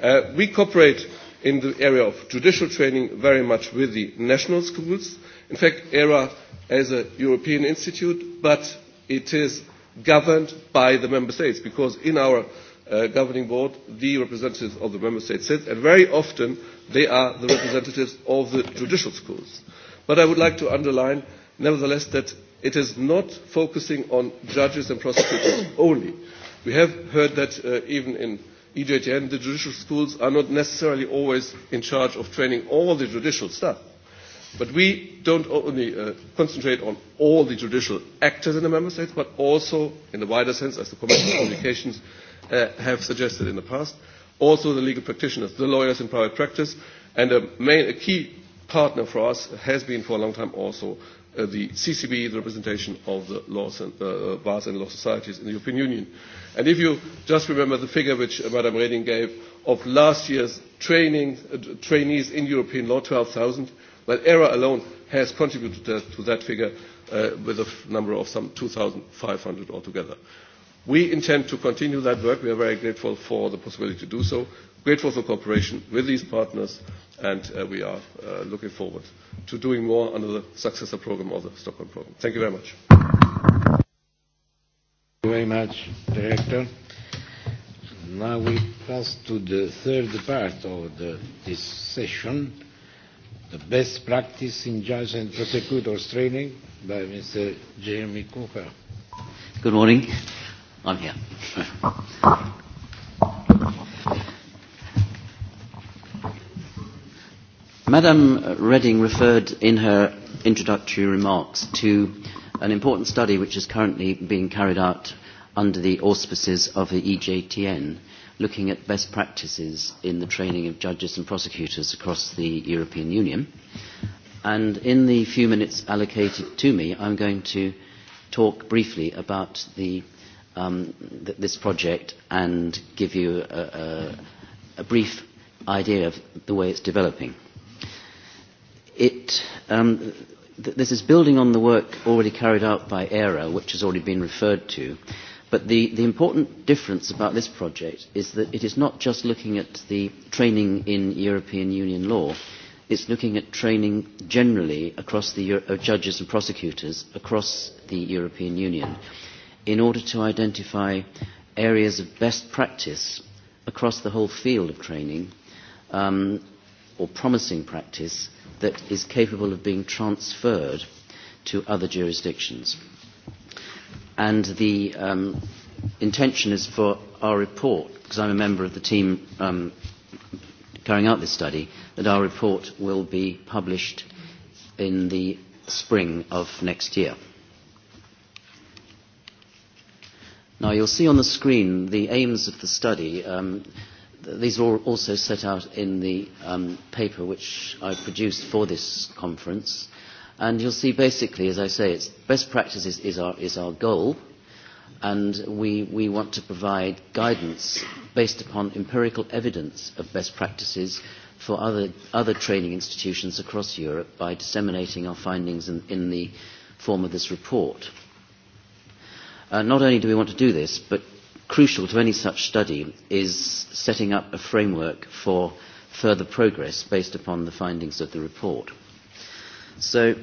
Uh, we cooperate in the area of judicial training very much with the national schools. In fact, ERA is a European institute, but it is governed by the member states because in our uh, governing board, the representatives of the member states sit, and very often they are the representatives of the judicial schools. But I would like to underline, nevertheless, that it is not focusing on judges and prosecutors only. We have heard that uh, even in EJTN, the judicial schools are not necessarily always in charge of training all the judicial staff. But we don't only uh, concentrate on all the judicial actors in the member states, but also, in the wider sense, as the Commission of communications uh, have suggested in the past, also the legal practitioners, the lawyers in private practice, and a, main, a key partner for us has been for a long time also uh, the CCB, the representation of the laws and, uh, uh, bars and law societies in the European Union. And if you just remember the figure which uh, Madame Reding gave of last year's training, uh, trainees in European law, 12,000, well, ERA alone has contributed to that, to that figure uh, with a number of some 2,500 altogether. We intend to continue that work. We are very grateful for the possibility to do so, grateful for cooperation with these partners, and uh, we are uh, looking forward to doing more under the successor program of the Stockholm program. Thank you very much. Thank you very much, Director. Now we pass to the third part of the, this session, the best practice in judge and prosecutors training by Mr. Jeremy Cooper. Good morning on here. Madam Redding referred in her introductory remarks to an important study which is currently being carried out under the auspices of the EJTN, looking at best practices in the training of judges and prosecutors across the European Union. And in the few minutes allocated to me, I'm going to talk briefly about the um, th this project and give you a, a, a brief idea of the way it's developing. It, um, th this is building on the work already carried out by ERA, which has already been referred to. But the, the important difference about this project is that it is not just looking at the training in European Union law, it's looking at training generally across the Euro judges and prosecutors across the European Union in order to identify areas of best practice across the whole field of training um, or promising practice that is capable of being transferred to other jurisdictions. And the um, intention is for our report, because I'm a member of the team um, carrying out this study, that our report will be published in the spring of next year. Now you'll see on the screen the aims of the study. Um, these were also set out in the um, paper which I produced for this conference. And you'll see basically, as I say, it's best practice is, our, is our goal. And we, we want to provide guidance based upon empirical evidence of best practices for other, other training institutions across Europe by disseminating our findings in, in the form of this report. Uh, not only do we want to do this, but crucial to any such study is setting up a framework for further progress based upon the findings of the report. So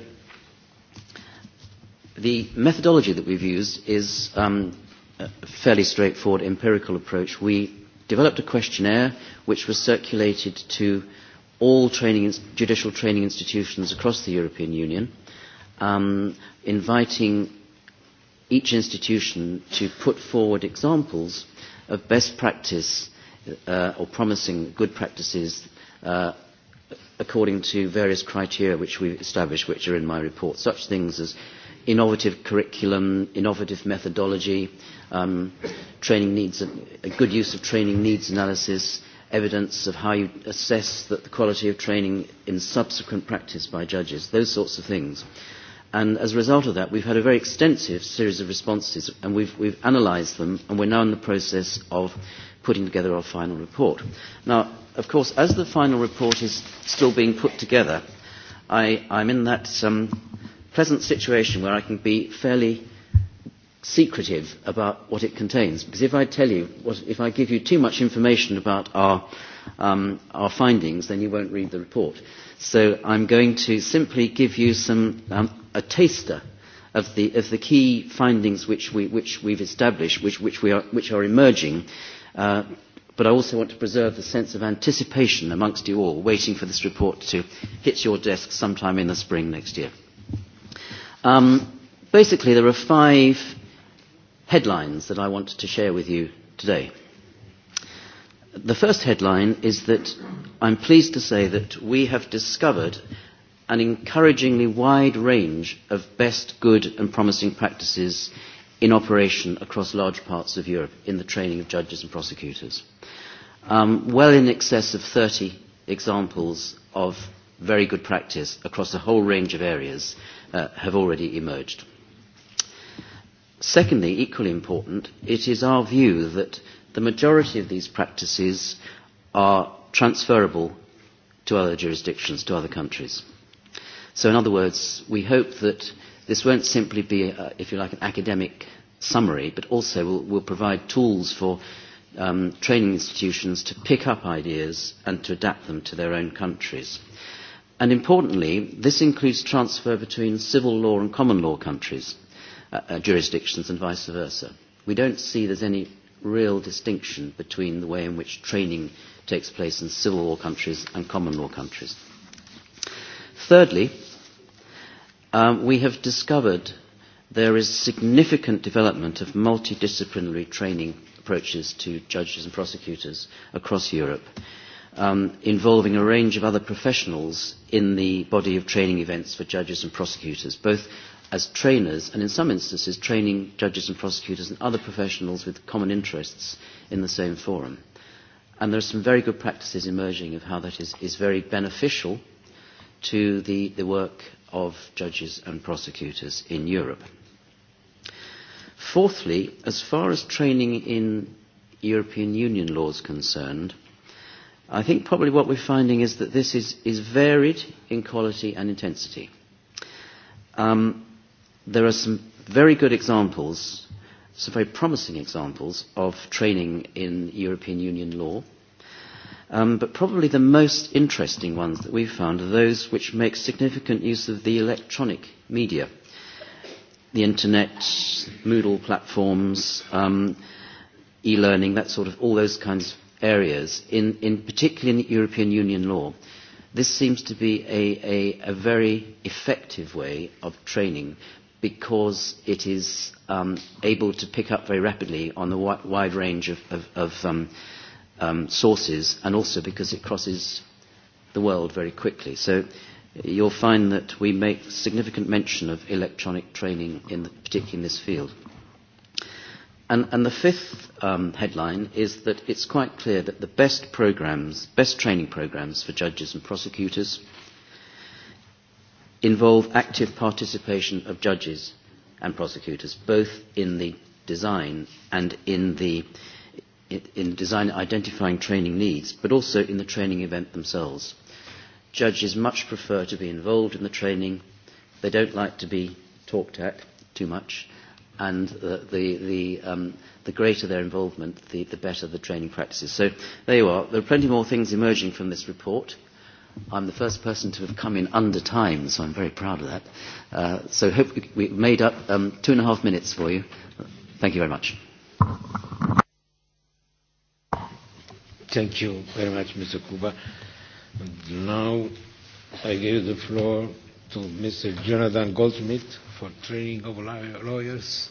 the methodology that we've used is um, a fairly straightforward empirical approach. We developed a questionnaire which was circulated to all training, judicial training institutions across the European Union, um, inviting each institution to put forward examples of best practice uh, or promising good practices uh, according to various criteria which we've established, which are in my report, such things as innovative curriculum, innovative methodology, um, training needs, a good use of training needs analysis, evidence of how you assess that the quality of training in subsequent practice by judges, those sorts of things. And as a result of that, we've had a very extensive series of responses, and we've, we've analysed them, and we're now in the process of putting together our final report. Now, of course, as the final report is still being put together, I, I'm in that um, pleasant situation where I can be fairly secretive about what it contains. Because if I tell you, what, if I give you too much information about our, um, our findings, then you won't read the report. So I'm going to simply give you some um, a taster of the, of the key findings which, we, which we've established, which, which, we are, which are emerging. Uh, but I also want to preserve the sense of anticipation amongst you all, waiting for this report to hit your desk sometime in the spring next year. Um, basically, there are five headlines that I want to share with you today. The first headline is that I'm pleased to say that we have discovered an encouragingly wide range of best, good and promising practices in operation across large parts of Europe in the training of judges and prosecutors. Um, well in excess of 30 examples of very good practice across a whole range of areas uh, have already emerged. Secondly, equally important, it is our view that the majority of these practices are transferable to other jurisdictions, to other countries. So in other words, we hope that this won't simply be, a, uh, if you like, an academic summary, but also will, will provide tools for um, training institutions to pick up ideas and to adapt them to their own countries. And importantly, this includes transfer between civil law and common law countries, uh, uh, jurisdictions, and vice versa. We don't see there's any real distinction between the way in which training takes place in civil law countries and common law countries. Thirdly, um, we have discovered there is significant development of multidisciplinary training approaches to judges and prosecutors across Europe, um, involving a range of other professionals in the body of training events for judges and prosecutors, both as trainers and in some instances training judges and prosecutors and other professionals with common interests in the same forum. And there are some very good practices emerging of how that is, is very beneficial to the, the work of judges and prosecutors in Europe. Fourthly, as far as training in European Union law is concerned, I think probably what we're finding is that this is, is varied in quality and intensity. Um, there are some very good examples, some very promising examples of training in European Union law Um, but probably the most interesting ones that we've found are those which make significant use of the electronic media, the internet, Moodle platforms, um, e-learning, that sort of, all those kinds of areas, in, in particularly in European Union law. This seems to be a, a, a very effective way of training because it is um, able to pick up very rapidly on the wide range of, of, of um, um, sources and also because it crosses the world very quickly. So you'll find that we make significant mention of electronic training, in the, particularly in this field. And, and the fifth um, headline is that it's quite clear that the best programs, best training programs for judges and prosecutors involve active participation of judges and prosecutors, both in the design and in the in design identifying training needs, but also in the training event themselves. Judges much prefer to be involved in the training. They don't like to be talked at too much, and uh, the, the, um, the greater their involvement, the, the better the training practices. So there you are. There are plenty more things emerging from this report. I'm the first person to have come in under time, so I'm very proud of that. Uh, so hope we've made up um, two and a half minutes for you. Thank you very much. Thank you very much, Mr. Kuba. And now I give the floor to Mr. Jonathan Goldsmith for training of lawyers.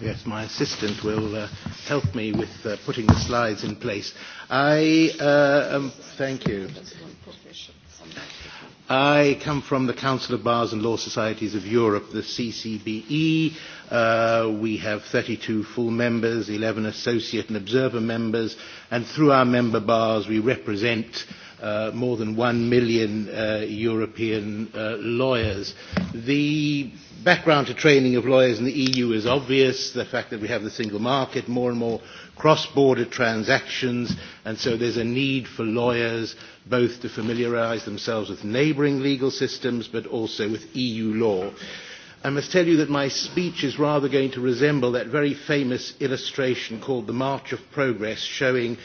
Yes, my assistant will uh, help me with uh, putting the slides in place. I uh, um, thank you. That's one profession. I come from the Council of Bars and Law Societies of Europe, the CCBE. Uh, we have 32 full members, 11 associate and observer members, and through our member bars we represent uh, uh, more than one million uh, European uh, lawyers. The background to training of lawyers in the EU is obvious, the fact that we have the single market, more and more cross-border transactions, and so there's a need for lawyers both to familiarise themselves with neighbouring legal systems but also with EU law. I must tell you that my speech is rather going to resemble that very famous illustration called The March of Progress showing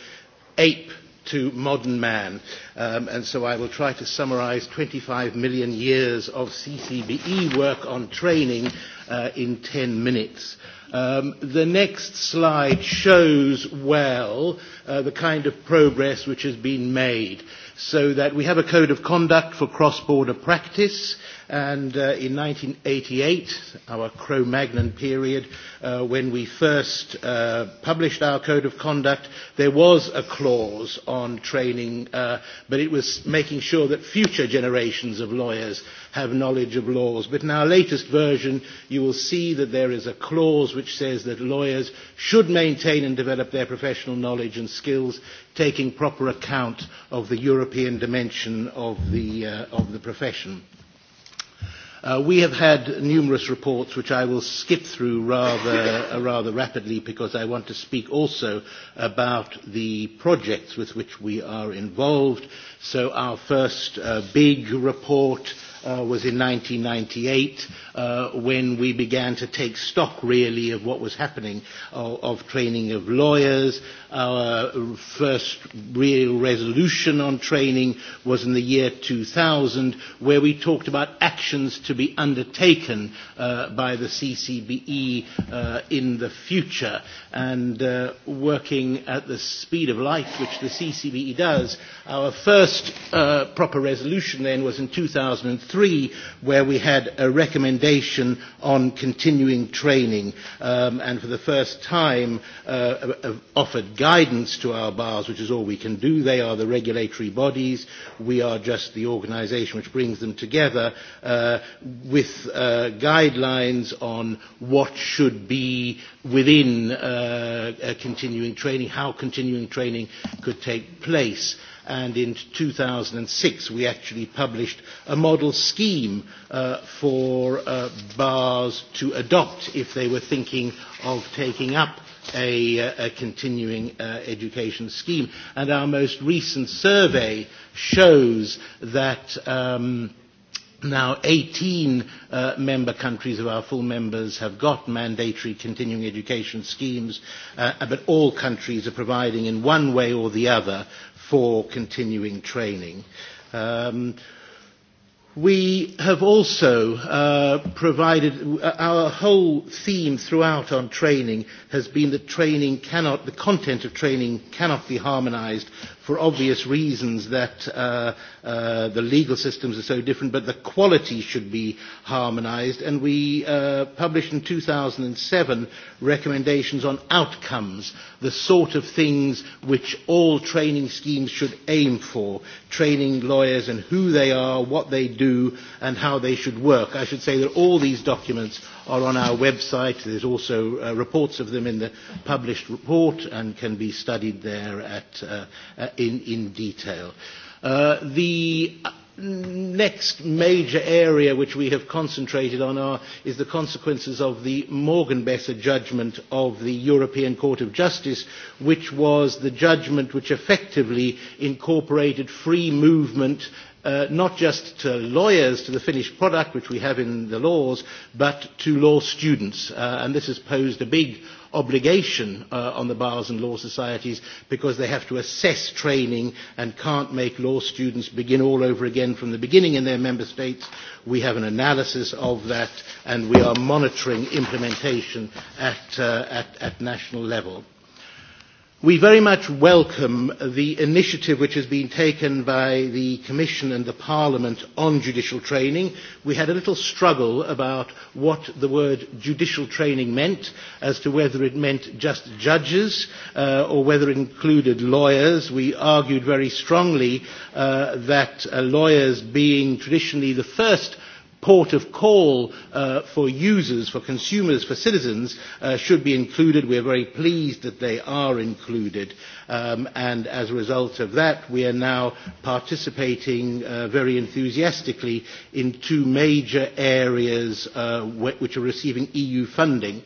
ape to modern man. Um, and so I will try to summarize 25 million years of CCBE work on training uh, in 10 minutes. Um, the next slide shows well uh, the kind of progress which has been made so that we have a code of conduct for cross-border practice and uh, in 1988, our Cro-Magnon period, uh, when we first uh, published our code of conduct, there was a clause on training, uh, but it was making sure that future generations of lawyers have knowledge of laws. But in our latest version, you will see that there is a clause which says that lawyers should maintain and develop their professional knowledge and skills, taking proper account of the European dimension of the, uh, of the profession. Uh, we have had numerous reports which I will skip through rather, uh, rather rapidly because I want to speak also about the projects with which we are involved. So our first uh, big report uh, was in 1998 uh, when we began to take stock really of what was happening of, uh, of training of lawyers. Our first real resolution on training was in the year 2000 where we talked about actions to be undertaken uh, by the CCBE uh, in the future and uh, working at the speed of life which the CCBE does. Our first uh, proper resolution then was in 2003 three, where we had a recommendation on continuing training um, and for the first time uh, offered guidance to our bars, which is all we can do. They are the regulatory bodies. We are just the organisation which brings them together uh, with uh, guidelines on what should be within uh, continuing training, how continuing training could take place and in 2006 we actually published a model scheme uh, for uh, bars to adopt if they were thinking of taking up a, uh, a continuing uh, education scheme. And our most recent survey shows that um, Now, 18 uh, member countries of our full members have got mandatory continuing education schemes, uh, but all countries are providing in one way or the other for continuing training. Um, we have also uh, provided uh, our whole theme throughout on training has been that training cannot, the content of training cannot be harmonized for obvious reasons that uh, uh, the legal systems are so different, but the quality should be harmonised. And we uh, published in 2007 recommendations on outcomes, the sort of things which all training schemes should aim for, training lawyers and who they are, what they do, and how they should work. I should say that all these documents are on our website. There's also uh, reports of them in the published report and can be studied there at, uh, uh, in, in detail. Uh, the next major area which we have concentrated on are, is the consequences of the Morgenbesser judgment of the European Court of Justice, which was the judgment which effectively incorporated free movement uh, not just to lawyers, to the finished product, which we have in the laws, but to law students. Uh, and this has posed a big obligation uh, on the bars and law societies because they have to assess training and can't make law students begin all over again from the beginning in their member states. We have an analysis of that and we are monitoring implementation at, uh, at, at national level. We very much welcome the initiative which has been taken by the Commission and the Parliament on judicial training. We had a little struggle about what the word judicial training meant, as to whether it meant just judges uh, or whether it included lawyers. We argued very strongly uh, that uh, lawyers being traditionally the first port of call uh, for users, for consumers, for citizens uh, should be included. We are very pleased that they are included. Um, and as a result of that, we are now participating uh, very enthusiastically in two major areas uh, which are receiving EU funding.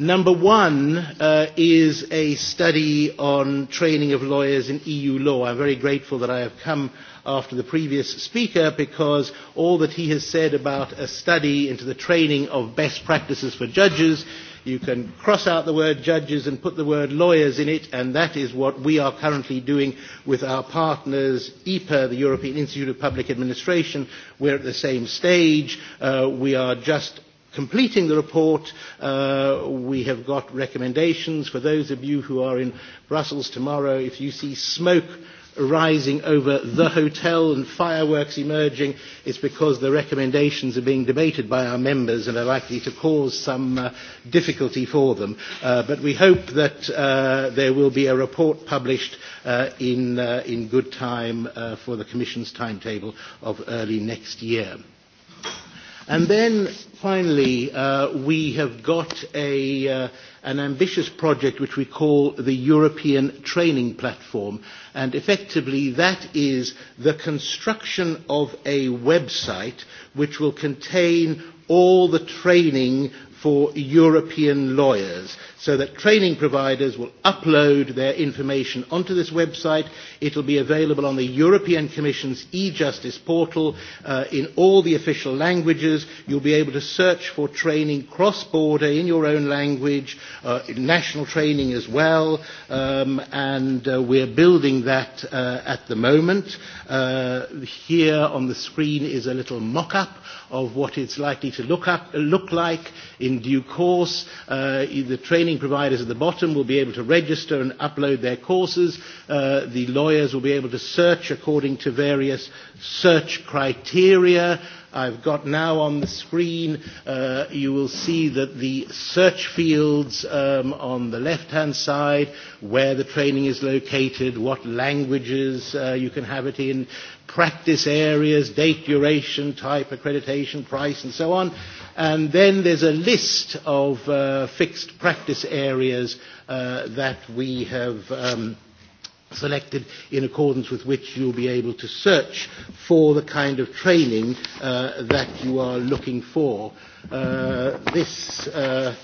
Number one uh, is a study on training of lawyers in EU law. I'm very grateful that I have come after the previous speaker because all that he has said about a study into the training of best practices for judges You can cross out the word judges and put the word lawyers in it, and that is what we are currently doing with our partners, EPA, e the European Institute of Public Administration. We're at the same stage. Uh, we are just completing the report. Uh, we have got recommendations for those of you who are in Brussels tomorrow. If you see smoke, rising over the hotel and fireworks emerging, it's because the recommendations are being debated by our members and are likely to cause some uh, difficulty for them. Uh, but we hope that uh, there will be a report published uh, in, uh, in good time uh, for the Commission's timetable of early next year. And then finally, uh, we have got a uh, an ambitious project which we call the European Training Platform. And effectively that is the construction of a website which will contain all the training for European lawyers so that training providers will upload their information onto this website. It will be available on the European Commission's e-justice portal uh, in all the official languages. You'll be able to search for training cross-border in your own language, uh, national training as well, um, and uh, we're building that uh, at the moment. Uh, here on the screen is a little mock-up of what it's likely to look, up, look like in due course. Uh, the training training providers at the bottom will be able to register and upload their courses. Uh, the lawyers will be able to search according to various search criteria. I've got now on the screen, uh, you will see that the search fields um, on the left-hand side, where the training is located, what languages uh, you can have it in, practice areas, date, duration, type, accreditation, price, and so on. And then there's a list of uh, fixed practice areas uh, that we have um, selected in accordance with which you'll be able to search for the kind of training uh, that you are looking for. Uh, this uh,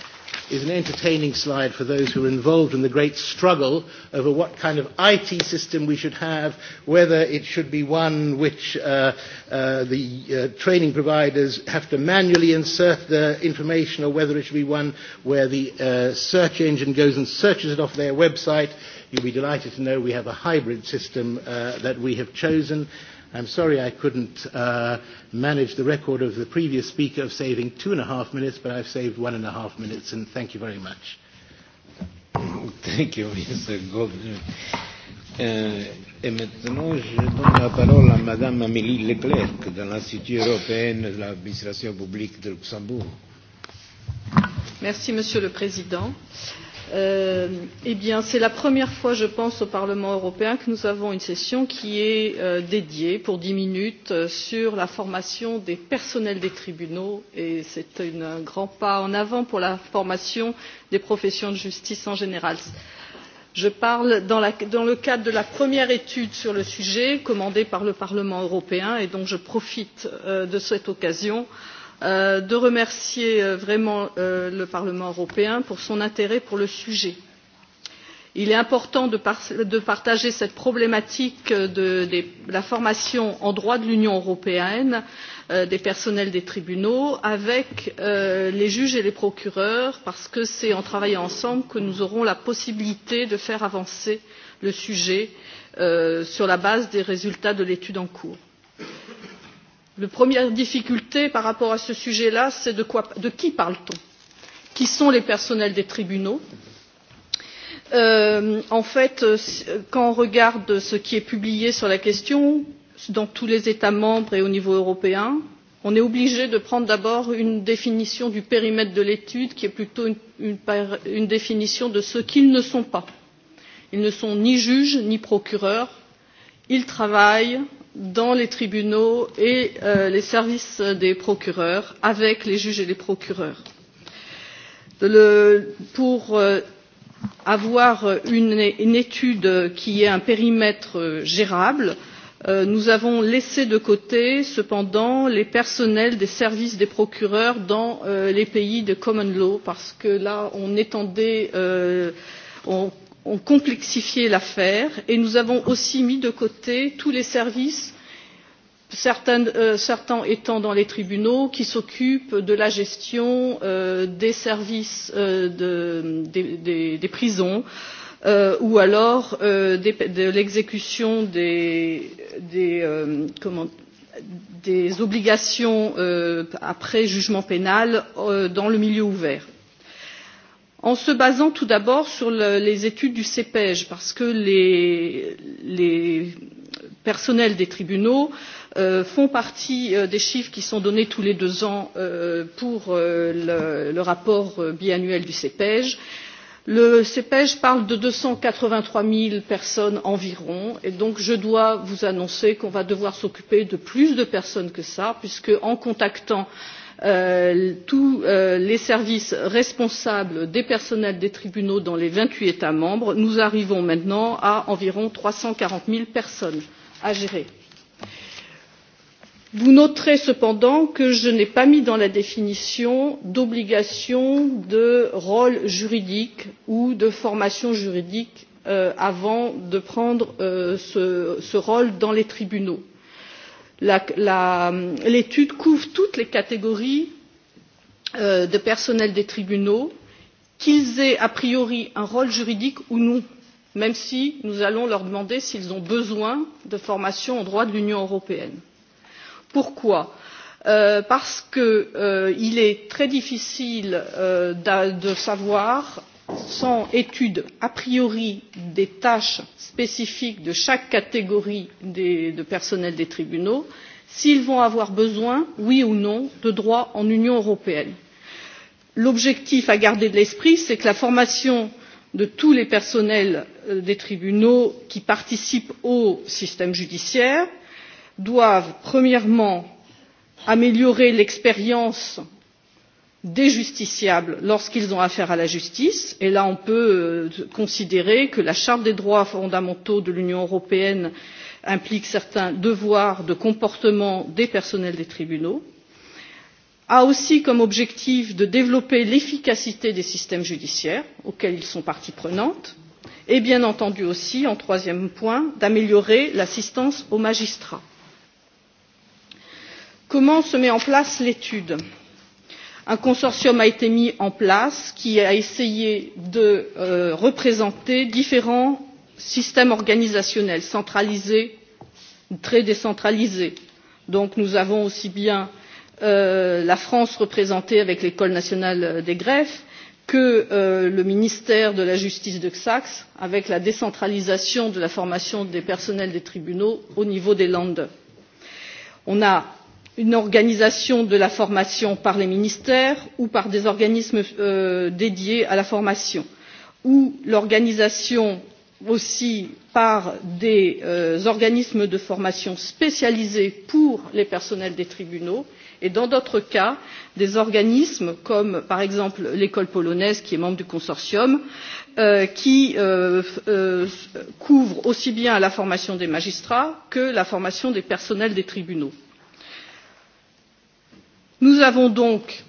is an entertaining slide for those who are involved in the great struggle over what kind of IT system we should have, whether it should be one which uh, uh, the uh, training providers have to manually insert the information or whether it should be one where the uh, search engine goes and searches it off their website. You'll be delighted to know we have a hybrid system uh, that we have chosen. I'm sorry I couldn't uh, manage the record of the previous speaker of saving two and a half minutes, but I've saved one and a half minutes, and thank you very much. Thank you, Mr. Goldman. Euh, et maintenant, je la parola a Madame Amélie Leclerc de l'Institut européen de l'administration publique de Luxembourg. Merci, Monsieur le Président. Uh, Euh, eh bien, c'est la première fois, je pense, au Parlement européen que nous avons une session qui est euh, dédiée pour dix minutes euh, sur la formation des personnels des tribunaux et c'est un grand pas en avant pour la formation des professions de justice en général. Je parle dans, la, dans le cadre de la première étude sur le sujet commandée par le Parlement européen et donc je profite euh, de cette occasion euh, Euh, de remercier euh, vraiment euh, le Parlement européen pour son intérêt pour le sujet. Il est important de, par de partager cette problématique de, de, de la formation en droit de l'Union européenne euh, des personnels des tribunaux avec euh, les juges et les procureurs parce que c'est en travaillant ensemble que nous aurons la possibilité de faire avancer le sujet euh, sur la base des résultats de l'étude en cours. La première difficulté par rapport à ce sujet-là, c'est de, quoi, de qui parle-t-on Qui sont les personnels des tribunaux euh, En fait, euh, euh, quand on regarde ce qui est publié sur la question, dans tous les États membres et au niveau européen, on est obligé de prendre d'abord une définition du périmètre de l'étude qui est plutôt une, une, une définition de ce qu'ils ne sont pas. Ils ne sont ni juges ni procureurs, ils travaillent dans les tribunaux et euh, les services des procureurs avec les juges et les procureurs. Le, pour euh, avoir une, une étude qui ait un périmètre euh, gérable, euh, nous avons laissé de côté cependant les personnels des services des procureurs dans euh, les pays de common law parce que là on étendait euh, on ont complexifié l'affaire et nous avons aussi mis de côté tous les services, certains, euh, certains étant dans les tribunaux, qui s'occupent de la gestion euh, des services euh, de, des, des, des prisons euh, ou alors euh, des, de l'exécution des, des, euh, des obligations euh, après jugement pénal euh, dans le milieu ouvert en se basant tout d'abord sur le, les études du CEPEJ, parce que les, les personnels des tribunaux euh, font partie euh, des chiffres qui sont donnés tous les deux ans euh, pour euh, le, le rapport euh, biannuel du CEPEJ. Le CEPEJ parle de 283 000 personnes environ, et donc je dois vous annoncer qu'on va devoir s'occuper de plus de personnes que ça, puisque en contactant euh, euh, tous euh, les services responsables des personnels des tribunaux dans les vingt huit États membres, nous arrivons maintenant à environ trois cent quarante 000 personnes à gérer. Vous noterez cependant que je n'ai pas mis dans la définition d'obligation de rôle juridique ou de formation juridique euh, avant de prendre euh, ce, ce rôle dans les tribunaux l'étude couvre toutes les catégories euh, de personnel des tribunaux, qu'ils aient a priori un rôle juridique ou non, même si nous allons leur demander s'ils ont besoin de formation en droit de l'Union européenne. Pourquoi euh, Parce qu'il euh, est très difficile euh, de savoir sans études a priori des tâches spécifiques de chaque catégorie des, de personnel des tribunaux, s'ils vont avoir besoin, oui ou non, de droits en Union européenne. L'objectif à garder de l'esprit, c'est que la formation de tous les personnels euh, des tribunaux qui participent au système judiciaire doivent, premièrement, améliorer l'expérience des justiciables lorsqu'ils ont affaire à la justice et là on peut euh, considérer que la charte des droits fondamentaux de l'union européenne implique certains devoirs de comportement des personnels des tribunaux a aussi comme objectif de développer l'efficacité des systèmes judiciaires auxquels ils sont partie prenante et bien entendu aussi en troisième point d'améliorer l'assistance aux magistrats. comment se met en place l'étude? Un consortium a été mis en place qui a essayé de euh, représenter différents systèmes organisationnels centralisés, très décentralisés. Donc nous avons aussi bien euh, la France représentée avec l'École nationale des greffes que euh, le ministère de la Justice de Saxe avec la décentralisation de la formation des personnels des tribunaux au niveau des Landes. On a une organisation de la formation par les ministères ou par des organismes euh, dédiés à la formation ou l'organisation aussi par des euh, organismes de formation spécialisés pour les personnels des tribunaux et dans d'autres cas des organismes comme par exemple l'école polonaise qui est membre du consortium euh, qui euh, euh, couvre aussi bien la formation des magistrats que la formation des personnels des tribunaux Nous avons donc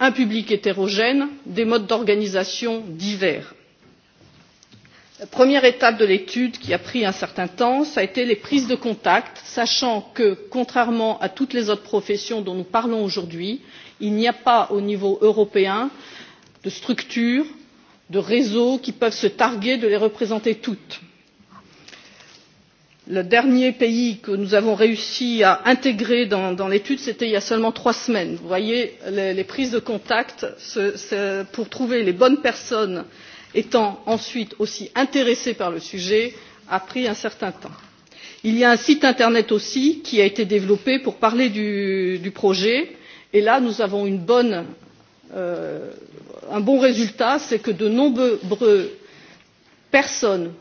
un public hétérogène, des modes d'organisation divers. La première étape de l'étude, qui a pris un certain temps, ça a été les prises de contact, sachant que, contrairement à toutes les autres professions dont nous parlons aujourd'hui, il n'y a pas au niveau européen de structures, de réseaux qui peuvent se targuer de les représenter toutes Le dernier pays que nous avons réussi à intégrer dans, dans l'étude, c'était il y a seulement trois semaines. Vous voyez, les, les prises de contact ce, ce, pour trouver les bonnes personnes étant ensuite aussi intéressées par le sujet a pris un certain temps. Il y a un site internet aussi qui a été développé pour parler du, du projet et là nous avons une bonne, euh, un bon résultat, c'est que de nombreux personnes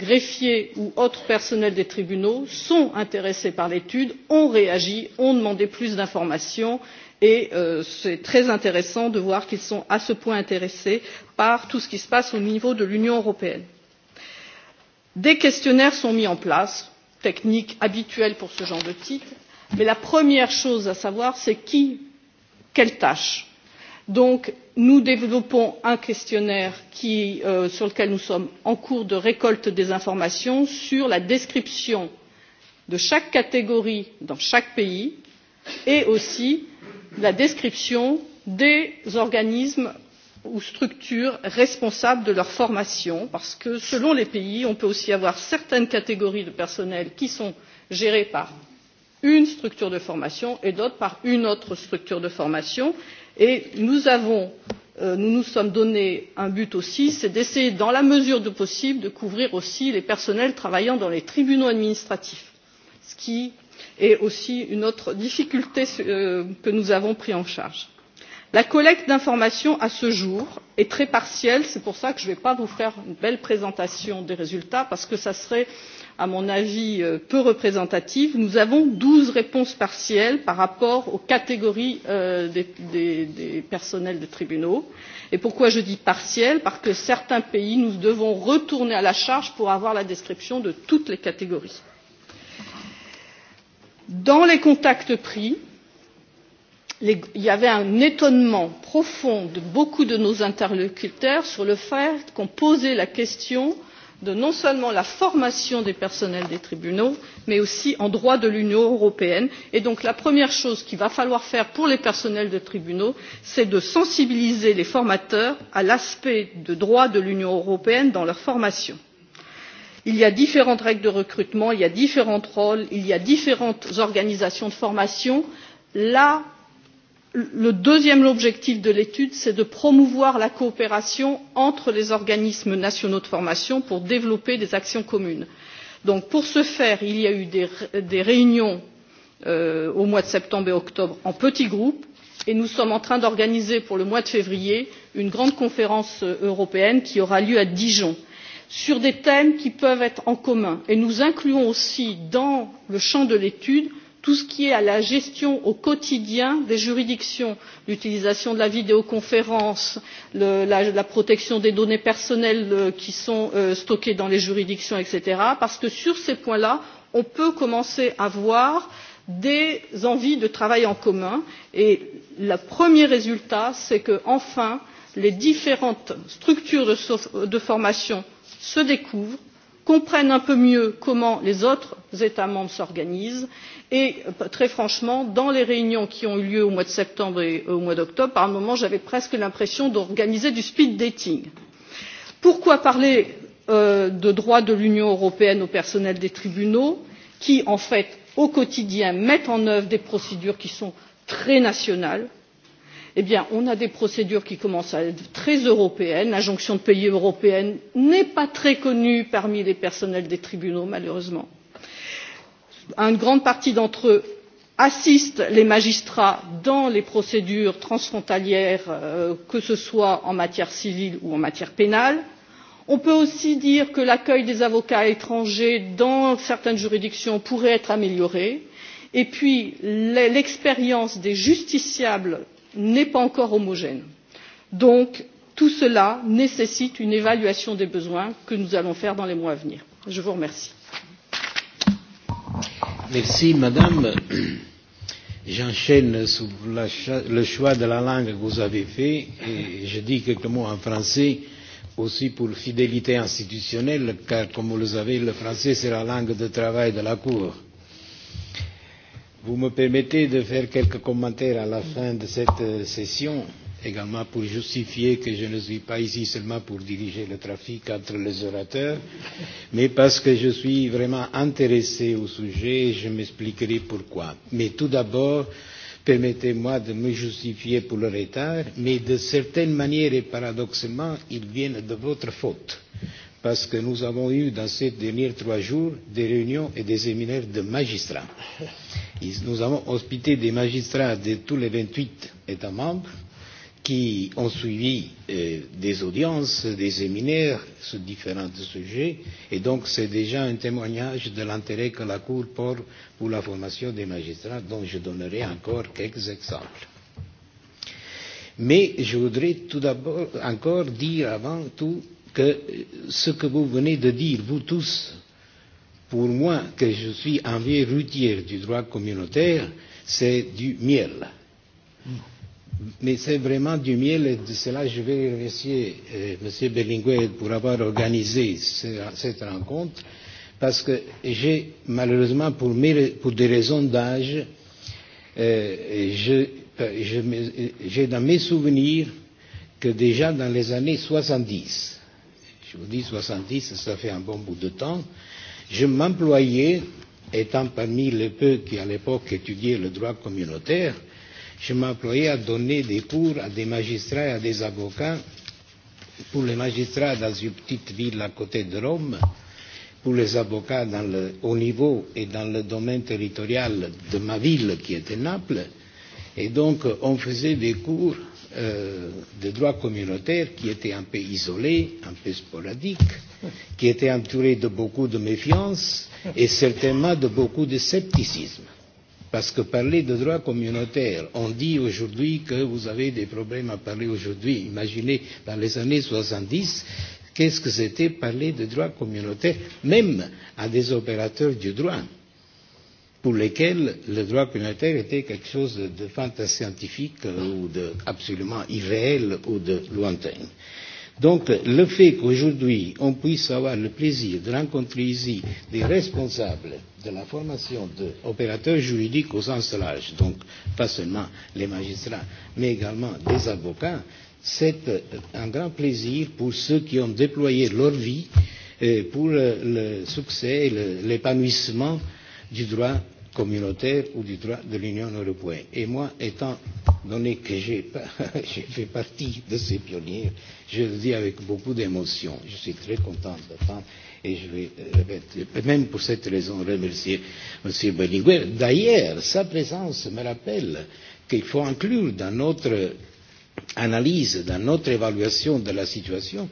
greffiers ou autres personnels des tribunaux sont intéressés par l'étude ont réagi ont demandé plus d'informations et euh, c'est très intéressant de voir qu'ils sont à ce point intéressés par tout ce qui se passe au niveau de l'union européenne. des questionnaires sont mis en place techniques, habituelles pour ce genre de titre mais la première chose à savoir c'est qui quelle tâche Donc, nous développons un questionnaire qui, euh, sur lequel nous sommes en cours de récolte des informations sur la description de chaque catégorie dans chaque pays et aussi la description des organismes ou structures responsables de leur formation parce que selon les pays on peut aussi avoir certaines catégories de personnel qui sont gérées par une structure de formation et d'autres par une autre structure de formation et nous avons euh, nous nous sommes donné un but aussi c'est d'essayer dans la mesure du possible de couvrir aussi les personnels travaillant dans les tribunaux administratifs ce qui est aussi une autre difficulté euh, que nous avons prise en charge. La collecte d'informations à ce jour est très partielle, c'est pour ça que je ne vais pas vous faire une belle présentation des résultats parce que ça serait euh, à mon avis euh, peu représentative nous avons douze réponses partielles par rapport aux catégories euh, des, personnels des tribunaux et pourquoi je dis partielles parce que certains pays nous devons retourner à la charge pour avoir la description de toutes les catégories. dans les contacts pris les, il y avait un étonnement profond de beaucoup de nos interlocuteurs sur le fait qu'on posait la question de non seulement la formation des personnels des tribunaux mais aussi en droit de l'union européenne et donc la première chose qu'il va falloir faire pour les personnels des tribunaux c'est de sensibiliser les formateurs à l'aspect de droit de l'union européenne dans leur formation. il y a différentes règles de recrutement il y a différents rôles il y a différentes organisations de formation là le deuxième objectif de l'étude c'est de promouvoir la coopération entre les organismes nationaux de formation pour développer des actions communes. Donc, pour ce faire il y a eu des, des réunions euh, au mois de septembre et octobre en petits groupes et nous sommes en train d'organiser pour le mois de février une grande conférence euh, européenne qui aura lieu à Dijon sur des thèmes qui peuvent être en commun et nous incluons aussi dans le champ de l'étude tout ce qui est à la gestion au quotidien des juridictions, l'utilisation de la vidéoconférence, le, la, la protection des données personnelles euh, qui sont euh, stockées dans les juridictions, etc. Parce que sur ces points-là, on peut commencer à voir des envies de travail en commun. Et le premier résultat, c'est que enfin, les différentes structures de, de formation se découvrent comprennent un peu mieux comment les autres États membres s'organisent et très franchement dans les réunions qui ont eu lieu au mois de septembre et euh, au mois d'octobre par moments j'avais presque l'impression d'organiser du speed dating. Pourquoi parler euh, de droits de l'Union européenne au personnel des tribunaux qui en fait au quotidien mettent en œuvre des procédures qui sont très nationales eh bien, on a des procédures qui commencent à être très européennes. L'injonction de payer européenne n'est pas très connue parmi les personnels des tribunaux, malheureusement. Une grande partie d'entre eux assistent les magistrats dans les procédures transfrontalières, euh, que ce soit en matière civile ou en matière pénale. On peut aussi dire que l'accueil des avocats étrangers dans certaines juridictions pourrait être amélioré. Et puis, l'expérience des justiciables n'est pas encore homogène. Donc, tout cela nécessite une évaluation des besoins que nous allons faire dans les mois à venir. Je vous remercie. Merci, Madame. J'enchaîne sur la, le choix de la langue que vous avez fait et je dis quelques mots en français aussi pour fidélité institutionnelle, car comme vous le savez, le français c'est la langue de travail de la Cour. Vous me permettez de faire quelques commentaires à la fin de cette euh, session, également pour justifier que je ne suis pas ici seulement pour diriger le trafic entre les orateurs, mais parce que je suis vraiment intéressé au sujet et je m'expliquerai pourquoi. Mais tout d'abord, permettez-moi de me justifier pour le retard, mais de certaines manières et paradoxalement, ils viennent de votre faute. Euh, parce que nous avons eu dans ces derniers trois jours des réunions et des séminaires de magistrats. Et nous avons hospité des magistrats de tous les 28 États membres qui ont suivi euh, des audiences, des séminaires sur différents sujets, et donc c'est déjà un témoignage de l'intérêt que la Cour porte pour la formation des magistrats, dont je donnerai encore quelques exemples. Mais je voudrais tout d'abord encore dire avant tout que ce que vous venez de dire, vous tous, pour moi, que je suis un vieux routier du droit communautaire, c'est du miel. Hmm. Mais c'est vraiment du miel et de cela je vais remercier euh, M. Berlinguer pour avoir organisé cette rencontre parce que j'ai malheureusement pour, mes, pour des raisons d'âge, euh, euh j'ai dans mes souvenirs que déjà dans les années 70, je vous dis 70, ça fait un bon bout de temps, je m'employais, étant parmi les peu qui à l'époque étudiaient le droit communautaire, je m'employais à donner des cours à des magistrats et à des avocats, pour les magistrats dans une petite ville à côté de Rome, pour les avocats dans le haut niveau et dans le domaine territorial de ma ville qui était Naples. Et donc on faisait des cours Euh, de droit communautaire qui était un peu isolé, un peu sporadique, qui était entouré de beaucoup de méfiance et certainement de beaucoup de scepticisme. Parce que parler de droit communautaire, on dit aujourd'hui que vous avez des problèmes à parler aujourd'hui. Imaginez, dans les années 70, qu'est-ce que c'était parler de droit communautaire, même à des opérateurs du droit pour lesquels le droit communautaire était quelque chose de fantascientifique euh, ou de absolument irréel ou de lointain. Donc le fait qu'aujourd'hui on puisse avoir le plaisir de rencontrer ici des responsables de la formation d'opérateurs juridiques au sens large, donc pas seulement les magistrats, mais également des avocats, c'est euh, un grand plaisir pour ceux qui ont déployé leur vie euh, pour le succès et l'épanouissement du droit communautaire ou du droit de l'Union européenne. Et moi, étant donné que j'ai fait partie de ces pionniers, je le dis avec beaucoup d'émotion. Je suis très content d'attendre et je vais, euh, répéter même pour cette raison, remercier M. Berlinguer. D'ailleurs, sa présence me rappelle qu'il faut inclure dans notre analyse, dans notre évaluation de la situation,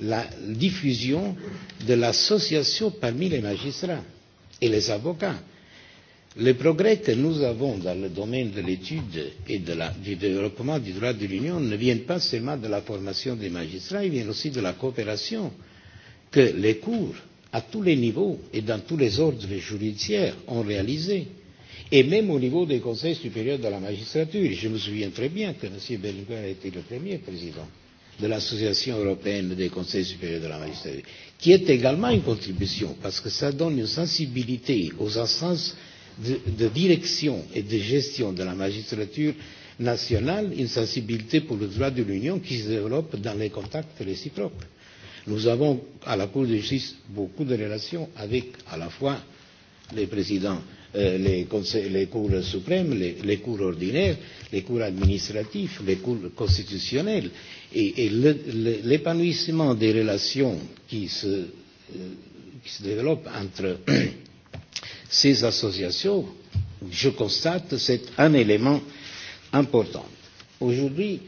la diffusion de l'association parmi les magistrats et les avocats Les progrès que nous avons dans le domaine de l'étude et de la, du développement du droit de l'Union ne viennent pas seulement de la formation des magistrats, ils viennent aussi de la coopération que les cours, à tous les niveaux et dans tous les ordres judiciaires, ont réalisé. Et même au niveau des conseils supérieurs de la magistrature, je me souviens très bien que M. Berlinguer a été le premier président de l'Association européenne des conseils supérieurs de la magistrature, qui est également une contribution, parce que ça donne une sensibilité aux instances de, de direction et de gestion de la magistrature nationale une sensibilité pour le droit de l'Union qui se développe dans les contacts réciproques. Nous avons à la Cour de justice beaucoup de relations avec à la fois les présidents, euh, les, conseils, les cours suprêmes, les, les cours ordinaires, les cours administratifs, les cours constitutionnels. Et, et l'épanouissement des relations qui se, euh, qui se développent entre ces associations, je constate, c'est un élément important. Aujourd'hui,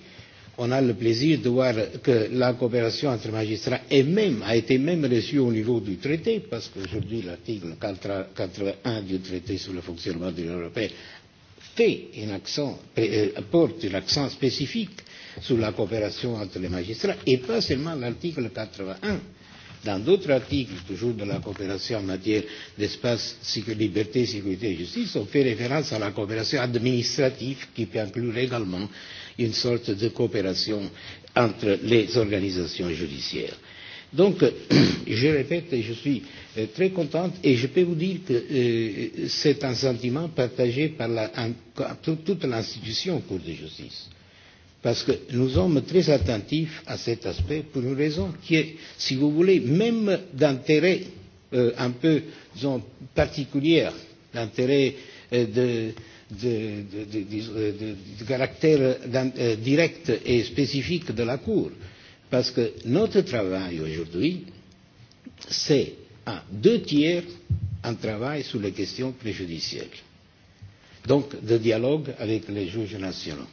on a le plaisir de voir que la coopération entre magistrats est même, a été même reçue au niveau du traité, parce qu'aujourd'hui l'article 81 du traité sur le fonctionnement de l'Union européenne fait un accent, euh, euh, porte un accent spécifique sur la coopération entre les magistrats, et pas seulement l'article 81 dans d'autres articles, toujours de la coopération en matière d'espace liberté, sécurité et justice, on fait référence à la coopération administrative qui peut inclure également une sorte de coopération entre les organisations judiciaires. Donc, je répète, je suis euh, très contente et je peux vous dire que euh, c'est un sentiment partagé par la, un, toute l'institution Cour de justice. Parce que nous sommes très attentifs à cet aspect pour une raison qui est, si vous voulez, même d'intérêt euh, un peu, disons, particulier, d'intérêt euh, de, de, de, de, de, de, de caractère euh, direct et spécifique de la Cour. Parce que notre travail aujourd'hui, c'est à deux tiers un travail sur les questions préjudicielles. Donc, de dialogue avec les juges nationaux.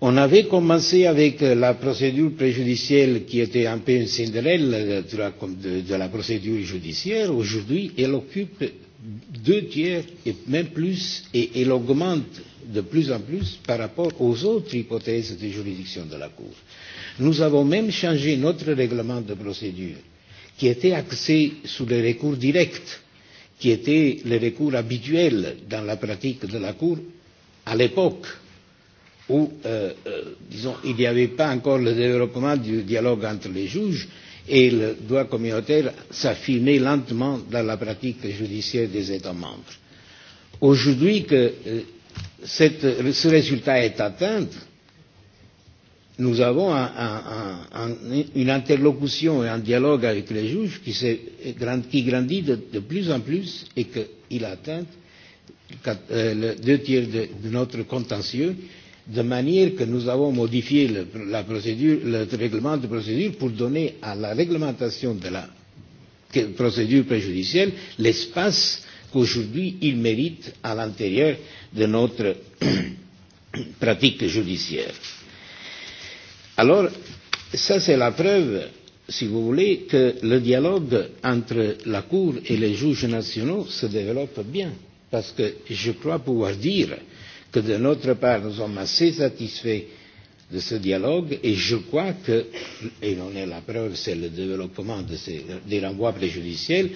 On avait commencé avec euh, la procédure préjudicielle qui était un peu une cinderelle euh, de la, de, de la procédure judiciaire. Aujourd'hui, elle occupe deux tiers et même plus, et elle augmente de plus en plus par rapport aux autres hypothèses de juridiction de la Cour. Nous avons même changé notre règlement de procédure, qui était axé sur les recours directs, qui étaient les recours habituels dans la pratique de la Cour à l'époque où, euh, euh, disons, il n'y avait pas encore le développement du dialogue entre les juges et le droit communautaire s'affirmait lentement dans la pratique judiciaire des États membres. Aujourd'hui que euh, cette, ce résultat est atteint, nous avons un, un, un, une interlocution et un dialogue avec les juges qui, grand, qui grandit de, de plus en plus et qu'il atteint euh, le deux tiers de, de notre contentieux de manière que nous avons modifié le, la procédure, le règlement de procédure pour donner à la réglementation de la procédure préjudicielle l'espace qu'aujourd'hui il mérite à l'intérieur de notre pratique judiciaire. Alors, ça c'est la preuve, si vous voulez, que le dialogue entre la Cour et les juges nationaux se développe bien, parce que je crois pouvoir dire que de notre part nous sommes assez satisfaits de ce dialogue et je crois que, et on est la preuve, c'est le développement de ces, des renvois préjudiciels,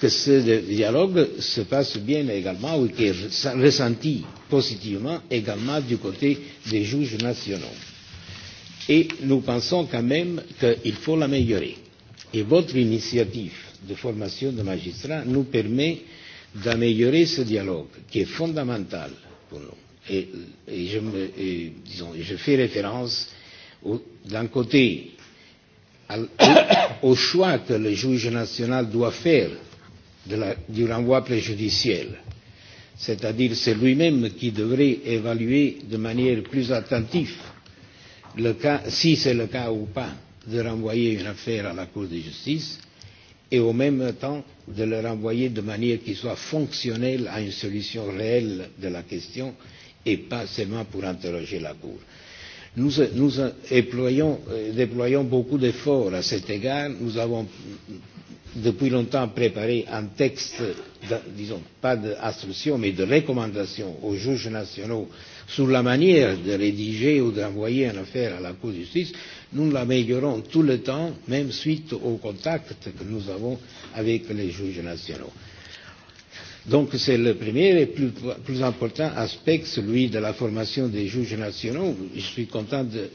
que ce dialogue se passe bien également ou qui est ressenti positivement également du côté des juges nationaux. Et nous pensons quand même qu'il faut l'améliorer. Et votre initiative de formation de magistrats nous permet d'améliorer ce dialogue qui est fondamental pour nous et, et, je, me, et, disons, je fais référence d'un côté à, au, au choix que le juge national doit faire de la, du renvoi préjudiciel, c'est-à-dire c'est lui-même qui devrait évaluer de manière plus attentive le cas, si c'est le cas ou pas de renvoyer une affaire à la Cour de justice et au même temps de le renvoyer de manière qui soit fonctionnelle à une solution réelle de la question et pas seulement pour interroger la Cour. Nous, nous déployons, euh, déployons beaucoup d'efforts à cet égard. Nous avons depuis longtemps préparé un texte, de, disons, pas d'instruction, mais de recommandation aux juges nationaux sur la manière de rédiger ou d'envoyer une affaire à la Cour de justice. Nous l'améliorons tout le temps, même suite aux contacts que nous avons avec les juges nationaux. Donc c'est le premier et plus, plus important aspect, celui de la formation des juges nationaux. Je suis content de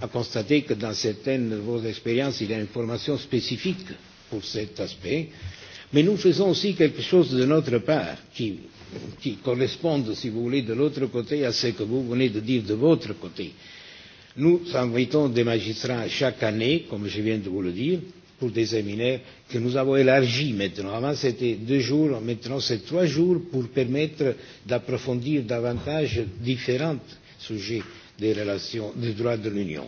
à constater que dans certaines de vos expériences, il y a une formation spécifique pour cet aspect. Mais nous faisons aussi quelque chose de notre part qui, qui correspond, si vous voulez, de l'autre côté à ce que vous venez de dire de votre côté. Nous invitons des magistrats chaque année, comme je viens de vous le dire, pour des séminaires que nous avons élargi maintenant. Avant c'était deux jours, maintenant c'est trois jours pour permettre d'approfondir davantage différents sujets des relations des droits de l'Union.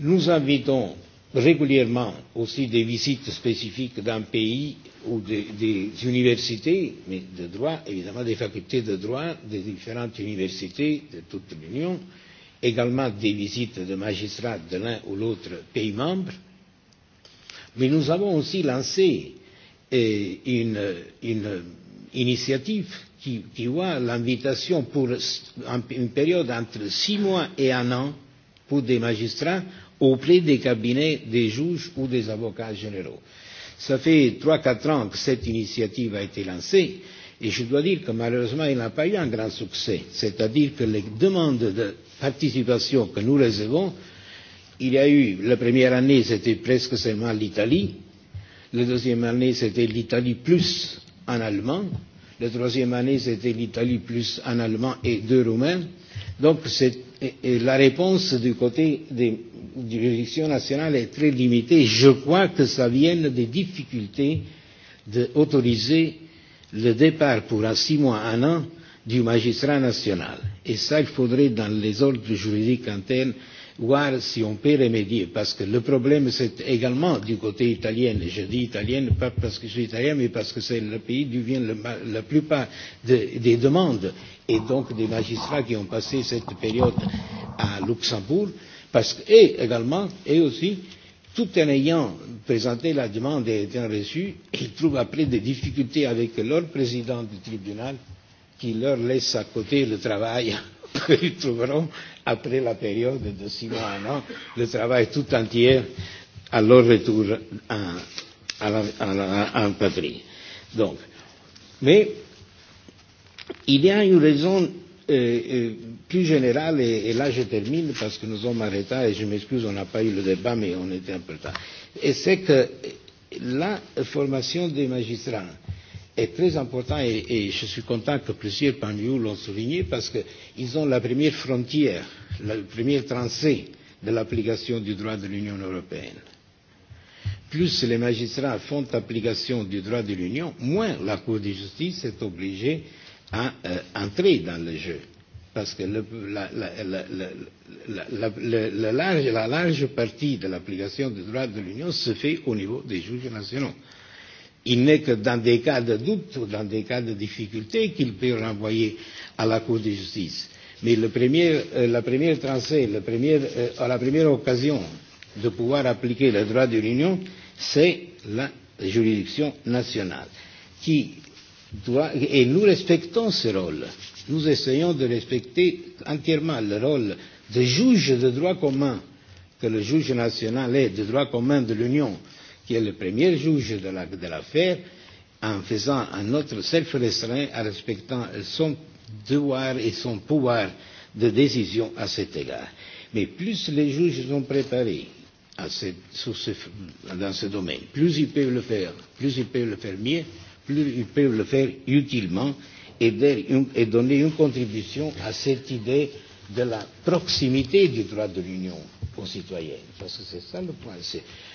Nous invitons régulièrement aussi des visites spécifiques d'un pays ou des, des universités, mais de droit, évidemment des facultés de droit des différentes universités de toute l'Union, également des visites de magistrats de l'un ou l'autre pays membre, Mais nous avons aussi lancé euh, une, une initiative qui, qui voit l'invitation pour une période entre six mois et un an pour des magistrats auprès des cabinets des juges ou des avocats généraux. Ça fait trois quatre ans que cette initiative a été lancée et je dois dire que malheureusement elle n'a pas eu un grand succès. C'est-à-dire que les demandes de participation que nous recevons il y a eu, la première année, c'était presque seulement l'Italie. La deuxième année, c'était l'Italie plus en allemand. La troisième année, c'était l'Italie plus en allemand et deux roumains. Donc, c'est, la réponse du côté des juridictions nationales est très limitée. Je crois que ça vient des difficultés d'autoriser le départ pour un six mois, un an, du magistrat national. Et ça, il faudrait, dans les ordres juridiques internes, voir si on peut remédier, parce que le problème c'est également du côté italien, et je dis italien pas parce que je suis italien, mais parce que c'est le pays d'où viennent le, la plupart de, des demandes, et donc des magistrats qui ont passé cette période à Luxembourg, parce que, et également, et aussi, tout en ayant présenté la demande et étant reçu, ils trouvent après des difficultés avec leur président du tribunal qui leur laisse à côté le travail ils trouveront après la période de six mois, un an, le travail tout entier à leur retour a, à la, a Patri. Donc, mais il y a une raison euh, plus générale, et, et là je termine parce que nous sommes arrêtés et je m'excuse, on n'a pas eu le débat, mais on était un peu tard. Et c'est que la formation des magistrats, est très important et, et je suis content que plusieurs parmi vous l'ont souligné parce qu'ils ont la première frontière, la première trancée de l'application du droit de l'Union européenne. Plus les magistrats font application du droit de l'Union, moins la Cour de justice est obligée à euh, entrer dans le jeu. Parce que le, la, la, la, la, la, la, la, large, la large partie de l'application du droit de l'Union se fait au niveau des juges nationaux. Il n'est que dans des cas de doute ou dans des cas de difficulté qu'il peut renvoyer à la Cour de justice. Mais le premier, euh, la première trancée, le premier, euh, à la première occasion de pouvoir appliquer le droit de l'Union, c'est la juridiction nationale, qui doit, et nous respectons ce rôle. Nous essayons de respecter entièrement le rôle de juge de droit commun, que le juge national est de droit commun de l'Union, qui est le premier juge de l'affaire, de l'affaire, en faisant un autre self-restreint, en respectant son devoir et son pouvoir de décision à cet égard. Mais plus les juges sont préparés à ce, sur ce, dans ce domaine, plus ils peuvent le faire, plus ils peuvent le faire mieux, plus ils peuvent le faire utilement et, une, et donner une contribution à cette idée de la proximité du droit de l'Union aux citoyens. Parce que c'est ça le point.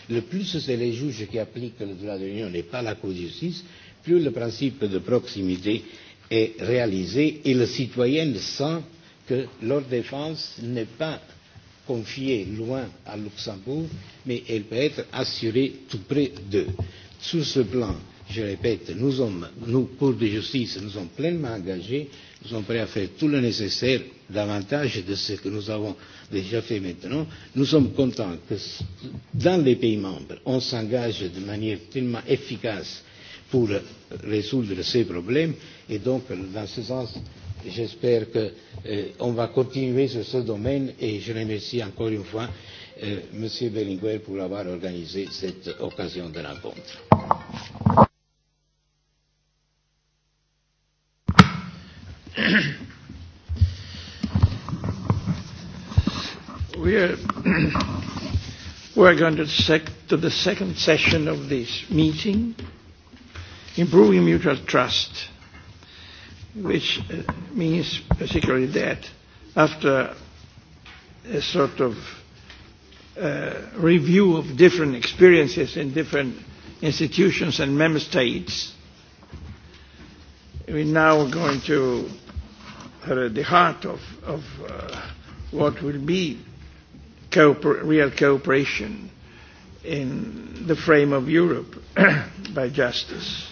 Le plus c'est les juges qui appliquent le droit de l'Union et pas la Cour de justice, plus le principe de proximité est réalisé et le citoyen sent que leur défense n'est pas confiée loin à Luxembourg, mais elle peut être assurée tout près d'eux. Sur ce plan, je répète, nous sommes, nous, Cour de justice, nous sommes pleinement engagés, nous sommes prêts à faire tout le nécessaire davantage de ce que nous avons déjà fait maintenant, nous sommes contents que dans les pays membres, on s'engage de manière tellement efficace pour résoudre ces problèmes et donc dans ce sens, j'espère que euh, on va continuer sur ce domaine et je remercie encore une fois euh, M. Berlinguer pour avoir organisé cette occasion de rencontre. We're going to, sec to the second session of this meeting, Improving Mutual Trust, which uh, means particularly that after a sort of uh, review of different experiences in different institutions and member states, we're now going to uh, the heart of, of uh, what will be cooper real cooperation in the frame of Europe by justice.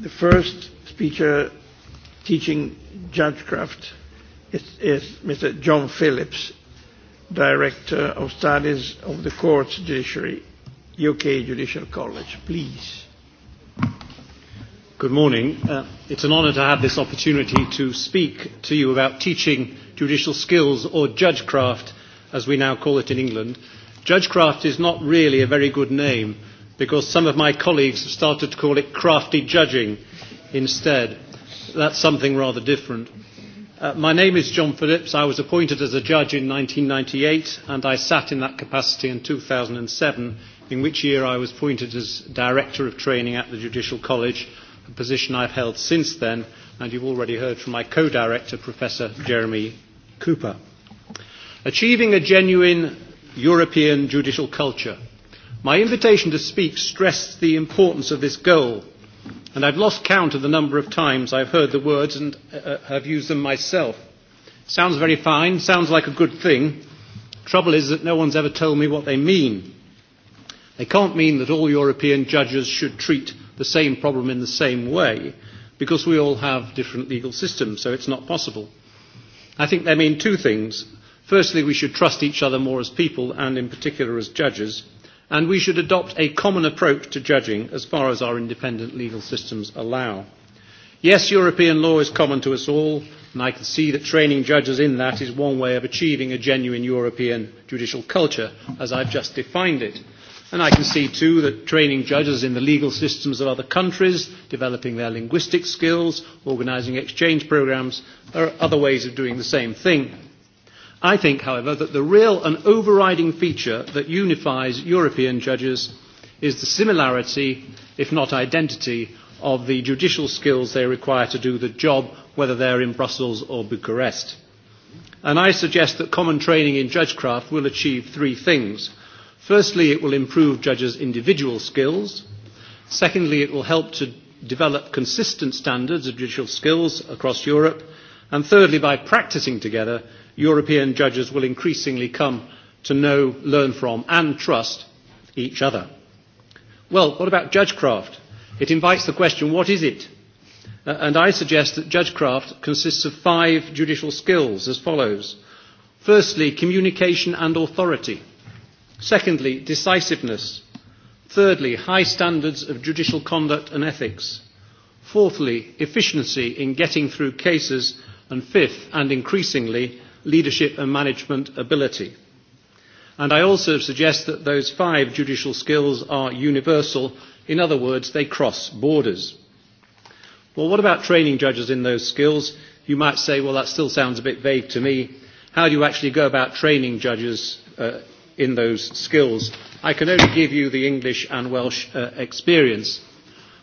The first speaker teaching Judgecraft is, is Mr. John Phillips, Director of Studies of the Courts Judiciary, UK Judicial College. Please. Good morning. Uh, it's an honour to have this opportunity to speak to you about teaching judicial skills or judgecraft, as we now call it in England. Judgecraft is not really a very good name because some of my colleagues have started to call it crafty judging instead. That's something rather different. Uh, my name is John Phillips. I was appointed as a judge in 1998 and I sat in that capacity in 2007, in which year I was appointed as Director of Training at the Judicial College, a position I've held since then, and you've already heard from my co-director, Professor Jeremy Cooper. Achieving a genuine European judicial culture. My invitation to speak stressed the importance of this goal, and I've lost count of the number of times I've heard the words and uh, uh, have used them myself. Sounds very fine, sounds like a good thing. Trouble is that no one's ever told me what they mean. They can't mean that all European judges should treat the same problem in the same way, because we all have different legal systems, so it's not possible. I think they mean two things. Firstly, we should trust each other more as people and in particular as judges, and we should adopt a common approach to judging as far as our independent legal systems allow. Yes, European law is common to us all, and I can see that training judges in that is one way of achieving a genuine European judicial culture, as I've just defined it. And I can see too that training judges in the legal systems of other countries, developing their linguistic skills, organising exchange programmes, are other ways of doing the same thing. I think, however, that the real and overriding feature that unifies European judges is the similarity, if not identity, of the judicial skills they require to do the job, whether they're in Brussels or Bucharest. And I suggest that common training in judgecraft will achieve three things – Firstly, it will improve judges' individual skills. Secondly, it will help to develop consistent standards of judicial skills across Europe. And thirdly, by practicing together, European judges will increasingly come to know, learn from, and trust each other. Well, what about Judgecraft? It invites the question, what is it? Uh, and I suggest that Judgecraft consists of five judicial skills as follows. Firstly, communication and authority. Secondly, decisiveness. Thirdly, high standards of judicial conduct and ethics. Fourthly, efficiency in getting through cases. And fifth, and increasingly, leadership and management ability. And I also suggest that those five judicial skills are universal. In other words, they cross borders. Well, what about training judges in those skills? You might say, well, that still sounds a bit vague to me. How do you actually go about training judges uh, in those skills. I can only give you the English and Welsh uh, experience.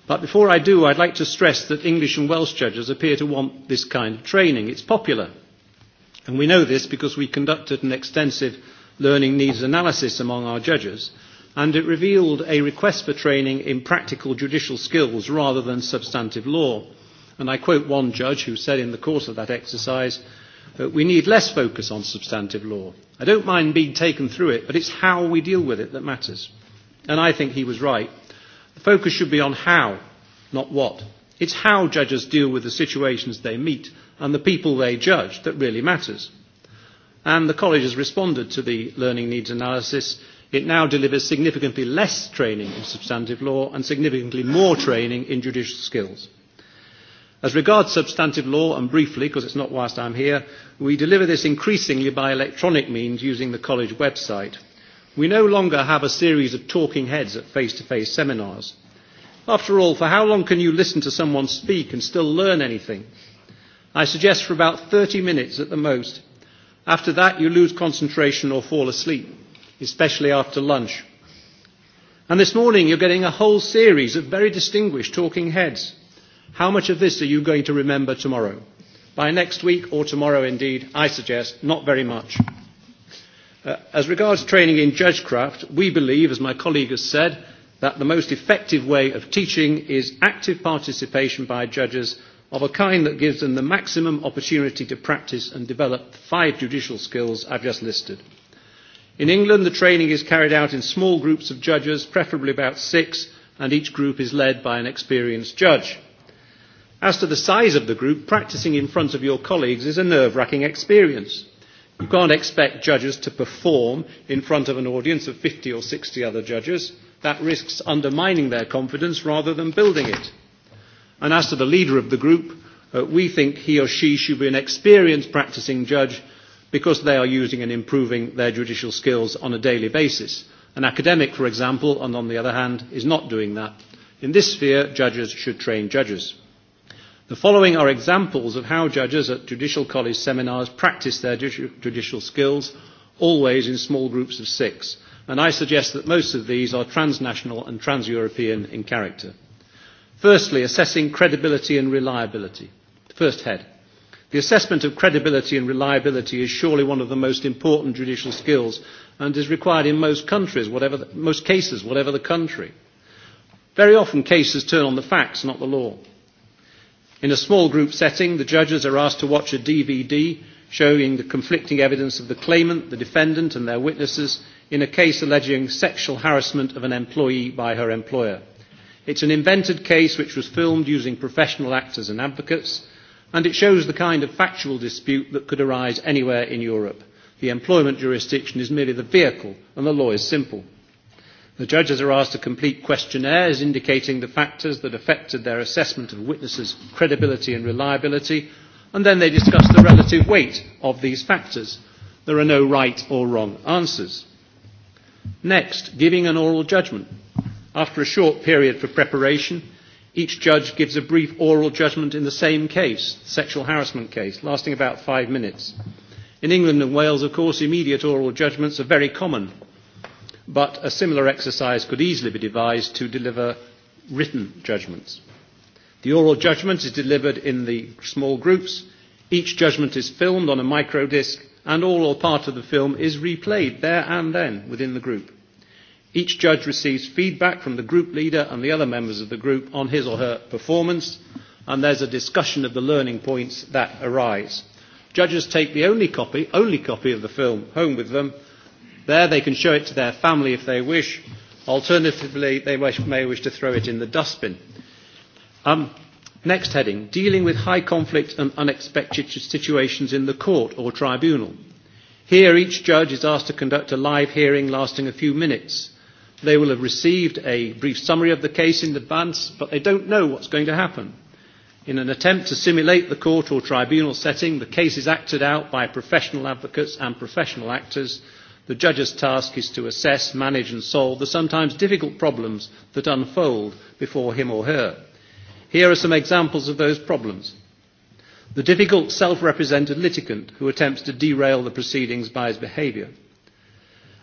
But before I do, I'd like to stress that English and Welsh judges appear to want this kind of training. It's popular. And we know this because we conducted an extensive learning needs analysis among our judges, and it revealed a request for training in practical judicial skills rather than substantive law. And I quote one judge who said in the course of that exercise, But we need less focus on substantive law. I don't mind being taken through it, but it's how we deal with it that matters. And I think he was right. The focus should be on how, not what. It's how judges deal with the situations they meet and the people they judge that really matters. And the college has responded to the learning needs analysis. It now delivers significantly less training in substantive law and significantly more training in judicial skills. As regards substantive law, and briefly, because it's not whilst I'm here, we deliver this increasingly by electronic means using the college website. We no longer have a series of talking heads at face-to-face -face seminars. After all, for how long can you listen to someone speak and still learn anything? I suggest for about 30 minutes at the most. After that, you lose concentration or fall asleep, especially after lunch. And this morning, you're getting a whole series of very distinguished talking heads How much of this are you going to remember tomorrow? By next week or tomorrow indeed, I suggest not very much. Uh, as regards training in judgecraft, we believe, as my colleague has said, that the most effective way of teaching is active participation by judges of a kind that gives them the maximum opportunity to practice and develop the five judicial skills I've just listed. In England, the training is carried out in small groups of judges, preferably about six, and each group is led by an experienced judge. As to the size of the group, practicing in front of your colleagues is a nerve-wracking experience. You can't expect judges to perform in front of an audience of 50 or 60 other judges. That risks undermining their confidence rather than building it. And as to the leader of the group, uh, we think he or she should be an experienced practicing judge because they are using and improving their judicial skills on a daily basis. An academic, for example, and on the other hand, is not doing that. In this sphere, judges should train judges. The following are examples of how judges at Judicial College seminars practice their judicial skills, always in small groups of six, and I suggest that most of these are transnational and trans-European in character. Firstly, assessing credibility and reliability. First head. The assessment of credibility and reliability is surely one of the most important judicial skills and is required in most countries, whatever the, most cases, whatever the country. Very often cases turn on the facts, not the law. In a small group setting, the judges are asked to watch a DVD showing the conflicting evidence of the claimant, the defendant and their witnesses in a case alleging sexual harassment of an employee by her employer. It's an invented case which was filmed using professional actors and advocates, and it shows the kind of factual dispute that could arise anywhere in Europe. The employment jurisdiction is merely the vehicle, and the law is simple. The judges are asked to complete questionnaires indicating the factors that affected their assessment of witnesses' credibility and reliability, and then they discuss the relative weight of these factors. There are no right or wrong answers. Next, giving an oral judgment. After a short period for preparation, each judge gives a brief oral judgment in the same case, the sexual harassment case, lasting about five minutes. In England and Wales, of course, immediate oral judgments are very common but a similar exercise could easily be devised to deliver written judgments. The oral judgment is delivered in the small groups. Each judgment is filmed on a micro disc, and all or part of the film is replayed there and then within the group. Each judge receives feedback from the group leader and the other members of the group on his or her performance, and there's a discussion of the learning points that arise. Judges take the only copy, only copy of the film home with them, There they can show it to their family if they wish. Alternatively, they may wish to throw it in the dustbin. Um, next heading, dealing with high conflict and unexpected situations in the court or tribunal. Here each judge is asked to conduct a live hearing lasting a few minutes. They will have received a brief summary of the case in advance, but they don't know what's going to happen. In an attempt to simulate the court or tribunal setting, the case is acted out by professional advocates and professional actors The judge's task is to assess, manage and solve the sometimes difficult problems that unfold before him or her. Here are some examples of those problems. The difficult self-represented litigant who attempts to derail the proceedings by his behaviour.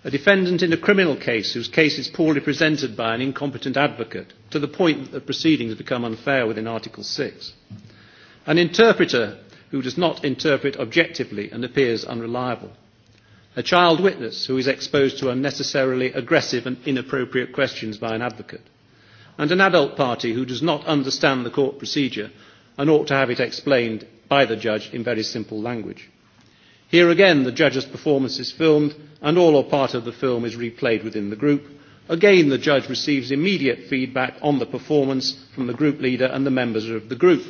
A defendant in a criminal case whose case is poorly presented by an incompetent advocate to the point that the proceedings become unfair within Article 6. An interpreter who does not interpret objectively and appears unreliable a child witness who is exposed to unnecessarily aggressive and inappropriate questions by an advocate, and an adult party who does not understand the court procedure and ought to have it explained by the judge in very simple language. Here again, the judge's performance is filmed, and all or part of the film is replayed within the group. Again, the judge receives immediate feedback on the performance from the group leader and the members of the group.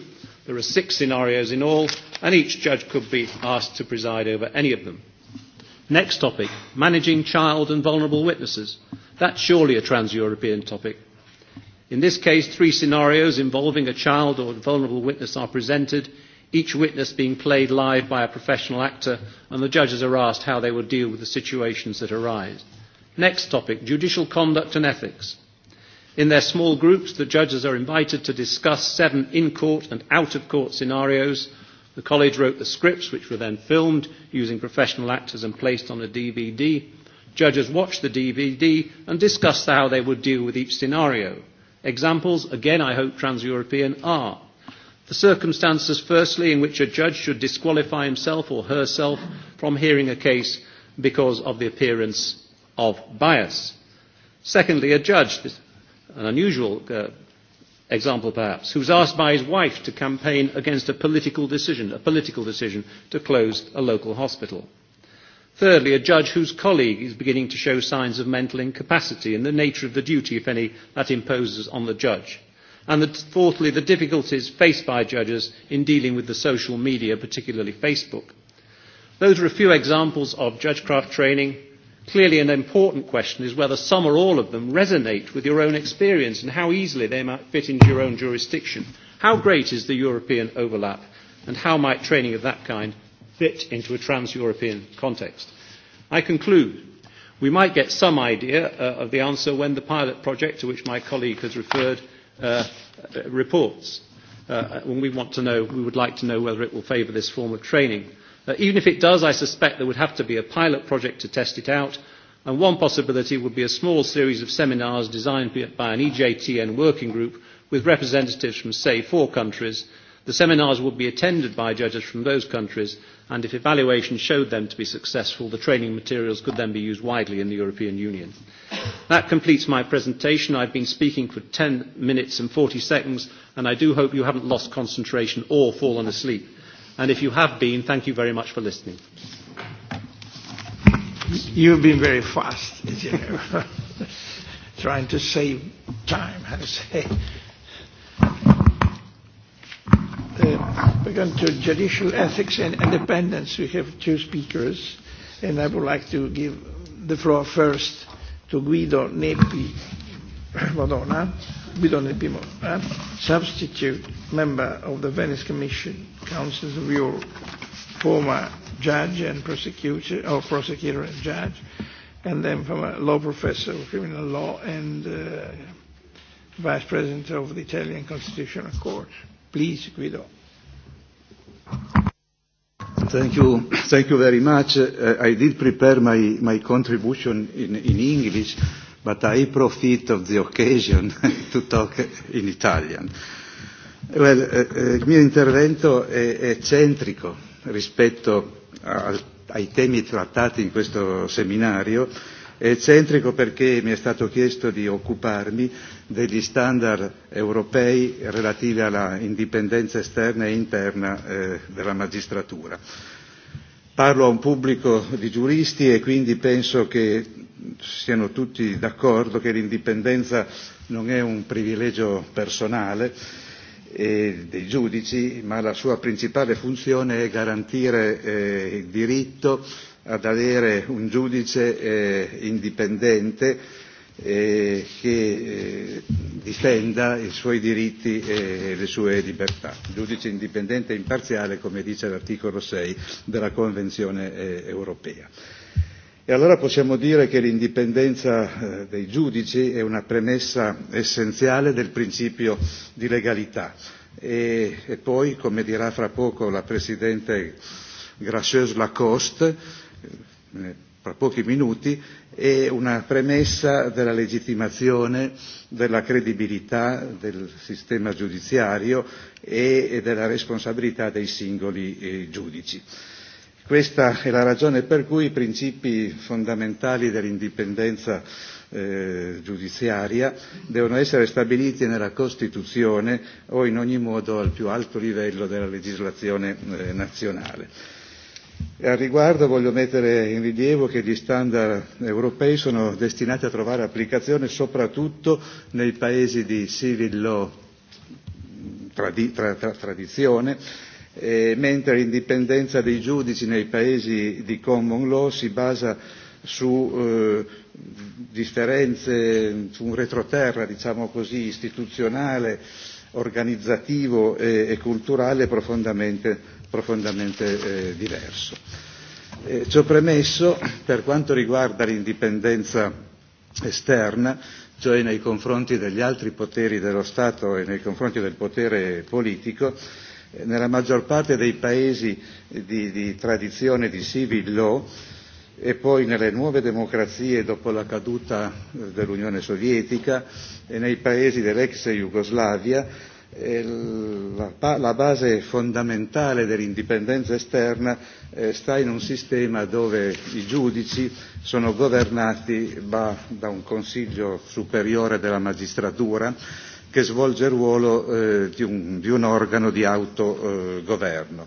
There are six scenarios in all, and each judge could be asked to preside over any of them. Next topic, managing child and vulnerable witnesses. That's surely a trans-European topic. In this case, three scenarios involving a child or vulnerable witness are presented, each witness being played live by a professional actor, and the judges are asked how they will deal with the situations that arise. Next topic, judicial conduct and ethics. In their small groups, the judges are invited to discuss seven in-court and out-of-court scenarios The college wrote the scripts, which were then filmed using professional actors and placed on a DVD. Judges watched the DVD and discussed how they would deal with each scenario. Examples, again I hope trans-European, are the circumstances, firstly, in which a judge should disqualify himself or herself from hearing a case because of the appearance of bias. Secondly, a judge, an unusual uh, example perhaps, who's asked by his wife to campaign against a political decision, a political decision to close a local hospital. Thirdly, a judge whose colleague is beginning to show signs of mental incapacity and the nature of the duty, if any, that imposes on the judge. And the, fourthly, the difficulties faced by judges in dealing with the social media, particularly Facebook. Those are a few examples of judgecraft training Clearly, an important question is whether some or all of them resonate with your own experience and how easily they might fit into your own jurisdiction. How great is the European overlap, and how might training of that kind fit into a trans-European context? I conclude. We might get some idea uh, of the answer when the pilot project to which my colleague has referred uh, uh reports. Uh, when we want to know, we would like to know whether it will favour this form of training. Uh, even if it does, I suspect there would have to be a pilot project to test it out, and one possibility would be a small series of seminars designed by an EJTN working group with representatives from, say, four countries. The seminars would be attended by judges from those countries, and if evaluation showed them to be successful, the training materials could then be used widely in the European Union. That completes my presentation. I've been speaking for 10 minutes and 40 seconds, and I do hope you haven't lost concentration or fallen asleep. And if you have been, thank you very much for listening. You've been very fast, you know, trying to save time, I say. Uh, we're going to judicial ethics and independence. We have two speakers, and I would like to give the floor first to Guido Nepi Madonna we don't Bidone Bimo, eh? Uh, substitute member of the Venice Commission, Councils of Europe, former judge and prosecutor, or prosecutor and judge, and then from a law professor of criminal law and uh, vice president of the Italian Constitutional Court. Please, Guido. Thank you, thank you very much. Uh, I did prepare my, my contribution in, in English but I profit of the occasion to talk in Italian. Well, eh, eh, il mio intervento è, è centrico rispetto al, ai temi trattati in questo seminario, è centrico perché mi è stato chiesto di occuparmi degli standard europei relativi alla indipendenza esterna e interna eh, della magistratura. Parlo a un pubblico di giuristi e quindi penso che siano tutti d'accordo che l'indipendenza non è un privilegio personale eh, dei giudici, ma la sua principale funzione è garantire eh, il diritto ad avere un giudice eh, indipendente eh, che eh, difenda i suoi diritti e le sue libertà. Giudice indipendente e imparziale, come dice l'articolo 6 della Convenzione eh, europea. E allora possiamo dire che l'indipendenza eh, dei giudici è una premessa essenziale del principio di legalità. E, e poi, come dirà fra poco la Presidente Gracieuse Lacoste, eh, fra pochi minuti è una premessa della legittimazione, della credibilità del sistema giudiziario e della responsabilità dei singoli eh, giudici. Questa è la ragione per cui i principi fondamentali dell'indipendenza eh, giudiziaria devono essere stabiliti nella Costituzione o in ogni modo al più alto livello della legislazione eh, nazionale. E al riguardo voglio mettere in rilievo che gli standard europei sono destinati a trovare applicazione soprattutto nei paesi di civil law mm, tradi tra tra tradizione, e mentre l'indipendenza dei giudici nei paesi di common law si basa su eh, differenze, su un retroterra diciamo così, istituzionale, organizzativo e, e culturale profondamente profondamente eh, diverso. Eh, ciò premesso, per quanto riguarda l'indipendenza esterna, cioè nei confronti degli altri poteri dello Stato e nei confronti del potere politico, eh, nella maggior parte dei paesi di, di tradizione di civil law e poi nelle nuove democrazie dopo la caduta eh, dell'Unione Sovietica e nei paesi dell'ex Jugoslavia E la base fondamentale dell'indipendenza esterna eh, sta in un sistema dove i giudici sono governati da un Consiglio superiore della magistratura che svolge il ruolo eh, di un, di un organo di autogoverno.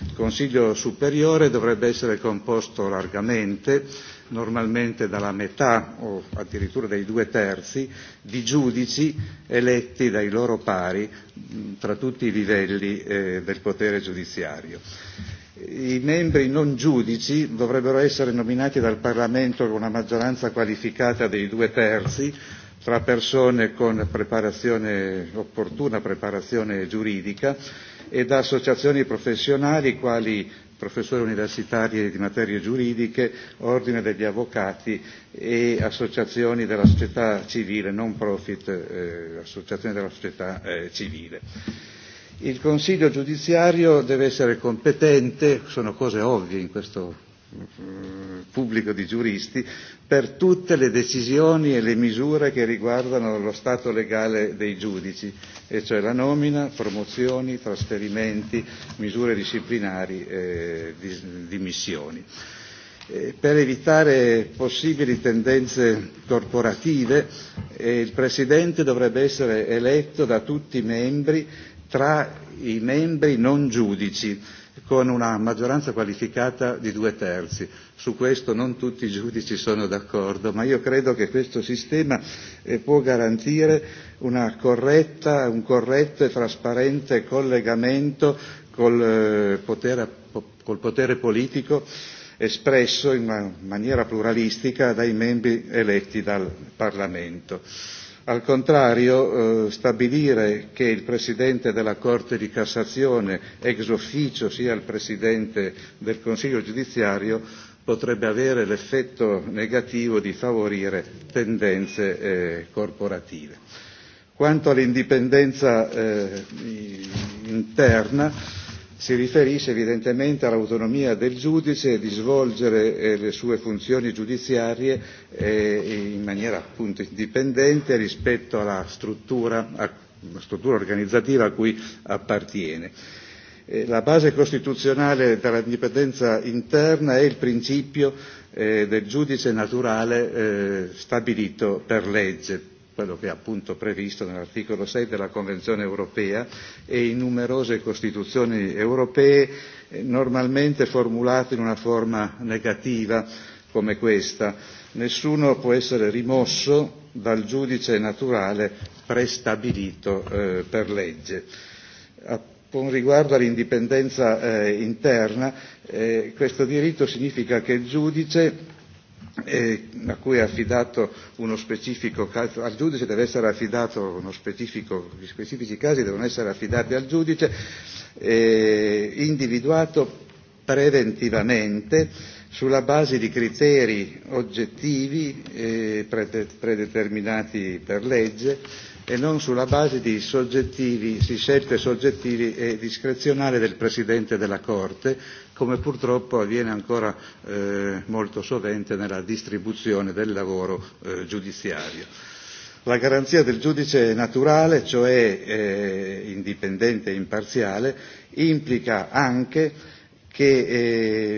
Eh, il Consiglio superiore dovrebbe essere composto largamente normalmente dalla metà o addirittura dai due terzi, di giudici eletti dai loro pari mm, tra tutti i livelli eh, del potere giudiziario. I membri non giudici dovrebbero essere nominati dal Parlamento con una maggioranza qualificata dei due terzi, tra persone con preparazione, opportuna preparazione giuridica e da associazioni professionali quali professori universitari di materie giuridiche, ordine degli avvocati e associazioni della società civile, non profit, eh, associazioni della società eh, civile. Il Consiglio giudiziario deve essere competente, sono cose ovvie in questo Mm, pubblico di giuristi per tutte le decisioni e le misure che riguardano lo stato legale dei giudici, e cioè la nomina, promozioni, trasferimenti, misure disciplinari e eh, dimissioni. Eh, per evitare possibili tendenze corporative eh, il Presidente dovrebbe essere eletto da tutti i membri tra i membri non giudici con una maggioranza qualificata di due terzi. Su questo non tutti i giudici sono d'accordo, ma io credo che questo sistema eh, può garantire una corretta, un corretto e trasparente collegamento col eh, potere, col potere politico espresso in maniera pluralistica dai membri eletti dal Parlamento. Al contrario, eh, stabilire che il Presidente della Corte di Cassazione ex officio sia il Presidente del Consiglio giudiziario potrebbe avere l'effetto negativo di favorire tendenze eh, corporative. Quanto all'indipendenza eh, interna, si riferisce evidentemente all'autonomia del giudice di svolgere eh, le sue funzioni giudiziarie eh, in maniera appunto indipendente rispetto alla struttura, a, la struttura organizzativa a cui appartiene. Eh, la base costituzionale dell'indipendenza interna è il principio eh, del giudice naturale eh, stabilito per legge quello che è appunto previsto nell'articolo 6 della Convenzione europea e in numerose Costituzioni europee eh, normalmente formulate in una forma negativa come questa. Nessuno può essere rimosso dal giudice naturale prestabilito eh, per legge. A con riguardo all'indipendenza eh, interna, eh, questo diritto significa che il giudice eh, a cui è affidato uno specifico caso, al giudice deve essere affidato uno specifico, gli specifici casi devono essere affidati al giudice, eh, individuato preventivamente sulla base di criteri oggettivi eh, predeterminati per legge e non sulla base di, soggettivi, di scelte soggettivi e discrezionali del Presidente della Corte come purtroppo avviene ancora eh, molto sovente nella distribuzione del lavoro eh, giudiziario. La garanzia del giudice naturale, cioè eh, indipendente e imparziale, implica anche che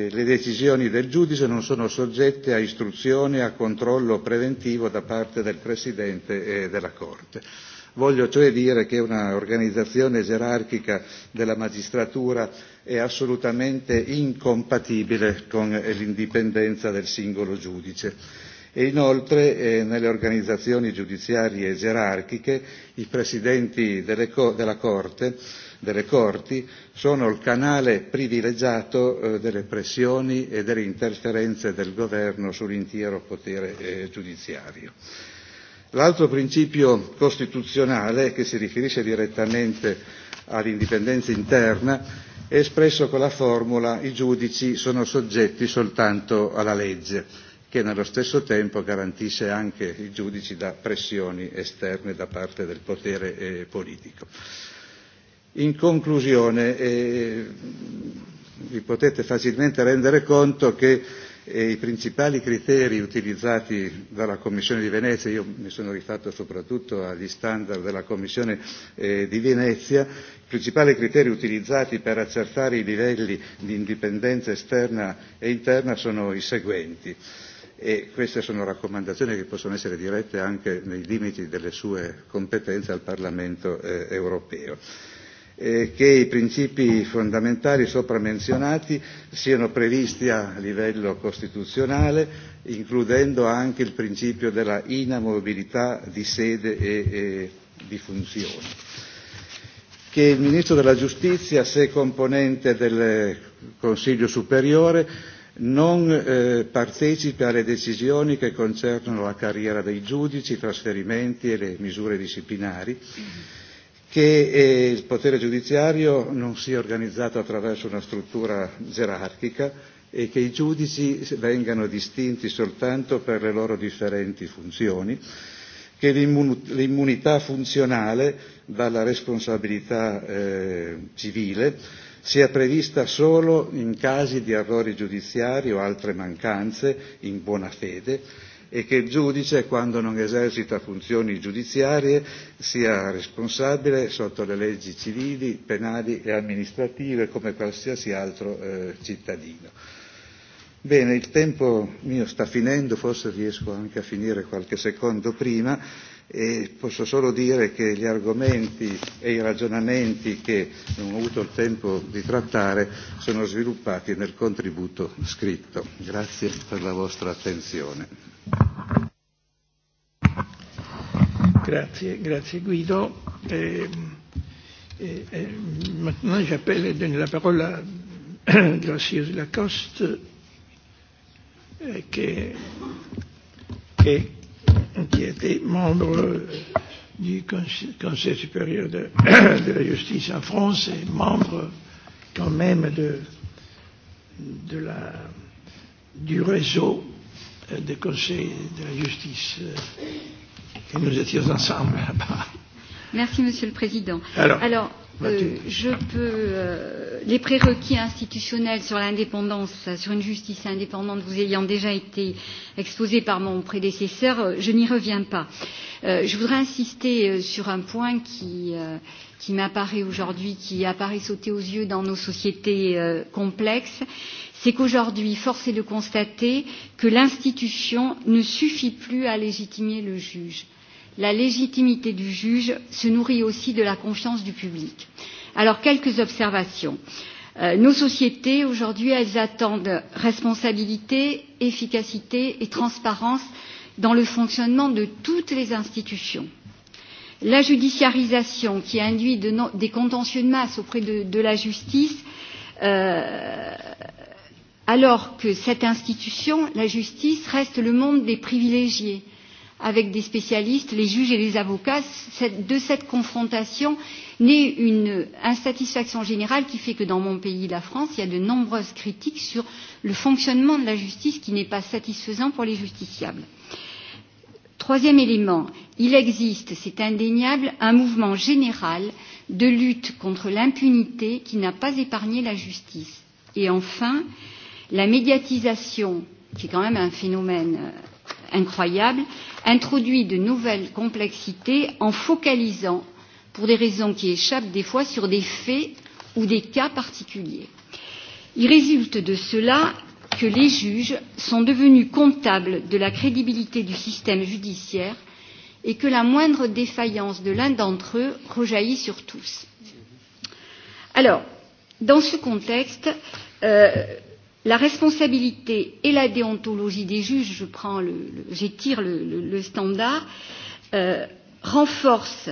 eh, le decisioni del giudice non sono soggette a istruzioni e a controllo preventivo da parte del Presidente e della Corte. Voglio cioè dire che un'organizzazione gerarchica della magistratura è assolutamente incompatibile con l'indipendenza del singolo giudice e inoltre eh, nelle organizzazioni giudiziarie gerarchiche i presidenti delle co- della Corte, delle Corti sono il canale privilegiato eh, delle pressioni e delle interferenze del governo sull'intero potere eh, giudiziario. L'altro principio costituzionale, che si riferisce direttamente all'indipendenza interna, è espresso con la formula i giudici sono soggetti soltanto alla legge, che nello stesso tempo garantisce anche i giudici da pressioni esterne da parte del potere eh, politico. In conclusione, eh, vi potete facilmente rendere conto che E I principali criteri utilizzati dalla Commissione di Venezia, io mi sono rifatto soprattutto agli standard della Commissione eh, di Venezia, i principali criteri utilizzati per accertare i livelli di indipendenza esterna e interna sono i seguenti e queste sono raccomandazioni che possono essere dirette anche nei limiti delle sue competenze al Parlamento eh, europeo eh, che i principi fondamentali sopra menzionati siano previsti a livello costituzionale, includendo anche il principio della inamovibilità di sede e, e di funzione. Che il Ministro della Giustizia, se componente del Consiglio Superiore, non eh, partecipa alle decisioni che concernono la carriera dei giudici, i trasferimenti e le misure disciplinari. Mm-hmm che eh, il potere giudiziario non sia organizzato attraverso una struttura gerarchica e che i giudici vengano distinti soltanto per le loro differenti funzioni, che l'immunità funzionale dalla responsabilità eh, civile sia prevista solo in casi di errori giudiziari o altre mancanze in buona fede e che il giudice, quando non esercita funzioni giudiziarie, sia responsabile sotto le leggi civili, penali e amministrative come qualsiasi altro eh, cittadino. Bene, il tempo mio sta finendo, forse riesco anche a finire qualche secondo prima e posso solo dire che gli argomenti e i ragionamenti che non ho avuto il tempo di trattare sono sviluppati nel contributo scritto. Grazie per la vostra attenzione. Grazie, grazie Guido. Eh, eh, eh, maintenant j'appelle et donne la parole à Gracieuse Lacoste eh, che, che qui était membre euh, du Conseil, conseil supérieur de, de la justice en France et membre quand même de, de la, du réseau euh, des conseils de la justice. Euh, et nous étions ensemble là-bas. Merci, Monsieur le Président. Alors, Alors Euh, je peux euh, les prérequis institutionnels sur l'indépendance, sur une justice indépendante, vous ayant déjà été exposé par mon prédécesseur, euh, je n'y reviens pas. Euh, je voudrais insister euh, sur un point qui, euh, qui m'apparaît aujourd'hui, qui apparaît sauter aux yeux dans nos sociétés euh, complexes, c'est qu'aujourd'hui, force est de constater que l'institution ne suffit plus à légitimer le juge. Euh, La légitimité du juge se nourrit aussi de la confiance du public. Alors, quelques observations. Euh, nos sociétés, aujourd'hui, elles attendent responsabilité, efficacité et transparence dans le fonctionnement de toutes les institutions. La judiciarisation qui induit de no des contentieux de masse auprès de, de la justice, euh, alors que cette institution, la justice, reste le monde des privilégiés avec des spécialistes, les juges et les avocats, cette, de cette confrontation naît une insatisfaction générale qui fait que dans mon pays, la France, il y a de nombreuses critiques sur le fonctionnement de la justice qui n'est pas satisfaisant pour les justiciables. Troisième élément, il existe, c'est indéniable, un mouvement général de lutte contre l'impunité qui n'a pas épargné la justice. Et enfin, la médiatisation, qui est quand même un phénomène euh, incroyable, introduit de nouvelles complexités en focalisant, pour des raisons qui échappent des fois, sur des faits ou des cas particuliers. Il résulte de cela que les juges sont devenus comptables de la crédibilité du système judiciaire et que la moindre défaillance de l'un d'entre eux rejaillit sur tous. Alors, dans ce contexte, euh, la responsabilité et la déontologie des juges, je prends le, le j'étire le, le, le standard, euh, renforcent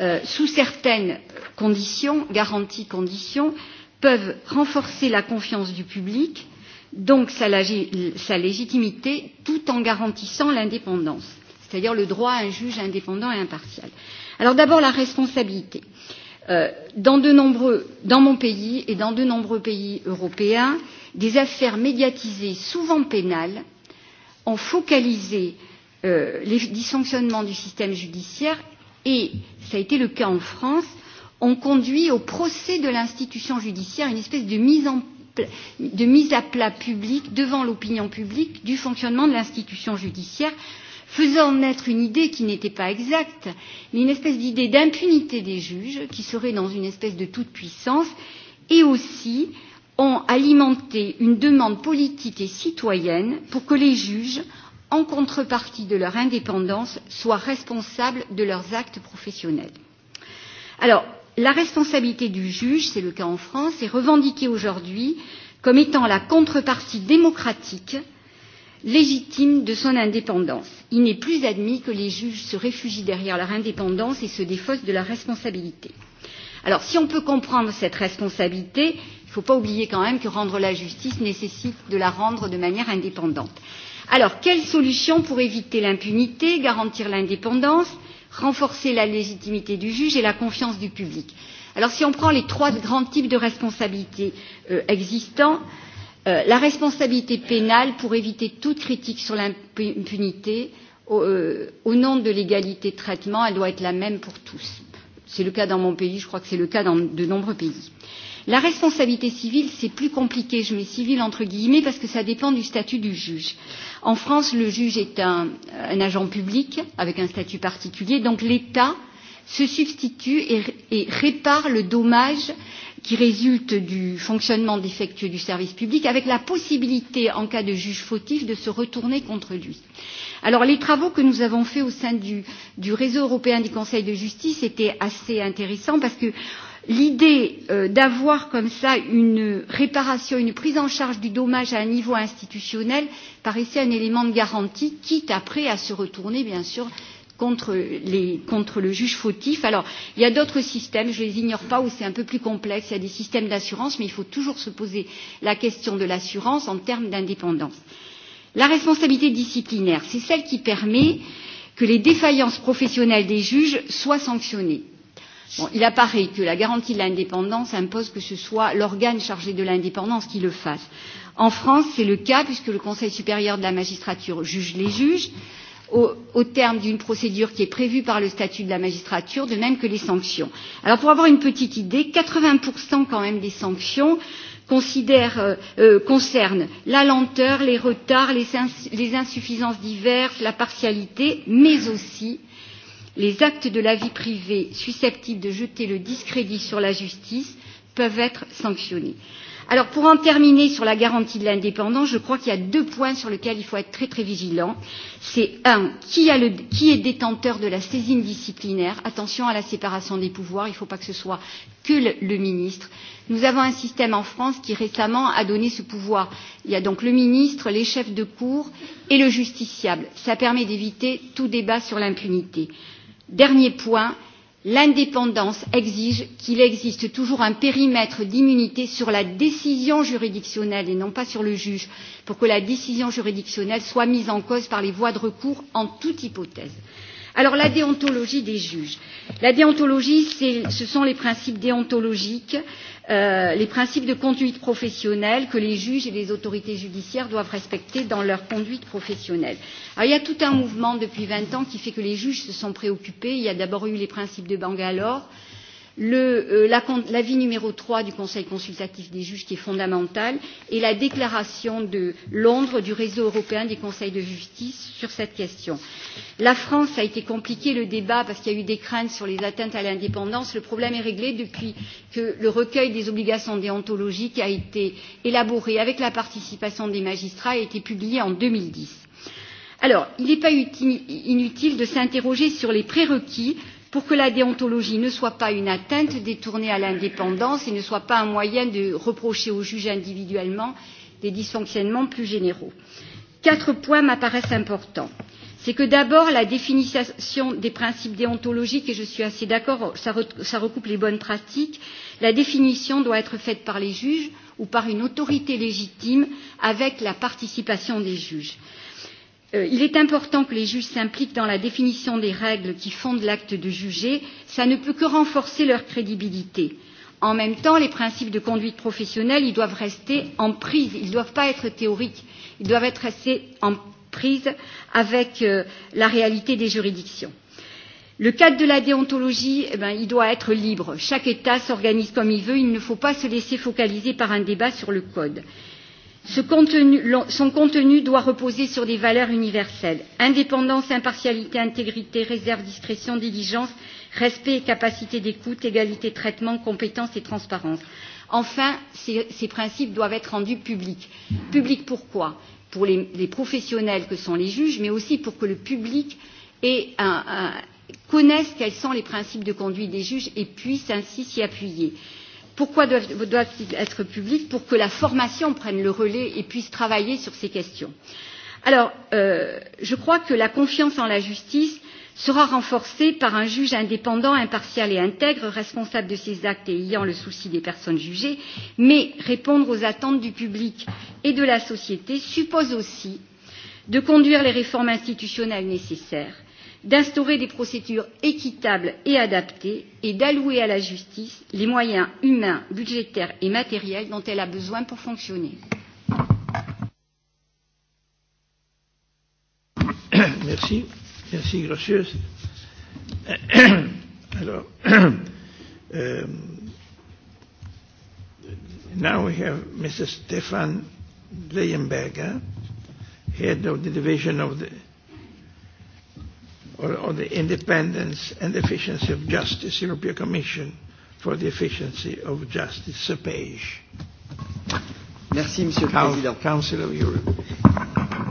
euh, sous certaines conditions, garanties conditions, peuvent renforcer la confiance du public, donc sa, sa légitimité, tout en garantissant l'indépendance, c'est-à-dire le droit à un juge indépendant et impartial. Alors d'abord la responsabilité. Euh, dans, de nombreux, dans mon pays et dans de nombreux pays européens, euh, des affaires médiatisées, souvent pénales, ont focalisé euh, les dysfonctionnements du système judiciaire et, ça a été le cas en France, ont conduit au procès de l'institution judiciaire une espèce de mise, en, de mise à plat publique devant l'opinion publique du fonctionnement de l'institution judiciaire, faisant naître une idée qui n'était pas exacte, mais une espèce d'idée d'impunité des juges qui serait dans une espèce de toute puissance et aussi euh, ont alimenté une demande politique et citoyenne pour que les juges, en contrepartie de leur indépendance, soient responsables de leurs actes professionnels. Alors, la responsabilité du juge, c'est le cas en France, est revendiquée aujourd'hui comme étant la contrepartie démocratique légitime de son indépendance. Il n'est plus admis que les juges se réfugient derrière leur indépendance et se défaussent de leur responsabilité. Alors, si on peut comprendre cette responsabilité, Il ne faut pas oublier quand même que rendre la justice nécessite de la rendre de manière indépendante. Alors, quelles solutions pour éviter l'impunité, garantir l'indépendance, renforcer la légitimité du juge et la confiance du public Alors, si on prend les trois grands types de responsabilités euh, existants, euh, la responsabilité pénale pour éviter toute critique sur l'impunité au, euh, au nom de l'égalité de traitement, elle doit être la même pour tous. C'est le cas dans mon pays, je crois que c'est le cas dans de nombreux pays. Euh, La responsabilité civile, c'est plus compliqué, je mets civile entre guillemets, parce que ça dépend du statut du juge. En France, le juge est un, un agent public avec un statut particulier, donc l'État se substitue et, et répare le dommage qui résulte du fonctionnement défectueux du service public, avec la possibilité, en cas de juge fautif, de se retourner contre lui. Alors, les travaux que nous avons faits au sein du, du réseau européen des conseils de justice étaient assez intéressants parce que L'idée euh, d'avoir comme ça une réparation, une prise en charge du dommage à un niveau institutionnel paraissait un élément de garantie, quitte après à se retourner, bien sûr, contre, les, contre le juge fautif. Alors, il y a d'autres systèmes, je ne les ignore pas, où c'est un peu plus complexe. Il y a des systèmes d'assurance, mais il faut toujours se poser la question de l'assurance en termes d'indépendance. La responsabilité disciplinaire, c'est celle qui permet que les défaillances professionnelles des juges soient sanctionnées. Bon, il apparaît que la garantie de l'indépendance impose que ce soit l'organe chargé de l'indépendance qui le fasse. En France, c'est le cas puisque le Conseil supérieur de la magistrature juge les juges au, au terme d'une procédure qui est prévue par le statut de la magistrature, de même que les sanctions. Alors pour avoir une petite idée, 80% quand même des sanctions considère, euh, euh, concerne la lenteur, les retards, les, ins les insuffisances diverses, la partialité, mais aussi Les actes de la vie privée susceptibles de jeter le discrédit sur la justice peuvent être sanctionnés. Alors pour en terminer sur la garantie de l'indépendance, je crois qu'il y a deux points sur lesquels il faut être très très vigilant. C'est un, qui, a le, qui est détenteur de la saisine disciplinaire Attention à la séparation des pouvoirs, il ne faut pas que ce soit que le, le ministre. Nous avons un système en France qui récemment a donné ce pouvoir. Il y a donc le ministre, les chefs de cour et le justiciable. Ça permet d'éviter tout débat sur l'impunité. Dernier point, l'indépendance exige qu'il existe toujours un périmètre d'immunité sur la décision juridictionnelle et non pas sur le juge, pour que la décision juridictionnelle soit mise en cause par les voies de recours en toute hypothèse. Alors la déontologie des juges. La déontologie, ce sont les principes déontologiques, euh, les principes de conduite professionnelle que les juges et les autorités judiciaires doivent respecter dans leur conduite professionnelle. Alors il y a tout un mouvement depuis 20 ans qui fait que les juges se sont préoccupés. Il y a d'abord eu les principes de Bangalore, le, euh, l'avis la, numéro 3 du Conseil consultatif des juges qui est fondamental et la déclaration de Londres du réseau européen des conseils de justice sur cette question. La France a été compliquée, le débat parce qu'il y a eu des craintes sur les atteintes à l'indépendance. Le problème est réglé depuis que le recueil des obligations déontologiques a été élaboré avec la participation des magistrats et a été publié en 2010. Alors, il n'est pas inutile de s'interroger sur les prérequis pour que la déontologie ne soit pas une atteinte détournée à l'indépendance et ne soit pas un moyen de reprocher aux juges individuellement des dysfonctionnements plus généraux. Quatre points m'apparaissent importants. C'est que d'abord, la définition des principes déontologiques, et je suis assez d'accord, ça, re, ça recoupe les bonnes pratiques, la définition doit être faite par les juges ou par une autorité légitime avec la participation des juges. Euh, il est important que les juges s'impliquent dans la définition des règles qui fondent l'acte de juger, ça ne peut que renforcer leur crédibilité. En même temps, les principes de conduite professionnelle, ils doivent rester en prise, ils ne doivent pas être théoriques, ils doivent être restés en prise avec euh, la réalité des juridictions. Le cadre de la déontologie, eh bien, il doit être libre. Chaque État s'organise comme il veut, il ne faut pas se laisser focaliser par un débat sur le code. Ce contenu, son contenu doit reposer sur des valeurs universelles indépendance, impartialité, intégrité, réserve, discrétion, diligence, respect et capacité d'écoute, égalité de traitement, compétence et transparence. Enfin, ces, ces principes doivent être rendus publics. Publics pourquoi Pour les, les professionnels que sont les juges, mais aussi pour que le public ait un, un, connaisse quels sont les principes de conduite des juges et puisse ainsi s'y appuyer. Euh, Pourquoi doivent-ils doivent être publics Pour que la formation prenne le relais et puisse travailler sur ces questions. Alors, euh, je crois que la confiance en la justice sera renforcée par un juge indépendant, impartial et intègre, responsable de ses actes et ayant le souci des personnes jugées, mais répondre aux attentes du public et de la société suppose aussi de conduire les réformes institutionnelles nécessaires d'instaurer des procédures équitables et adaptées et d'allouer à la justice les moyens humains, budgétaires et matériels dont elle a besoin pour fonctionner. Merci, merci gracieuse. Alors, um, now we have Mr. Stefan Leyenberger, head of the division of the or or the independence and efficiency of justice, European Commission for the efficiency of justice, CEPEJ. Merci, Monsieur le Président. Council of Europe.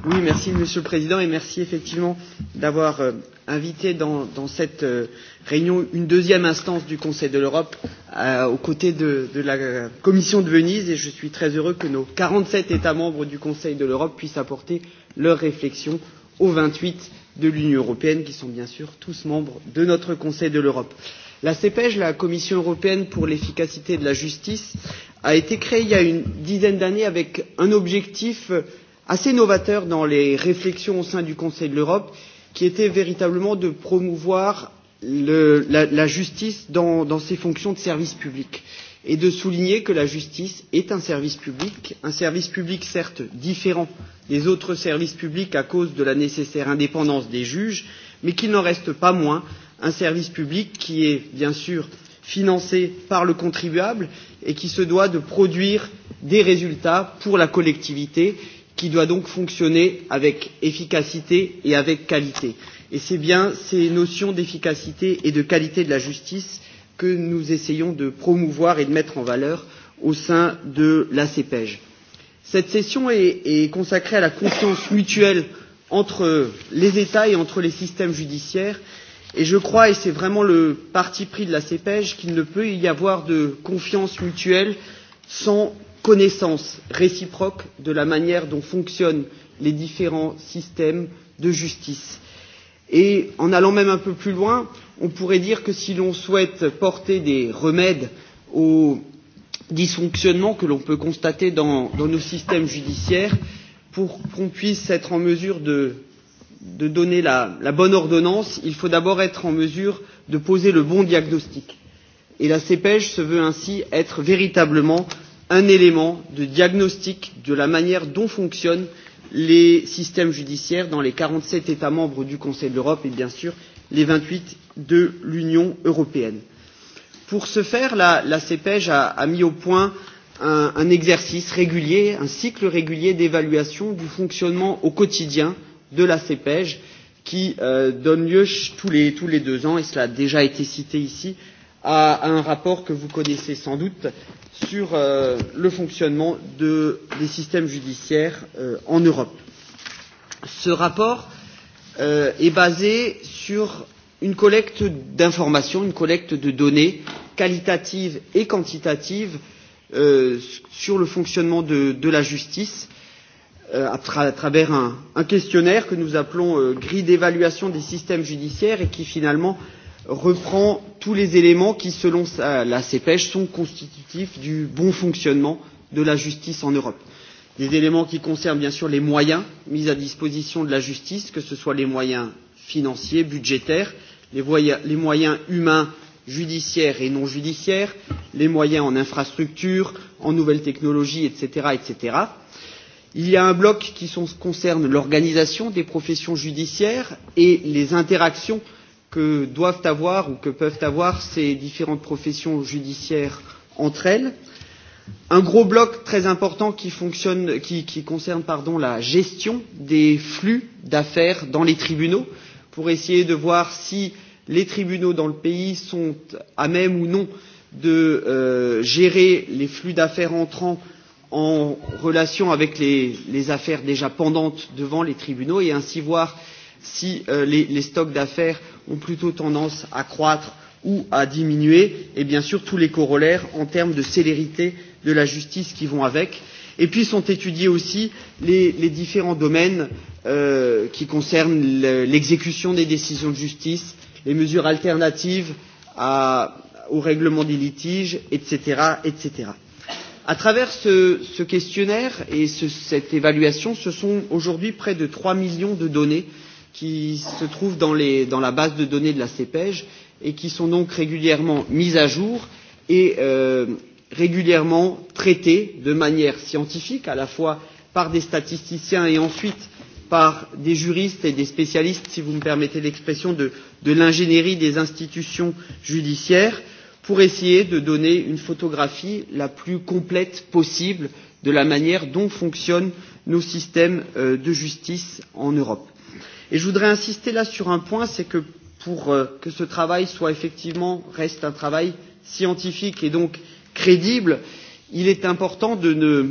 Oui, merci, Monsieur le Président, et merci effectivement d'avoir euh, invité dans, dans cette euh, réunion une deuxième instance du Conseil de l'Europe euh, aux côtés de, de la Commission de Venise, et je suis très heureux que nos 47 États membres du Conseil de l'Europe puissent apporter leurs réflexions aux 28 de l'Union européenne, qui sont bien sûr tous membres de notre Conseil de l'Europe. La CEPEJ, la Commission européenne pour l'efficacité de la justice, a été créée il y a une dizaine d'années avec un objectif assez novateur dans les réflexions au sein du Conseil de l'Europe, qui était véritablement de promouvoir le, la, la justice dans, dans ses fonctions de service public. Euh, et de souligner que la justice est un service public, un service public certes différent des autres services publics à cause de la nécessaire indépendance des juges, mais qu'il n'en reste pas moins un service public qui est bien sûr financé par le contribuable et qui se doit de produire des résultats pour la collectivité, qui doit donc fonctionner avec efficacité et avec qualité. Et c'est bien ces notions d'efficacité et de qualité de la justice que nous essayons de promouvoir et de mettre en valeur au sein de la CEPEJ. Cette session est, est consacrée à la confiance mutuelle entre les États et entre les systèmes judiciaires et je crois, et c'est vraiment le parti pris de la CEPEJ, qu'il ne peut y avoir de confiance mutuelle sans connaissance réciproque de la manière dont fonctionnent les différents systèmes de justice. Et en allant même un peu plus loin, on pourrait dire que si l'on souhaite porter des remèdes aux dysfonctionnements que l'on peut constater dans, dans nos systèmes judiciaires, pour qu'on puisse être en mesure de, de donner la, la bonne ordonnance, il faut d'abord être en mesure de poser le bon diagnostic. Et la CEPEJ se veut ainsi être véritablement un élément de diagnostic de la manière dont fonctionnent les systèmes judiciaires dans les 47 États membres du Conseil de l'Europe et bien sûr les 28 de l'Union européenne. Pour ce faire, la, la CEPEJ a, a mis au point un, un exercice régulier, un cycle régulier d'évaluation du fonctionnement au quotidien de la CEPEJ qui euh, donne lieu tous les, tous les deux ans, et cela a déjà été cité ici, à, un rapport que vous connaissez sans doute sur euh, le fonctionnement de, des systèmes judiciaires euh, en Europe. Ce rapport euh, est basé sur une collecte d'informations, une collecte de données qualitatives et quantitatives euh, sur le fonctionnement de, de la justice euh, à, tra à travers un, un questionnaire que nous appelons euh, grille d'évaluation des systèmes judiciaires et qui finalement euh, reprend tous les éléments qui, selon sa, la CEPEJ, sont constitutifs du bon fonctionnement de la justice en Europe. Des éléments qui concernent bien sûr les moyens mis à disposition de la justice, que ce soit les moyens financiers, budgétaires, les, les moyens humains, judiciaires et non judiciaires, les moyens en infrastructures, en nouvelles technologies, etc. etc. Il y a un bloc qui sont, concerne l'organisation des professions judiciaires et les interactions que doivent avoir ou que peuvent avoir ces différentes professions judiciaires entre elles. Un gros bloc très important qui, fonctionne, qui, qui concerne pardon, la gestion des flux d'affaires dans les tribunaux pour essayer de voir si les tribunaux dans le pays sont à même ou non de euh, gérer les flux d'affaires entrants en relation avec les, les affaires déjà pendantes devant les tribunaux et ainsi voir euh, si euh, les, les stocks d'affaires ont plutôt tendance à croître ou à diminuer, et bien sûr tous les corollaires en termes de célérité de la justice qui vont avec. Et puis sont étudiés aussi les, les différents domaines euh, qui concernent l'exécution des décisions de justice, les mesures alternatives à, au règlement des litiges, etc. etc. À travers ce, ce questionnaire et ce, cette évaluation, ce sont aujourd'hui près de 3 millions de données euh, qui se trouvent dans, les, dans la base de données de la CEPEJ et qui sont donc régulièrement mises à jour et euh, régulièrement traitées de manière scientifique, à la fois par des statisticiens et ensuite par des juristes et des spécialistes, si vous me permettez l'expression, de, de l'ingénierie des institutions judiciaires, pour essayer de donner une photographie la plus complète possible de la manière dont fonctionnent nos systèmes euh, de justice en Europe. Et je voudrais insister là sur un point, c'est que pour euh, que ce travail soit effectivement, reste un travail scientifique et donc crédible, il est important de ne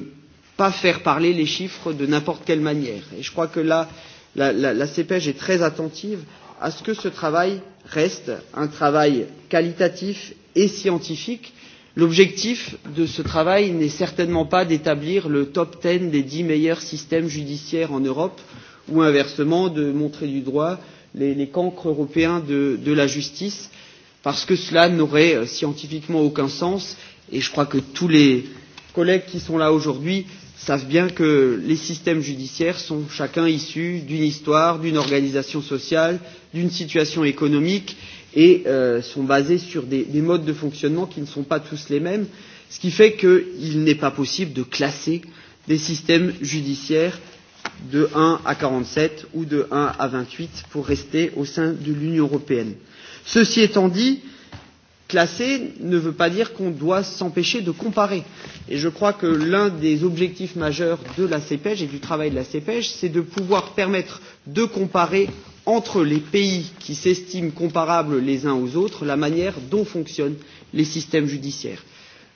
pas faire parler les chiffres de n'importe quelle manière. Et je crois que là, la, la, la CPEG est très attentive à ce que ce travail reste un travail qualitatif et scientifique. L'objectif de ce travail n'est certainement pas d'établir le top 10 des 10 meilleurs systèmes judiciaires en Europe ou inversement de montrer du droit les, les cancres européens de, de la justice, parce que cela n'aurait euh, scientifiquement aucun sens, et je crois que tous les collègues qui sont là aujourd'hui savent bien que les systèmes judiciaires sont chacun issus d'une histoire, d'une organisation sociale, d'une situation économique, et euh, sont basés sur des, des modes de fonctionnement qui ne sont pas tous les mêmes, ce qui fait qu'il n'est pas possible de classer des systèmes judiciaires de 1 à 47 ou de 1 à 28 pour rester au sein de l'Union européenne. Ceci étant dit, classer ne veut pas dire qu'on doit s'empêcher de comparer. Et je crois que l'un des objectifs majeurs de la CEPEJ et du travail de la CEPEJ, c'est de pouvoir permettre de comparer entre les pays qui s'estiment comparables les uns aux autres la manière dont fonctionnent les systèmes judiciaires.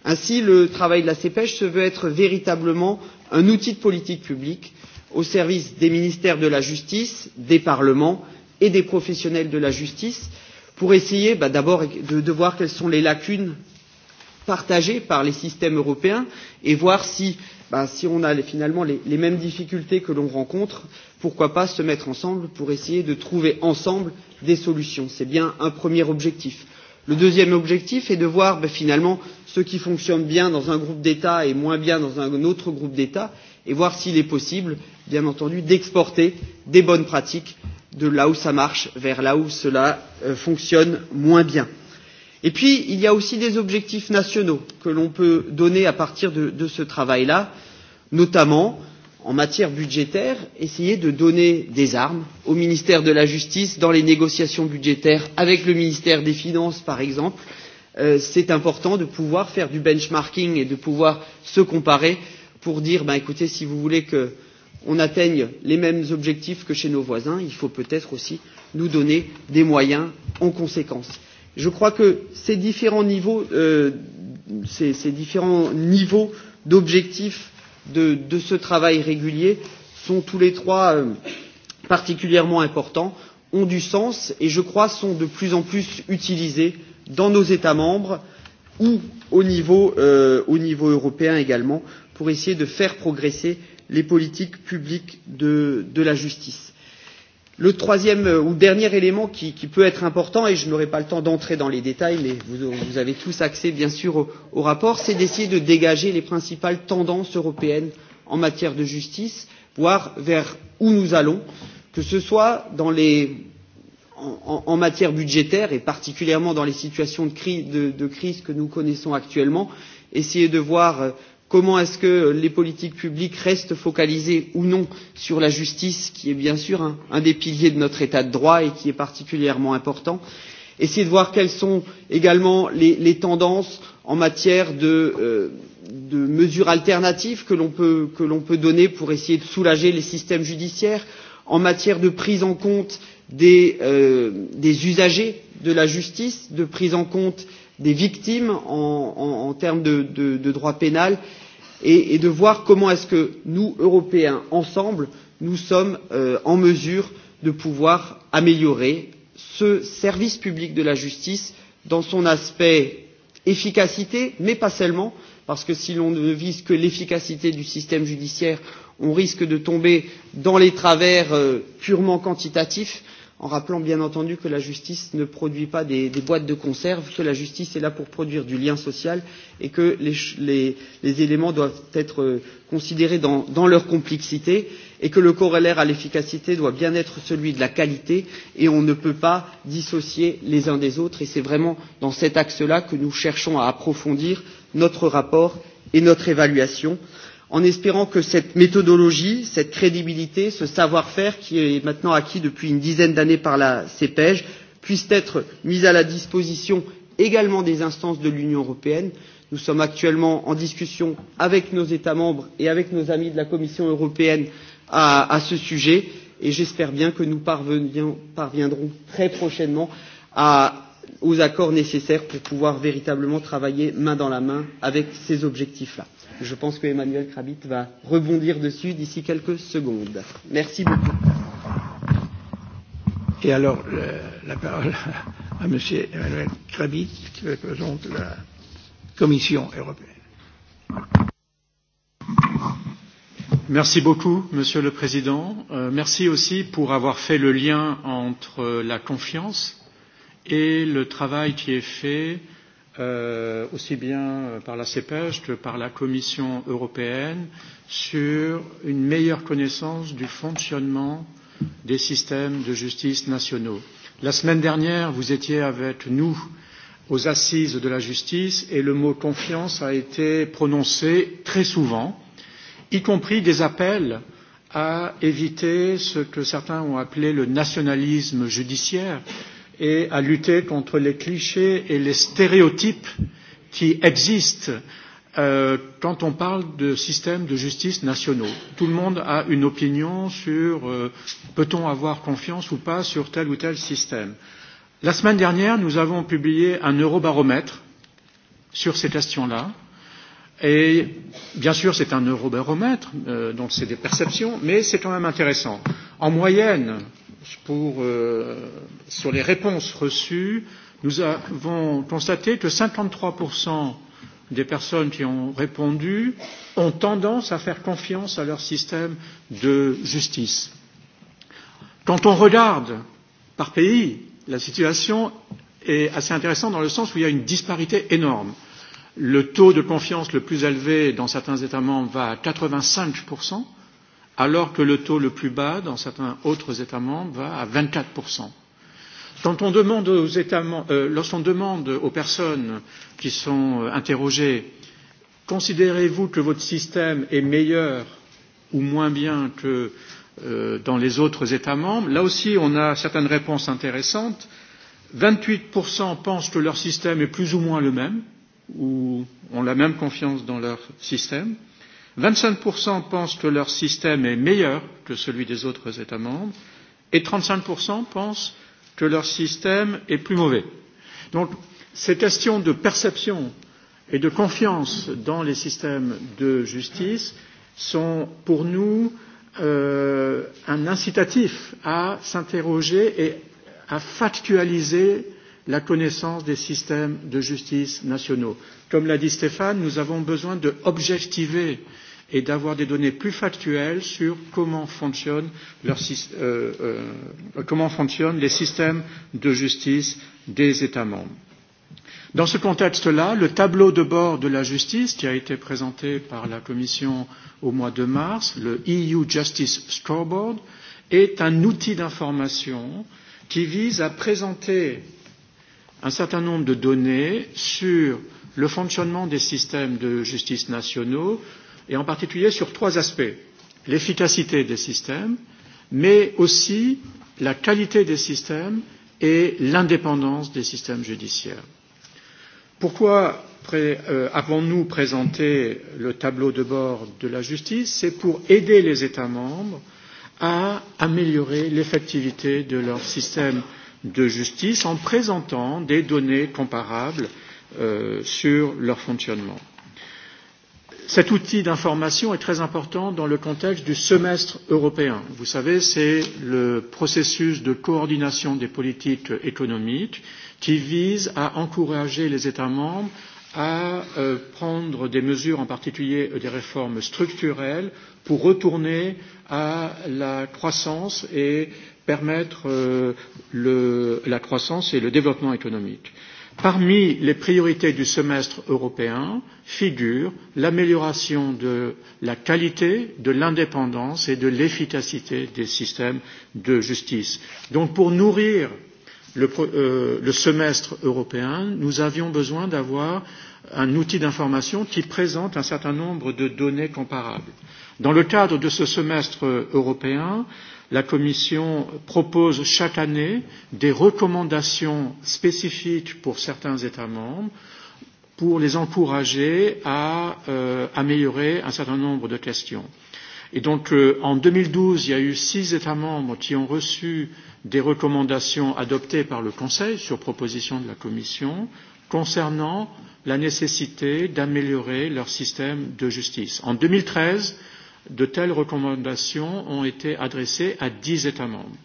Ainsi, le travail de la CEPEJ se veut être véritablement un outil de politique publique au service des ministères de la justice, des parlements et des professionnels de la justice pour essayer bah, d'abord de, de voir quelles sont les lacunes partagées par les systèmes européens et voir si, bah, si on a finalement les, les mêmes difficultés que l'on rencontre, pourquoi pas se mettre ensemble pour essayer de trouver ensemble des solutions. C'est bien un premier objectif. Le deuxième objectif est de voir bah, finalement ce qui fonctionne bien dans un groupe d'États et moins bien dans un autre groupe d'États et voir s'il est possible bien entendu, d'exporter des bonnes pratiques de là où ça marche vers là où cela euh, fonctionne moins bien. Et puis, il y a aussi des objectifs nationaux que l'on peut donner à partir de, de ce travail-là, notamment en matière budgétaire, essayer de donner des armes au ministère de la Justice dans les négociations budgétaires avec le ministère des Finances, par exemple. Euh, C'est important de pouvoir faire du benchmarking et de pouvoir se comparer pour dire, ben, écoutez, si vous voulez que euh, on atteigne les mêmes objectifs que chez nos voisins, il faut peut-être aussi nous donner des moyens en conséquence. Je crois que ces différents niveaux, euh, ces, ces niveaux d'objectifs de, de ce travail régulier sont tous les trois euh, particulièrement importants, ont du sens et je crois sont de plus en plus utilisés dans nos États membres ou au niveau, euh, au niveau européen également pour essayer de faire progresser les politiques publiques de, de la justice. Le troisième euh, ou dernier élément qui, qui peut être important, et je n'aurai pas le temps d'entrer dans les détails, mais vous, vous avez tous accès bien sûr au, au rapport, c'est d'essayer de dégager les principales tendances européennes en matière de justice, voir vers où nous allons, que ce soit dans les, en, en matière budgétaire et particulièrement dans les situations de, cri, de, de crise que nous connaissons actuellement, essayer de voir euh, Comment est-ce que les politiques publiques restent focalisées ou non sur la justice, qui est bien sûr un, un des piliers de notre État de droit et qui est particulièrement important Essayer de voir quelles sont également les, les tendances en matière de, euh, de mesures alternatives que l'on peut, peut donner pour essayer de soulager les systèmes judiciaires, en matière de prise en compte des, euh, des usagers de la justice, de prise en compte euh, des victimes en, en, en termes de, de, de droit pénal et, et de voir comment est-ce que nous, Européens, ensemble, nous sommes euh, en mesure de pouvoir améliorer ce service public de la justice dans son aspect efficacité, mais pas seulement, parce que si l'on ne vise que l'efficacité du système judiciaire, on risque de tomber dans les travers euh, purement quantitatifs, en rappelant bien entendu que la justice ne produit pas des, des boîtes de conserve, que la justice est là pour produire du lien social et que les, les, les éléments doivent être euh, considérés dans, dans leur complexité et que le corollaire à l'efficacité doit bien être celui de la qualité et on ne peut pas dissocier les uns des autres et c'est vraiment dans cet axe-là que nous cherchons à approfondir notre rapport et notre évaluation. Euh, en espérant que cette méthodologie, cette crédibilité, ce savoir-faire qui est maintenant acquis depuis une dizaine d'années par la CEPEJ puisse être mise à la disposition également des instances de l'Union européenne. Nous sommes actuellement en discussion avec nos États membres et avec nos amis de la Commission européenne à, à ce sujet et j'espère bien que nous parviendrons très prochainement à, aux accords nécessaires pour pouvoir véritablement travailler main dans la main avec ces objectifs-là. Je pense que Emmanuel Krabit va rebondir dessus d'ici quelques secondes. Merci beaucoup. Et alors, le, la parole à M. Emmanuel Krabit, qui représente la Commission européenne. Merci beaucoup, Monsieur le Président. Euh, merci aussi pour avoir fait le lien entre la confiance et le travail qui est fait euh, euh, aussi bien par la CEPES que par la Commission européenne sur une meilleure connaissance du fonctionnement des systèmes de justice nationaux. La semaine dernière, vous étiez avec nous aux assises de la justice et le mot confiance a été prononcé très souvent, y compris des appels à éviter ce que certains ont appelé le nationalisme judiciaire, et à lutter contre les clichés et les stéréotypes qui existent euh, quand on parle de systèmes de justice nationaux. Tout le monde a une opinion sur euh, peut-on avoir confiance ou pas sur tel ou tel système. La semaine dernière, nous avons publié un eurobaromètre sur ces questions-là. Et bien sûr, c'est un eurobaromètre, euh, donc c'est des perceptions, mais c'est quand même intéressant. En moyenne, pour, euh, sur les réponses reçues, nous avons constaté que 53% des personnes qui ont répondu ont tendance à faire confiance à leur système de justice. Quand on regarde par pays, la situation est assez intéressante dans le sens où il y a une disparité énorme. Le taux de confiance le plus élevé dans certains États membres va à 85%, alors que le taux le plus bas dans certains autres États membres va à 24 Quand on demande aux États euh, lorsqu'on demande aux personnes qui sont euh, interrogées considérez-vous que votre système est meilleur ou moins bien que euh, dans les autres États membres Là aussi, on a certaines réponses intéressantes. 28% pensent que leur système est plus ou moins le même, ou ont la même confiance dans leur système. 25% pensent que leur système est meilleur que celui des autres États membres et 35% pensent que leur système est plus mauvais. Donc, ces questions de perception et de confiance dans les systèmes de justice sont pour nous euh, un incitatif à s'interroger et à factualiser la connaissance des systèmes de justice nationaux. Comme l'a dit Stéphane, nous avons besoin d'objectiver et d'avoir des données plus factuelles sur comment fonctionnent, leur, euh, euh, comment fonctionnent les systèmes de justice des États membres. Dans ce contexte-là, le tableau de bord de la justice qui a été présenté par la Commission au mois de mars, le EU Justice Scoreboard, est un outil d'information qui vise à présenter un certain nombre de données sur le fonctionnement des systèmes de justice nationaux et en particulier sur trois aspects l'efficacité des systèmes, mais aussi la qualité des systèmes et l'indépendance des systèmes judiciaires. Pourquoi euh, avons-nous présenté le tableau de bord de la justice C'est pour aider les États membres à améliorer l'effectivité de leur système de justice en présentant des données comparables euh, sur leur fonctionnement. Cet outil d'information est très important dans le contexte du semestre européen. Vous savez, c'est le processus de coordination des politiques économiques qui vise à encourager les États membres à euh, prendre des mesures, en particulier euh, des réformes structurelles, pour retourner à la croissance et permettre euh, le, la croissance et le développement économique. Parmi les priorités du semestre européen figure l'amélioration de la qualité, de l'indépendance et de l'efficacité des systèmes de justice. Donc pour nourrir le, euh, le semestre européen, nous avions besoin d'avoir un outil d'information qui présente un certain nombre de données comparables. Dans le cadre de ce semestre européen, La Commission propose chaque année des recommandations spécifiques pour certains États membres pour les encourager à euh, améliorer un certain nombre de questions. Et donc euh, en 2012, il y a eu six États membres qui ont reçu des recommandations adoptées par le Conseil sur proposition de la Commission concernant la nécessité d'améliorer leur système de justice. En 2013, de telles recommandations ont été adressées à dix États membres.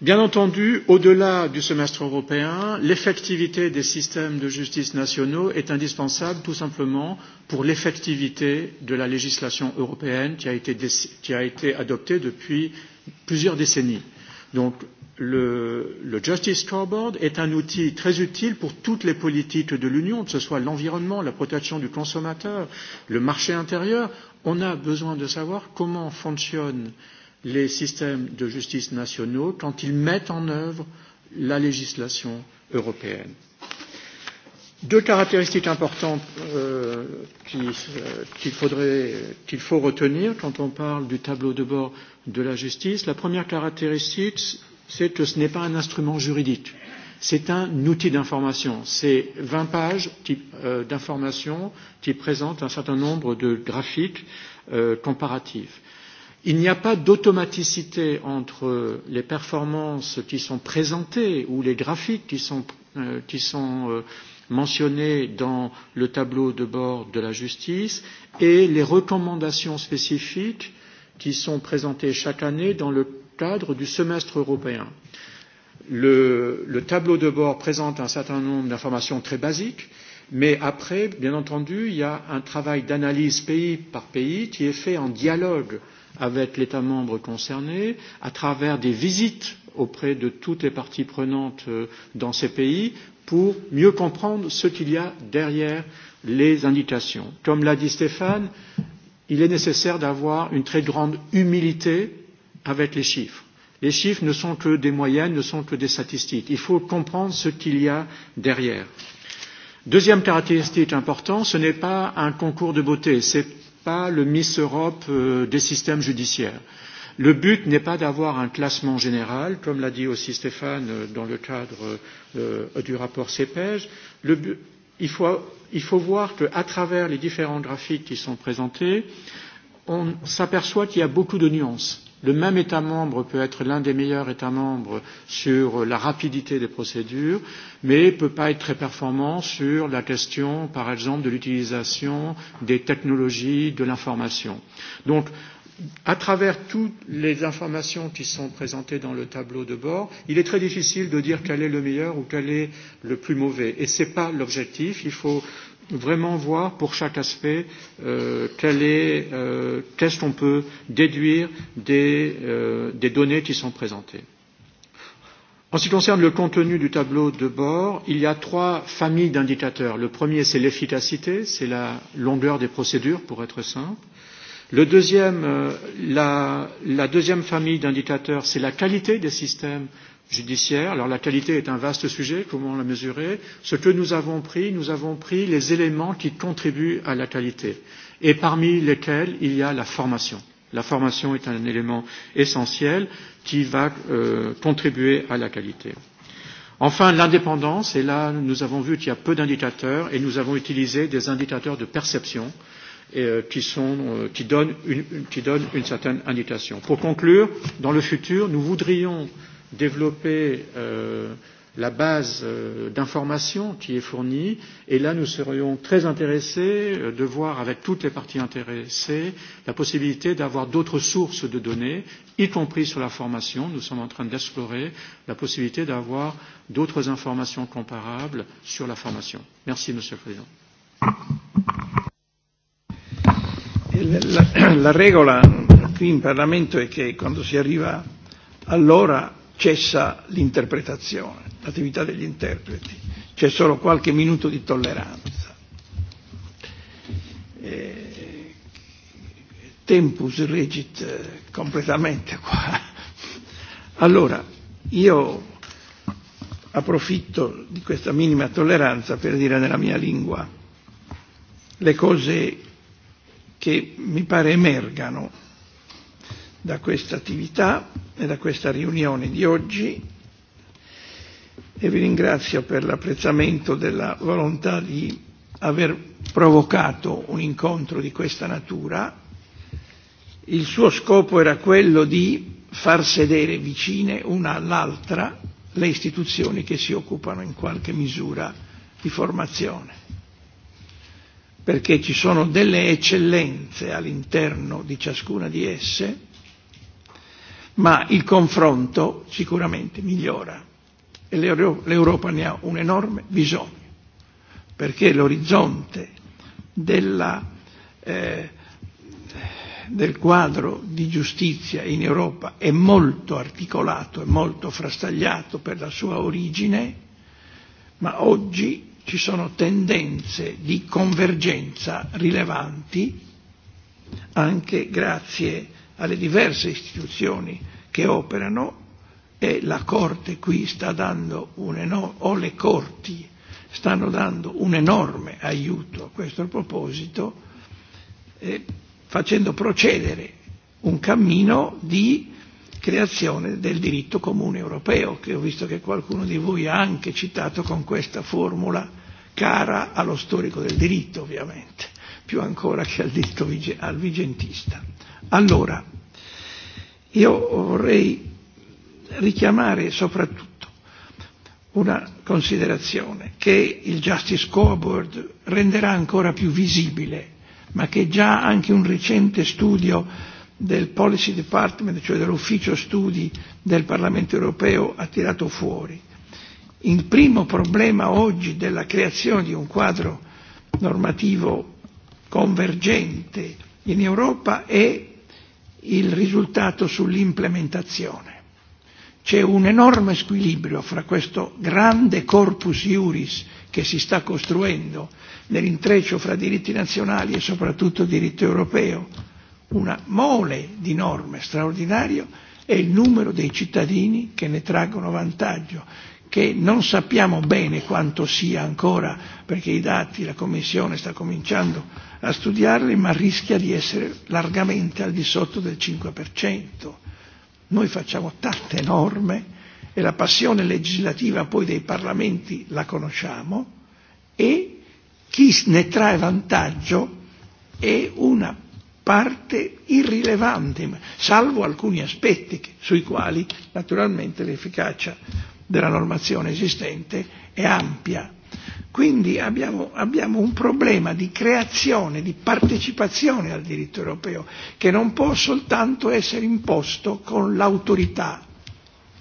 Bien entendu, au-delà du semestre européen, l'effectivité des systèmes de justice nationaux est indispensable tout simplement pour l'effectivité de la législation européenne qui a, été, qui a été adoptée depuis plusieurs décennies. Donc le, le Justice Scoreboard est un outil très utile pour toutes les politiques de l'Union, que ce soit l'environnement, la protection du consommateur, le marché intérieur. On a besoin de savoir comment fonctionnent les systèmes de justice nationaux quand ils mettent en œuvre la législation européenne. Deux caractéristiques importantes euh, euh qu'il euh, qu qu qu'il faut retenir quand on parle du tableau de bord de la justice. La première caractéristique, c'est que ce n'est pas un instrument juridique. C'est un outil d'information. C'est 20 pages euh, d'information qui présentent un certain nombre de graphiques euh, comparatifs. Il n'y a pas d'automaticité entre les performances qui sont présentées ou les graphiques qui sont, euh, qui sont euh, mentionnés dans le tableau de bord de la justice et les recommandations spécifiques qui sont présentées chaque année dans le cadre du semestre européen. Le, le tableau de bord présente un certain nombre d'informations très basiques, mais après, bien entendu, il y a un travail d'analyse pays par pays qui est fait en dialogue avec l'État membre concerné, à travers des visites auprès de toutes les parties prenantes euh, dans ces pays, pour mieux comprendre ce qu'il y a derrière les indications. Comme l'a dit Stéphane, il est nécessaire d'avoir une très grande humilité avec les chiffres. Les chiffres ne sont que des moyennes, ne sont que des statistiques. Il faut comprendre ce qu'il y a derrière. Deuxième caractéristique importante, ce n'est pas un concours de beauté, ce n'est pas le Miss Europe euh, des systèmes judiciaires. Le but n'est pas d'avoir un classement général, comme l'a dit aussi Stéphane euh, dans le cadre euh, du rapport CEPEJ. Le but, il, faut, il faut voir qu'à travers les différents graphiques qui sont présentés, on s'aperçoit qu'il y a beaucoup de nuances. Le même État membre peut être l'un des meilleurs États membres sur la rapidité des procédures, mais ne peut pas être très performant sur la question, par exemple, de l'utilisation des technologies de l'information. Donc, à travers toutes les informations qui sont présentées dans le tableau de bord, il est très difficile de dire quel est le meilleur ou quel est le plus mauvais. Et ce n'est pas l'objectif. Il faut vraiment voir pour chaque aspect euh, quel est, euh, qu'est-ce qu'on peut déduire des, euh, des données qui sont présentées. En ce qui concerne le contenu du tableau de bord, il y a trois familles d'indicateurs. Le premier, c'est l'efficacité, c'est la longueur des procédures, pour être simple. Le deuxième, euh, la, la deuxième famille d'indicateurs, c'est la qualité des systèmes judiciaire. Alors la qualité est un vaste sujet, comment la mesurer Ce que nous avons pris, nous avons pris les éléments qui contribuent à la qualité, et parmi lesquels il y a la formation. La formation est un élément essentiel qui va euh, contribuer à la qualité. Enfin, l'indépendance, et là nous avons vu qu'il y a peu d'indicateurs, et nous avons utilisé des indicateurs de perception et, euh, qui, sont, euh, qui, donnent une, qui donnent une certaine indication. Pour conclure, dans le futur, nous voudrions développer euh, la base euh, d'information qui est fournie. Et là, nous serions très intéressés euh, de voir avec toutes les parties intéressées la possibilité d'avoir d'autres sources de données, y compris sur la formation. Nous sommes en train d'explorer la possibilité d'avoir d'autres informations comparables sur la formation. Merci, Monsieur le Président. La, la regola qui in Parlamento è che quando si arriva all'ora cessa l'interpretazione, l'attività degli interpreti, c'è solo qualche minuto di tolleranza. E... Tempus regit eh, completamente qua. Allora, io approfitto di questa minima tolleranza per dire nella mia lingua le cose che mi pare emergano da questa attività e da questa riunione di oggi e vi ringrazio per l'apprezzamento della volontà di aver provocato un incontro di questa natura. Il suo scopo era quello di far sedere vicine una all'altra le istituzioni che si occupano in qualche misura di formazione perché ci sono delle eccellenze all'interno di ciascuna di esse ma il confronto sicuramente migliora e l'Europa ne ha un enorme bisogno perché l'orizzonte della, eh, del quadro di giustizia in Europa è molto articolato, è molto frastagliato per la sua origine, ma oggi ci sono tendenze di convergenza rilevanti anche grazie alle diverse istituzioni che operano e la Corte qui sta dando un enorme, o le Corti stanno dando un enorme aiuto a questo proposito, eh, facendo procedere un cammino di creazione del diritto comune europeo, che ho visto che qualcuno di voi ha anche citato con questa formula cara allo storico del diritto ovviamente, più ancora che al diritto vige- al vigentista. Allora, io vorrei richiamare soprattutto una considerazione che il Justice Scoreboard renderà ancora più visibile, ma che già anche un recente studio del Policy Department, cioè dell'ufficio studi del Parlamento europeo, ha tirato fuori. Il primo problema oggi della creazione di un quadro normativo convergente in Europa è il risultato sull'implementazione. C'è un enorme squilibrio fra questo grande corpus iuris che si sta costruendo nell'intreccio fra diritti nazionali e soprattutto diritto europeo, una mole di norme straordinario, e il numero dei cittadini che ne traggono vantaggio che non sappiamo bene quanto sia ancora, perché i dati la Commissione sta cominciando a studiarli, ma rischia di essere largamente al di sotto del 5%. Noi facciamo tante norme e la passione legislativa poi dei parlamenti la conosciamo e chi ne trae vantaggio è una parte irrilevante, salvo alcuni aspetti sui quali naturalmente l'efficacia della normazione esistente è ampia. Quindi abbiamo, abbiamo un problema di creazione, di partecipazione al diritto europeo, che non può soltanto essere imposto con l'autorità,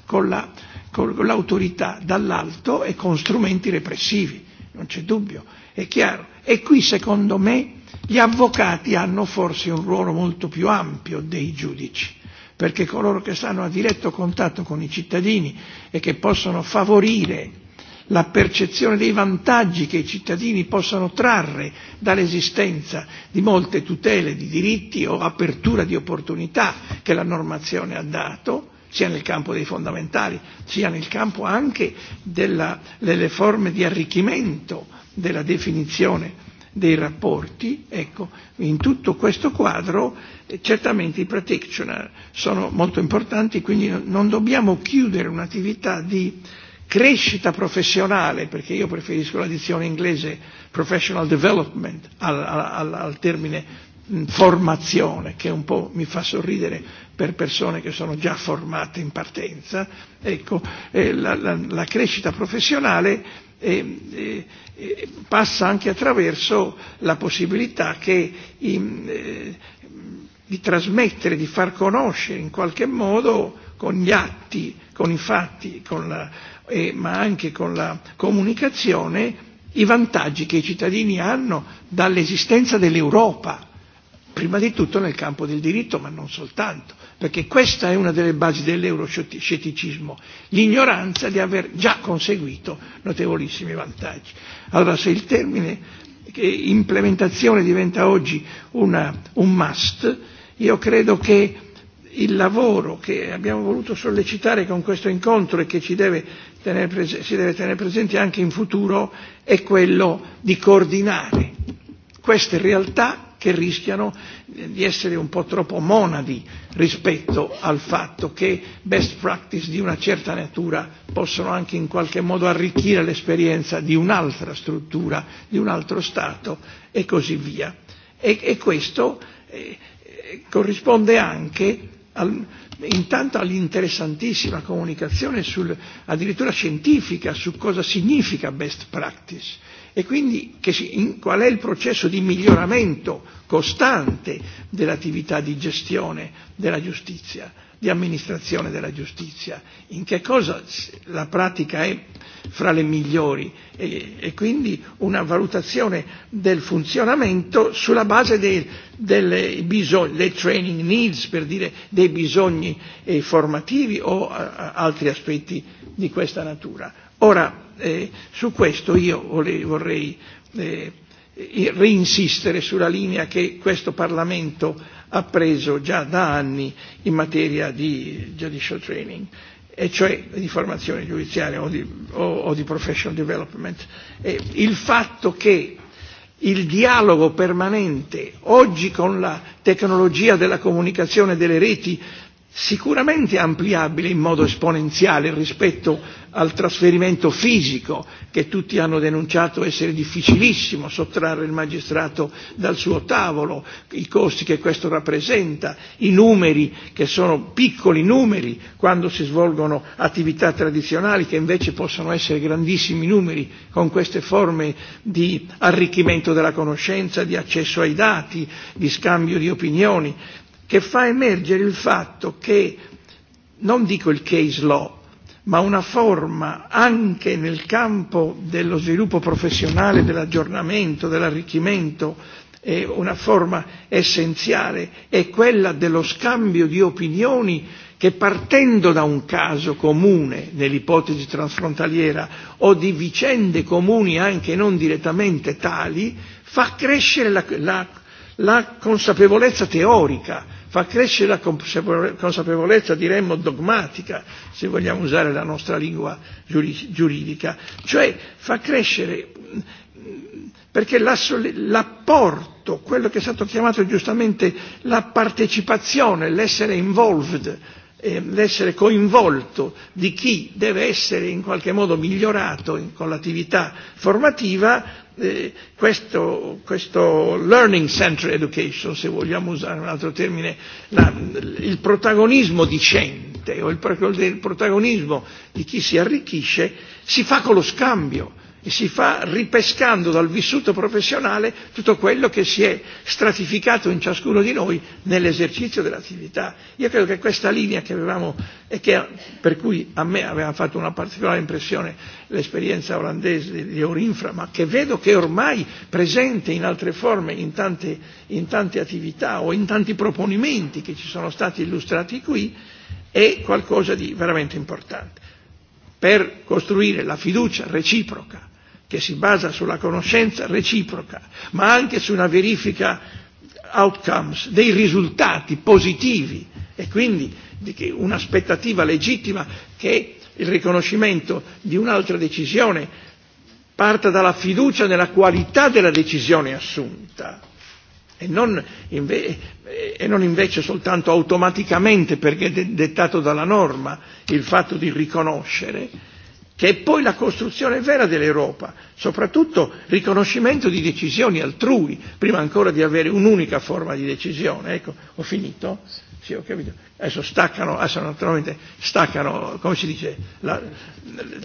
con, la, con l'autorità dall'alto e con strumenti repressivi, non c'è dubbio, è chiaro. E qui secondo me gli avvocati hanno forse un ruolo molto più ampio dei giudici perché coloro che stanno a diretto contatto con i cittadini e che possono favorire la percezione dei vantaggi che i cittadini possano trarre dall'esistenza di molte tutele di diritti o apertura di opportunità che la normazione ha dato, sia nel campo dei fondamentali, sia nel campo anche della, delle forme di arricchimento della definizione dei rapporti, ecco, in tutto questo quadro certamente i practitioner sono molto importanti, quindi non dobbiamo chiudere un'attività di crescita professionale, perché io preferisco la dizione inglese professional development al, al, al termine mm, formazione che un po' mi fa sorridere per persone che sono già formate in partenza, ecco, eh, la, la, la crescita professionale eh, eh, eh passa anche attraverso la possibilità che i, eh, di trasmettere, di far conoscere in qualche modo con gli atti, con i fatti, con la, eh, ma anche con la comunicazione i vantaggi che i cittadini hanno dall'esistenza dell'Europa, prima di tutto nel campo del diritto, ma non soltanto, perché questa è una delle basi dell'euroscetticismo, l'ignoranza di aver già conseguito notevolissimi vantaggi. Allora se il termine che implementazione diventa oggi una, un must, Io credo che il lavoro che abbiamo voluto sollecitare con questo incontro e che ci deve tenere si deve tenere presente anche in futuro è quello di coordinare queste realtà che rischiano di essere un po' troppo monadi rispetto al fatto che best practice di una certa natura possono anche in qualche modo arricchire l'esperienza di un'altra struttura, di un altro Stato e così via. E, e questo eh, corrisponde anche al, intanto all'interessantissima comunicazione sul, addirittura scientifica su cosa significa best practice e quindi che si, in, qual è il processo di miglioramento costante dell'attività di gestione della giustizia di amministrazione della giustizia, in che cosa la pratica è fra le migliori e, e quindi una valutazione del funzionamento sulla base dei, delle bisogni, dei training needs, per dire dei bisogni eh, formativi o a altri aspetti di questa natura. Ora, eh, su questo io vole, vorrei eh, reinsistere sulla linea che questo Parlamento appreso già da anni in materia di judicial training e cioè di formazione giudiziaria o di, o, o di professional development. E il fatto che il dialogo permanente oggi con la tecnologia della comunicazione delle reti sicuramente ampliabile in modo esponenziale rispetto al trasferimento fisico che tutti hanno denunciato essere difficilissimo, sottrarre il magistrato dal suo tavolo, i costi che questo rappresenta, i numeri che sono piccoli numeri quando si svolgono attività tradizionali che invece possono essere grandissimi numeri con queste forme di arricchimento della conoscenza, di accesso ai dati, di scambio di opinioni, che fa emergere il fatto che non dico il case law, ma una forma anche nel campo dello sviluppo professionale, dell'aggiornamento, dell'arricchimento, eh, una forma essenziale è quella dello scambio di opinioni che partendo da un caso comune nell'ipotesi transfrontaliera o di vicende comuni anche non direttamente tali, fa crescere la, la, la consapevolezza teorica fa crescere la consapevolezza, diremmo, dogmatica, se vogliamo usare la nostra lingua giuridica, cioè fa crescere perché l'apporto, quello che è stato chiamato giustamente la partecipazione, l'essere involved, E l'essere coinvolto di chi deve essere in qualche modo migliorato in, con l'attività formativa, eh, questo, questo learning center education, se vogliamo usare un altro termine, la, il protagonismo dicente o il protagonismo di chi si arricchisce si fa con lo scambio E si fa ripescando dal vissuto professionale tutto quello che si è stratificato in ciascuno di noi nell'esercizio dell'attività. Io credo che questa linea che avevamo e che, per cui a me aveva fatto una particolare impressione l'esperienza olandese di Eurinfra, ma che vedo che è ormai presente in altre forme, in tante, in tante attività o in tanti proponimenti che ci sono stati illustrati qui, è qualcosa di veramente importante. Per costruire la fiducia reciproca che si basa sulla conoscenza reciproca, ma anche su una verifica outcomes, dei risultati positivi e quindi di un'aspettativa legittima che il riconoscimento di un'altra decisione parta dalla fiducia nella qualità della decisione assunta e non, inve- e non invece soltanto automaticamente perché è dettato dalla norma il fatto di riconoscere che è poi la costruzione vera dell'Europa, soprattutto riconoscimento di decisioni altrui, prima ancora di avere un'unica forma di decisione. Ecco, ho finito? Sì, ho capito. Adesso staccano, adesso naturalmente staccano, come si dice, la,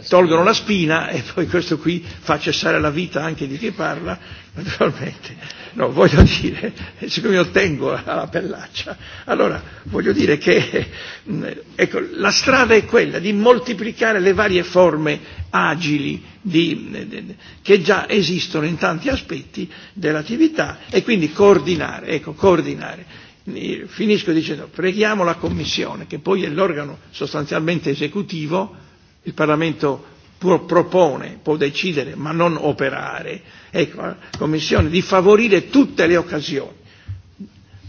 tolgono la spina e poi questo qui fa cessare la vita anche di chi parla naturalmente, no, voglio dire, siccome io tengo alla pellaccia, allora voglio dire che mm, ecco, la strada è quella di moltiplicare le varie forme agili di, eh, che già esistono in tanti aspetti dell'attività e quindi coordinare, ecco, coordinare finisco dicendo preghiamo la Commissione, che poi è l'organo sostanzialmente esecutivo, il Parlamento può propone, può decidere ma non operare, ecco, la Commissione, di favorire tutte le occasioni.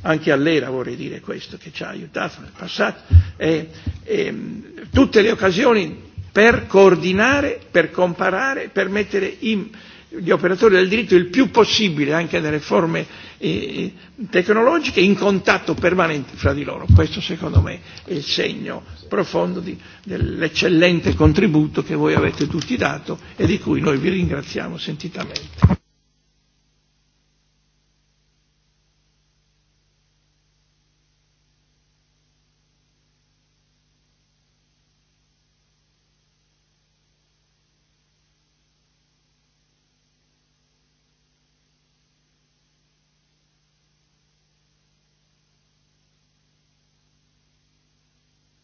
Anche a la vorrei dire questo, che ci ha aiutato nel passato, e, e, tutte le occasioni per coordinare, per comparare, per mettere in gli operatori del diritto il più possibile anche nelle forme eh, tecnologiche in contatto permanente fra di loro. Questo secondo me è il segno profondo di, dell'eccellente contributo che voi avete tutti dato e di cui noi vi ringraziamo sentitamente.